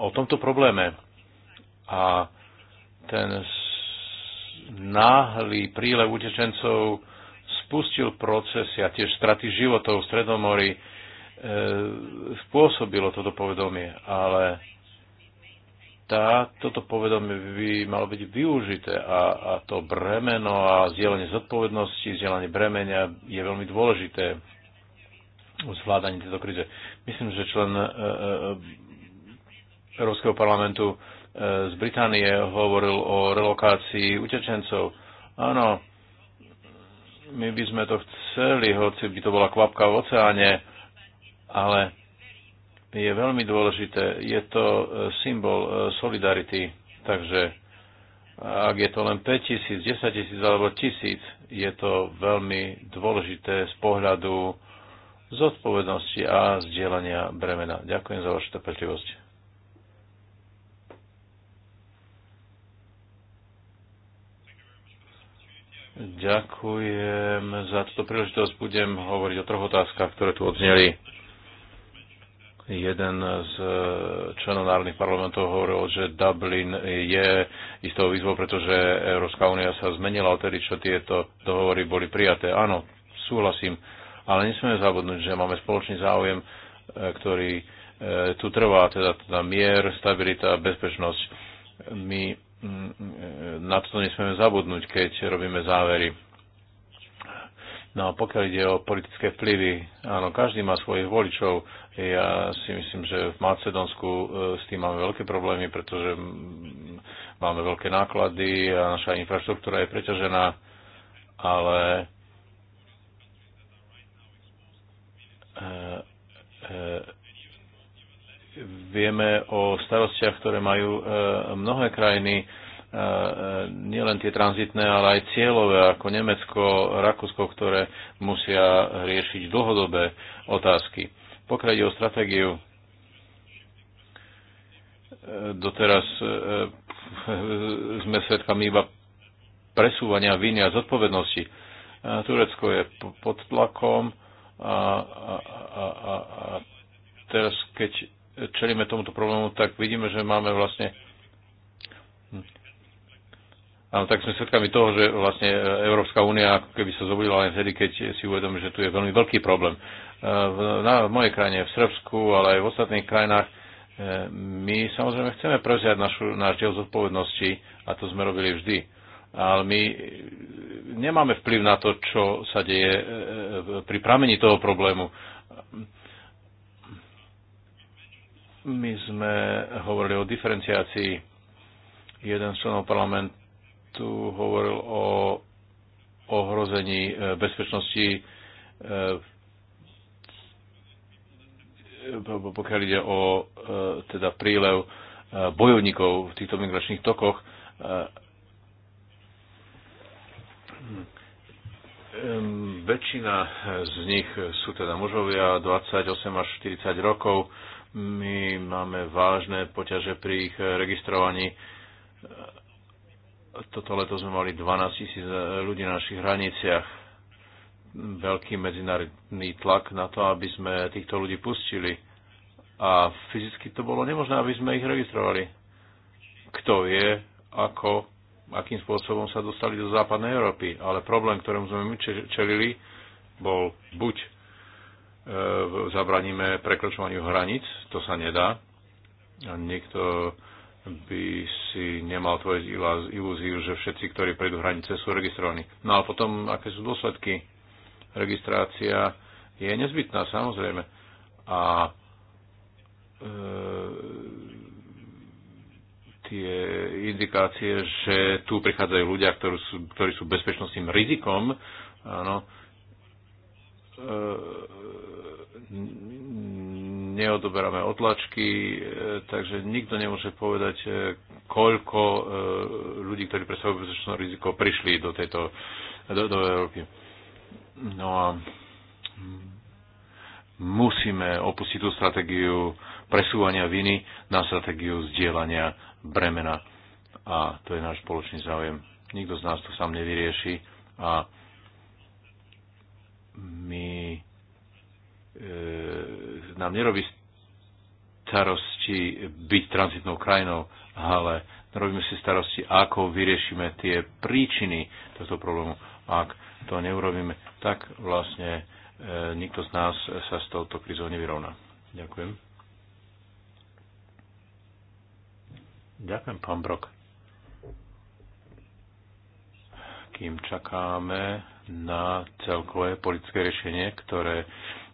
o tomto probléme. A ten náhly prílev utečencov spustil procesy a tiež straty životov v Stredomori, E, spôsobilo toto povedomie, ale tá, toto povedomie by malo byť využité a, a to bremeno a zdieľanie zodpovednosti, zdieľanie bremenia je veľmi dôležité v zvládaní tejto kríze. Myslím, že člen e, e, Európskeho parlamentu z Británie hovoril o relokácii utečencov. Áno, my by sme to chceli, hoci by to bola kvapka v oceáne, ale je veľmi dôležité. Je to e, symbol e, solidarity, takže e, ak je to len 5 tisíc, 10 tisíc alebo tisíc, je to veľmi dôležité z pohľadu zodpovednosti a zdieľania bremena. Ďakujem za vašu trpezlivosť. Ďakujem za túto príležitosť. Budem hovoriť o troch otázkach, ktoré tu odzneli Jeden z e, členov národných parlamentov hovoril, že Dublin je istou výzvou, pretože Európska únia sa zmenila odtedy, čo tieto dohovory boli prijaté. Áno, súhlasím, ale nesmieme zabudnúť, že máme spoločný záujem, e, ktorý e, tu trvá, teda, teda mier, stabilita, bezpečnosť. My mm, mm, na to nesmieme zabudnúť, keď robíme závery No a pokiaľ ide o politické vplyvy, áno, každý má svojich voličov. Ja si myslím, že v Macedónsku e, s tým máme veľké problémy, pretože máme veľké náklady a naša infraštruktúra je preťažená, ale e, e, vieme o starostiach, ktoré majú mnohé krajiny, nielen tie tranzitné, ale aj cieľové, ako Nemecko, Rakúsko, ktoré musia riešiť dlhodobé otázky. Pokiaľ ide o stratégiu, eh, doteraz eh, sme svedkami iba presúvania viny a zodpovednosti. Eh, Turecko je pod tlakom a, a, a, a, a teraz, keď čelíme tomuto problému, tak vidíme, že máme vlastne Áno, tak sme svedkami toho, že vlastne e, Európska únia keby sa zobudila len vtedy, keď si uvedomí, že tu je veľmi veľký problém. E, na mojej krajine, v Srbsku, ale aj v ostatných krajinách, e, my samozrejme chceme prevziať našu, náš diel zodpovednosti a to sme robili vždy. Ale my nemáme vplyv na to, čo sa deje pri pramení toho problému. My sme hovorili o diferenciácii. Jeden z členov parlamentu tu hovoril o ohrození e, bezpečnosti e, pokiaľ ide o e, teda prílev bojovníkov v týchto migračných tokoch. Väčšina z nich sú teda mužovia 28 až 40 rokov. My máme vážne poťaže pri ich registrovaní toto leto sme mali 12 tisíc e, ľudí na našich hraniciach. Veľký medzinárodný tlak na to, aby sme týchto ľudí pustili. A fyzicky to bolo nemožné, aby sme ich registrovali. Kto je, ako, akým spôsobom sa dostali do západnej Európy. Ale problém, ktorému sme my čelili, bol buď e, zabraníme prekročovaniu hraníc, to sa nedá. A niekto by si nemal tvoriť ilúziu, že všetci, ktorí prejdú hranice, sú registrovaní. No a potom, aké sú dôsledky? Registrácia je nezbytná, samozrejme. A e, tie indikácie, že tu prichádzajú ľudia, ktorí sú, ktorí sú bezpečnostným rizikom, áno, e, neodoberáme otlačky, e, takže nikto nemôže povedať, e, koľko e, ľudí, ktorí predstavujú bezpečnostné riziko, prišli do tejto do, do Európy. No a musíme opustiť tú stratégiu presúvania viny na stratégiu zdieľania bremena. A to je náš spoločný záujem. Nikto z nás to sám nevyrieši a my nám nerobí starosti byť tranzitnou krajinou, ale robíme si starosti, ako vyriešime tie príčiny tohto problému. Ak to neurobíme, tak vlastne e, nikto z nás sa s touto krizou nevyrovná. Ďakujem. Ďakujem, pán Brok. Kým čakáme na celkové politické riešenie, ktoré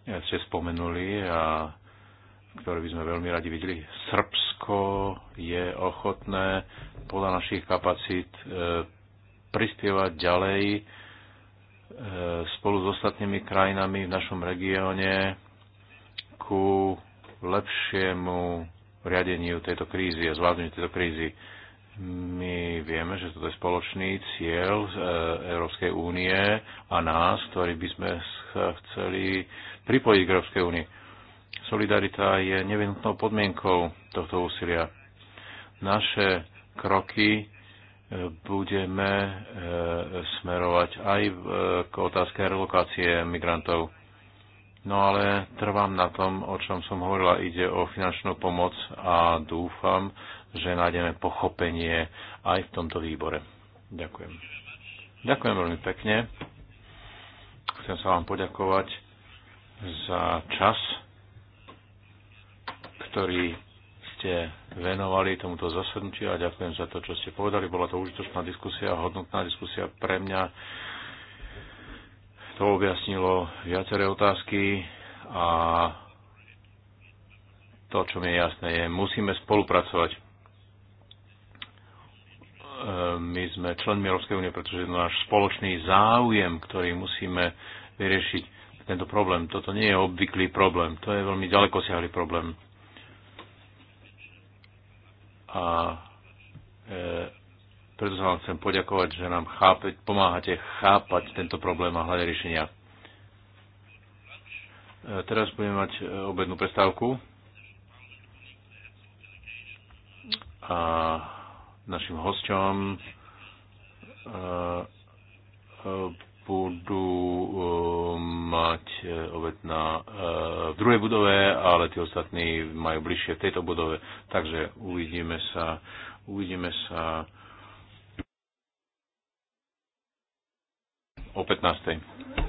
ste spomenuli a ktoré by sme veľmi radi videli. Srbsko je ochotné podľa našich kapacít e, prispievať ďalej e, spolu s ostatnými krajinami v našom regióne ku lepšiemu riadeniu tejto krízy a zvládnutiu tejto krízy. My vieme, že toto je spoločný cieľ e, Európskej únie a nás, ktorí by sme sa chceli pripojiť k Európskej únii. Solidarita je nevyhnutnou podmienkou tohto úsilia. Naše kroky e, budeme e, smerovať aj k otázke relokácie migrantov. No ale trvám na tom, o čom som hovorila. Ide o finančnú pomoc a dúfam, že nájdeme pochopenie aj v tomto výbore. Ďakujem. Ďakujem veľmi pekne. Chcem sa vám poďakovať za čas, ktorý ste venovali tomuto zasednutiu a ďakujem za to, čo ste povedali. Bola to užitočná diskusia, hodnotná diskusia pre mňa. To objasnilo viaceré otázky a to, čo mi je jasné, je, musíme spolupracovať my sme členmi Európskej únie, pretože je to náš spoločný záujem, ktorý musíme vyriešiť tento problém. Toto nie je obvyklý problém, to je veľmi ďaleko siahlý problém. A e, preto sa vám chcem poďakovať, že nám chápe, pomáhate chápať tento problém a hľadať riešenia. E, teraz budeme mať e, obednú prestávku. A našim hosťom eh, eh, budú eh, mať obed na, v druhej budove, ale tí ostatní majú bližšie v tejto budove. Takže uvidíme sa, uvidíme sa o 15.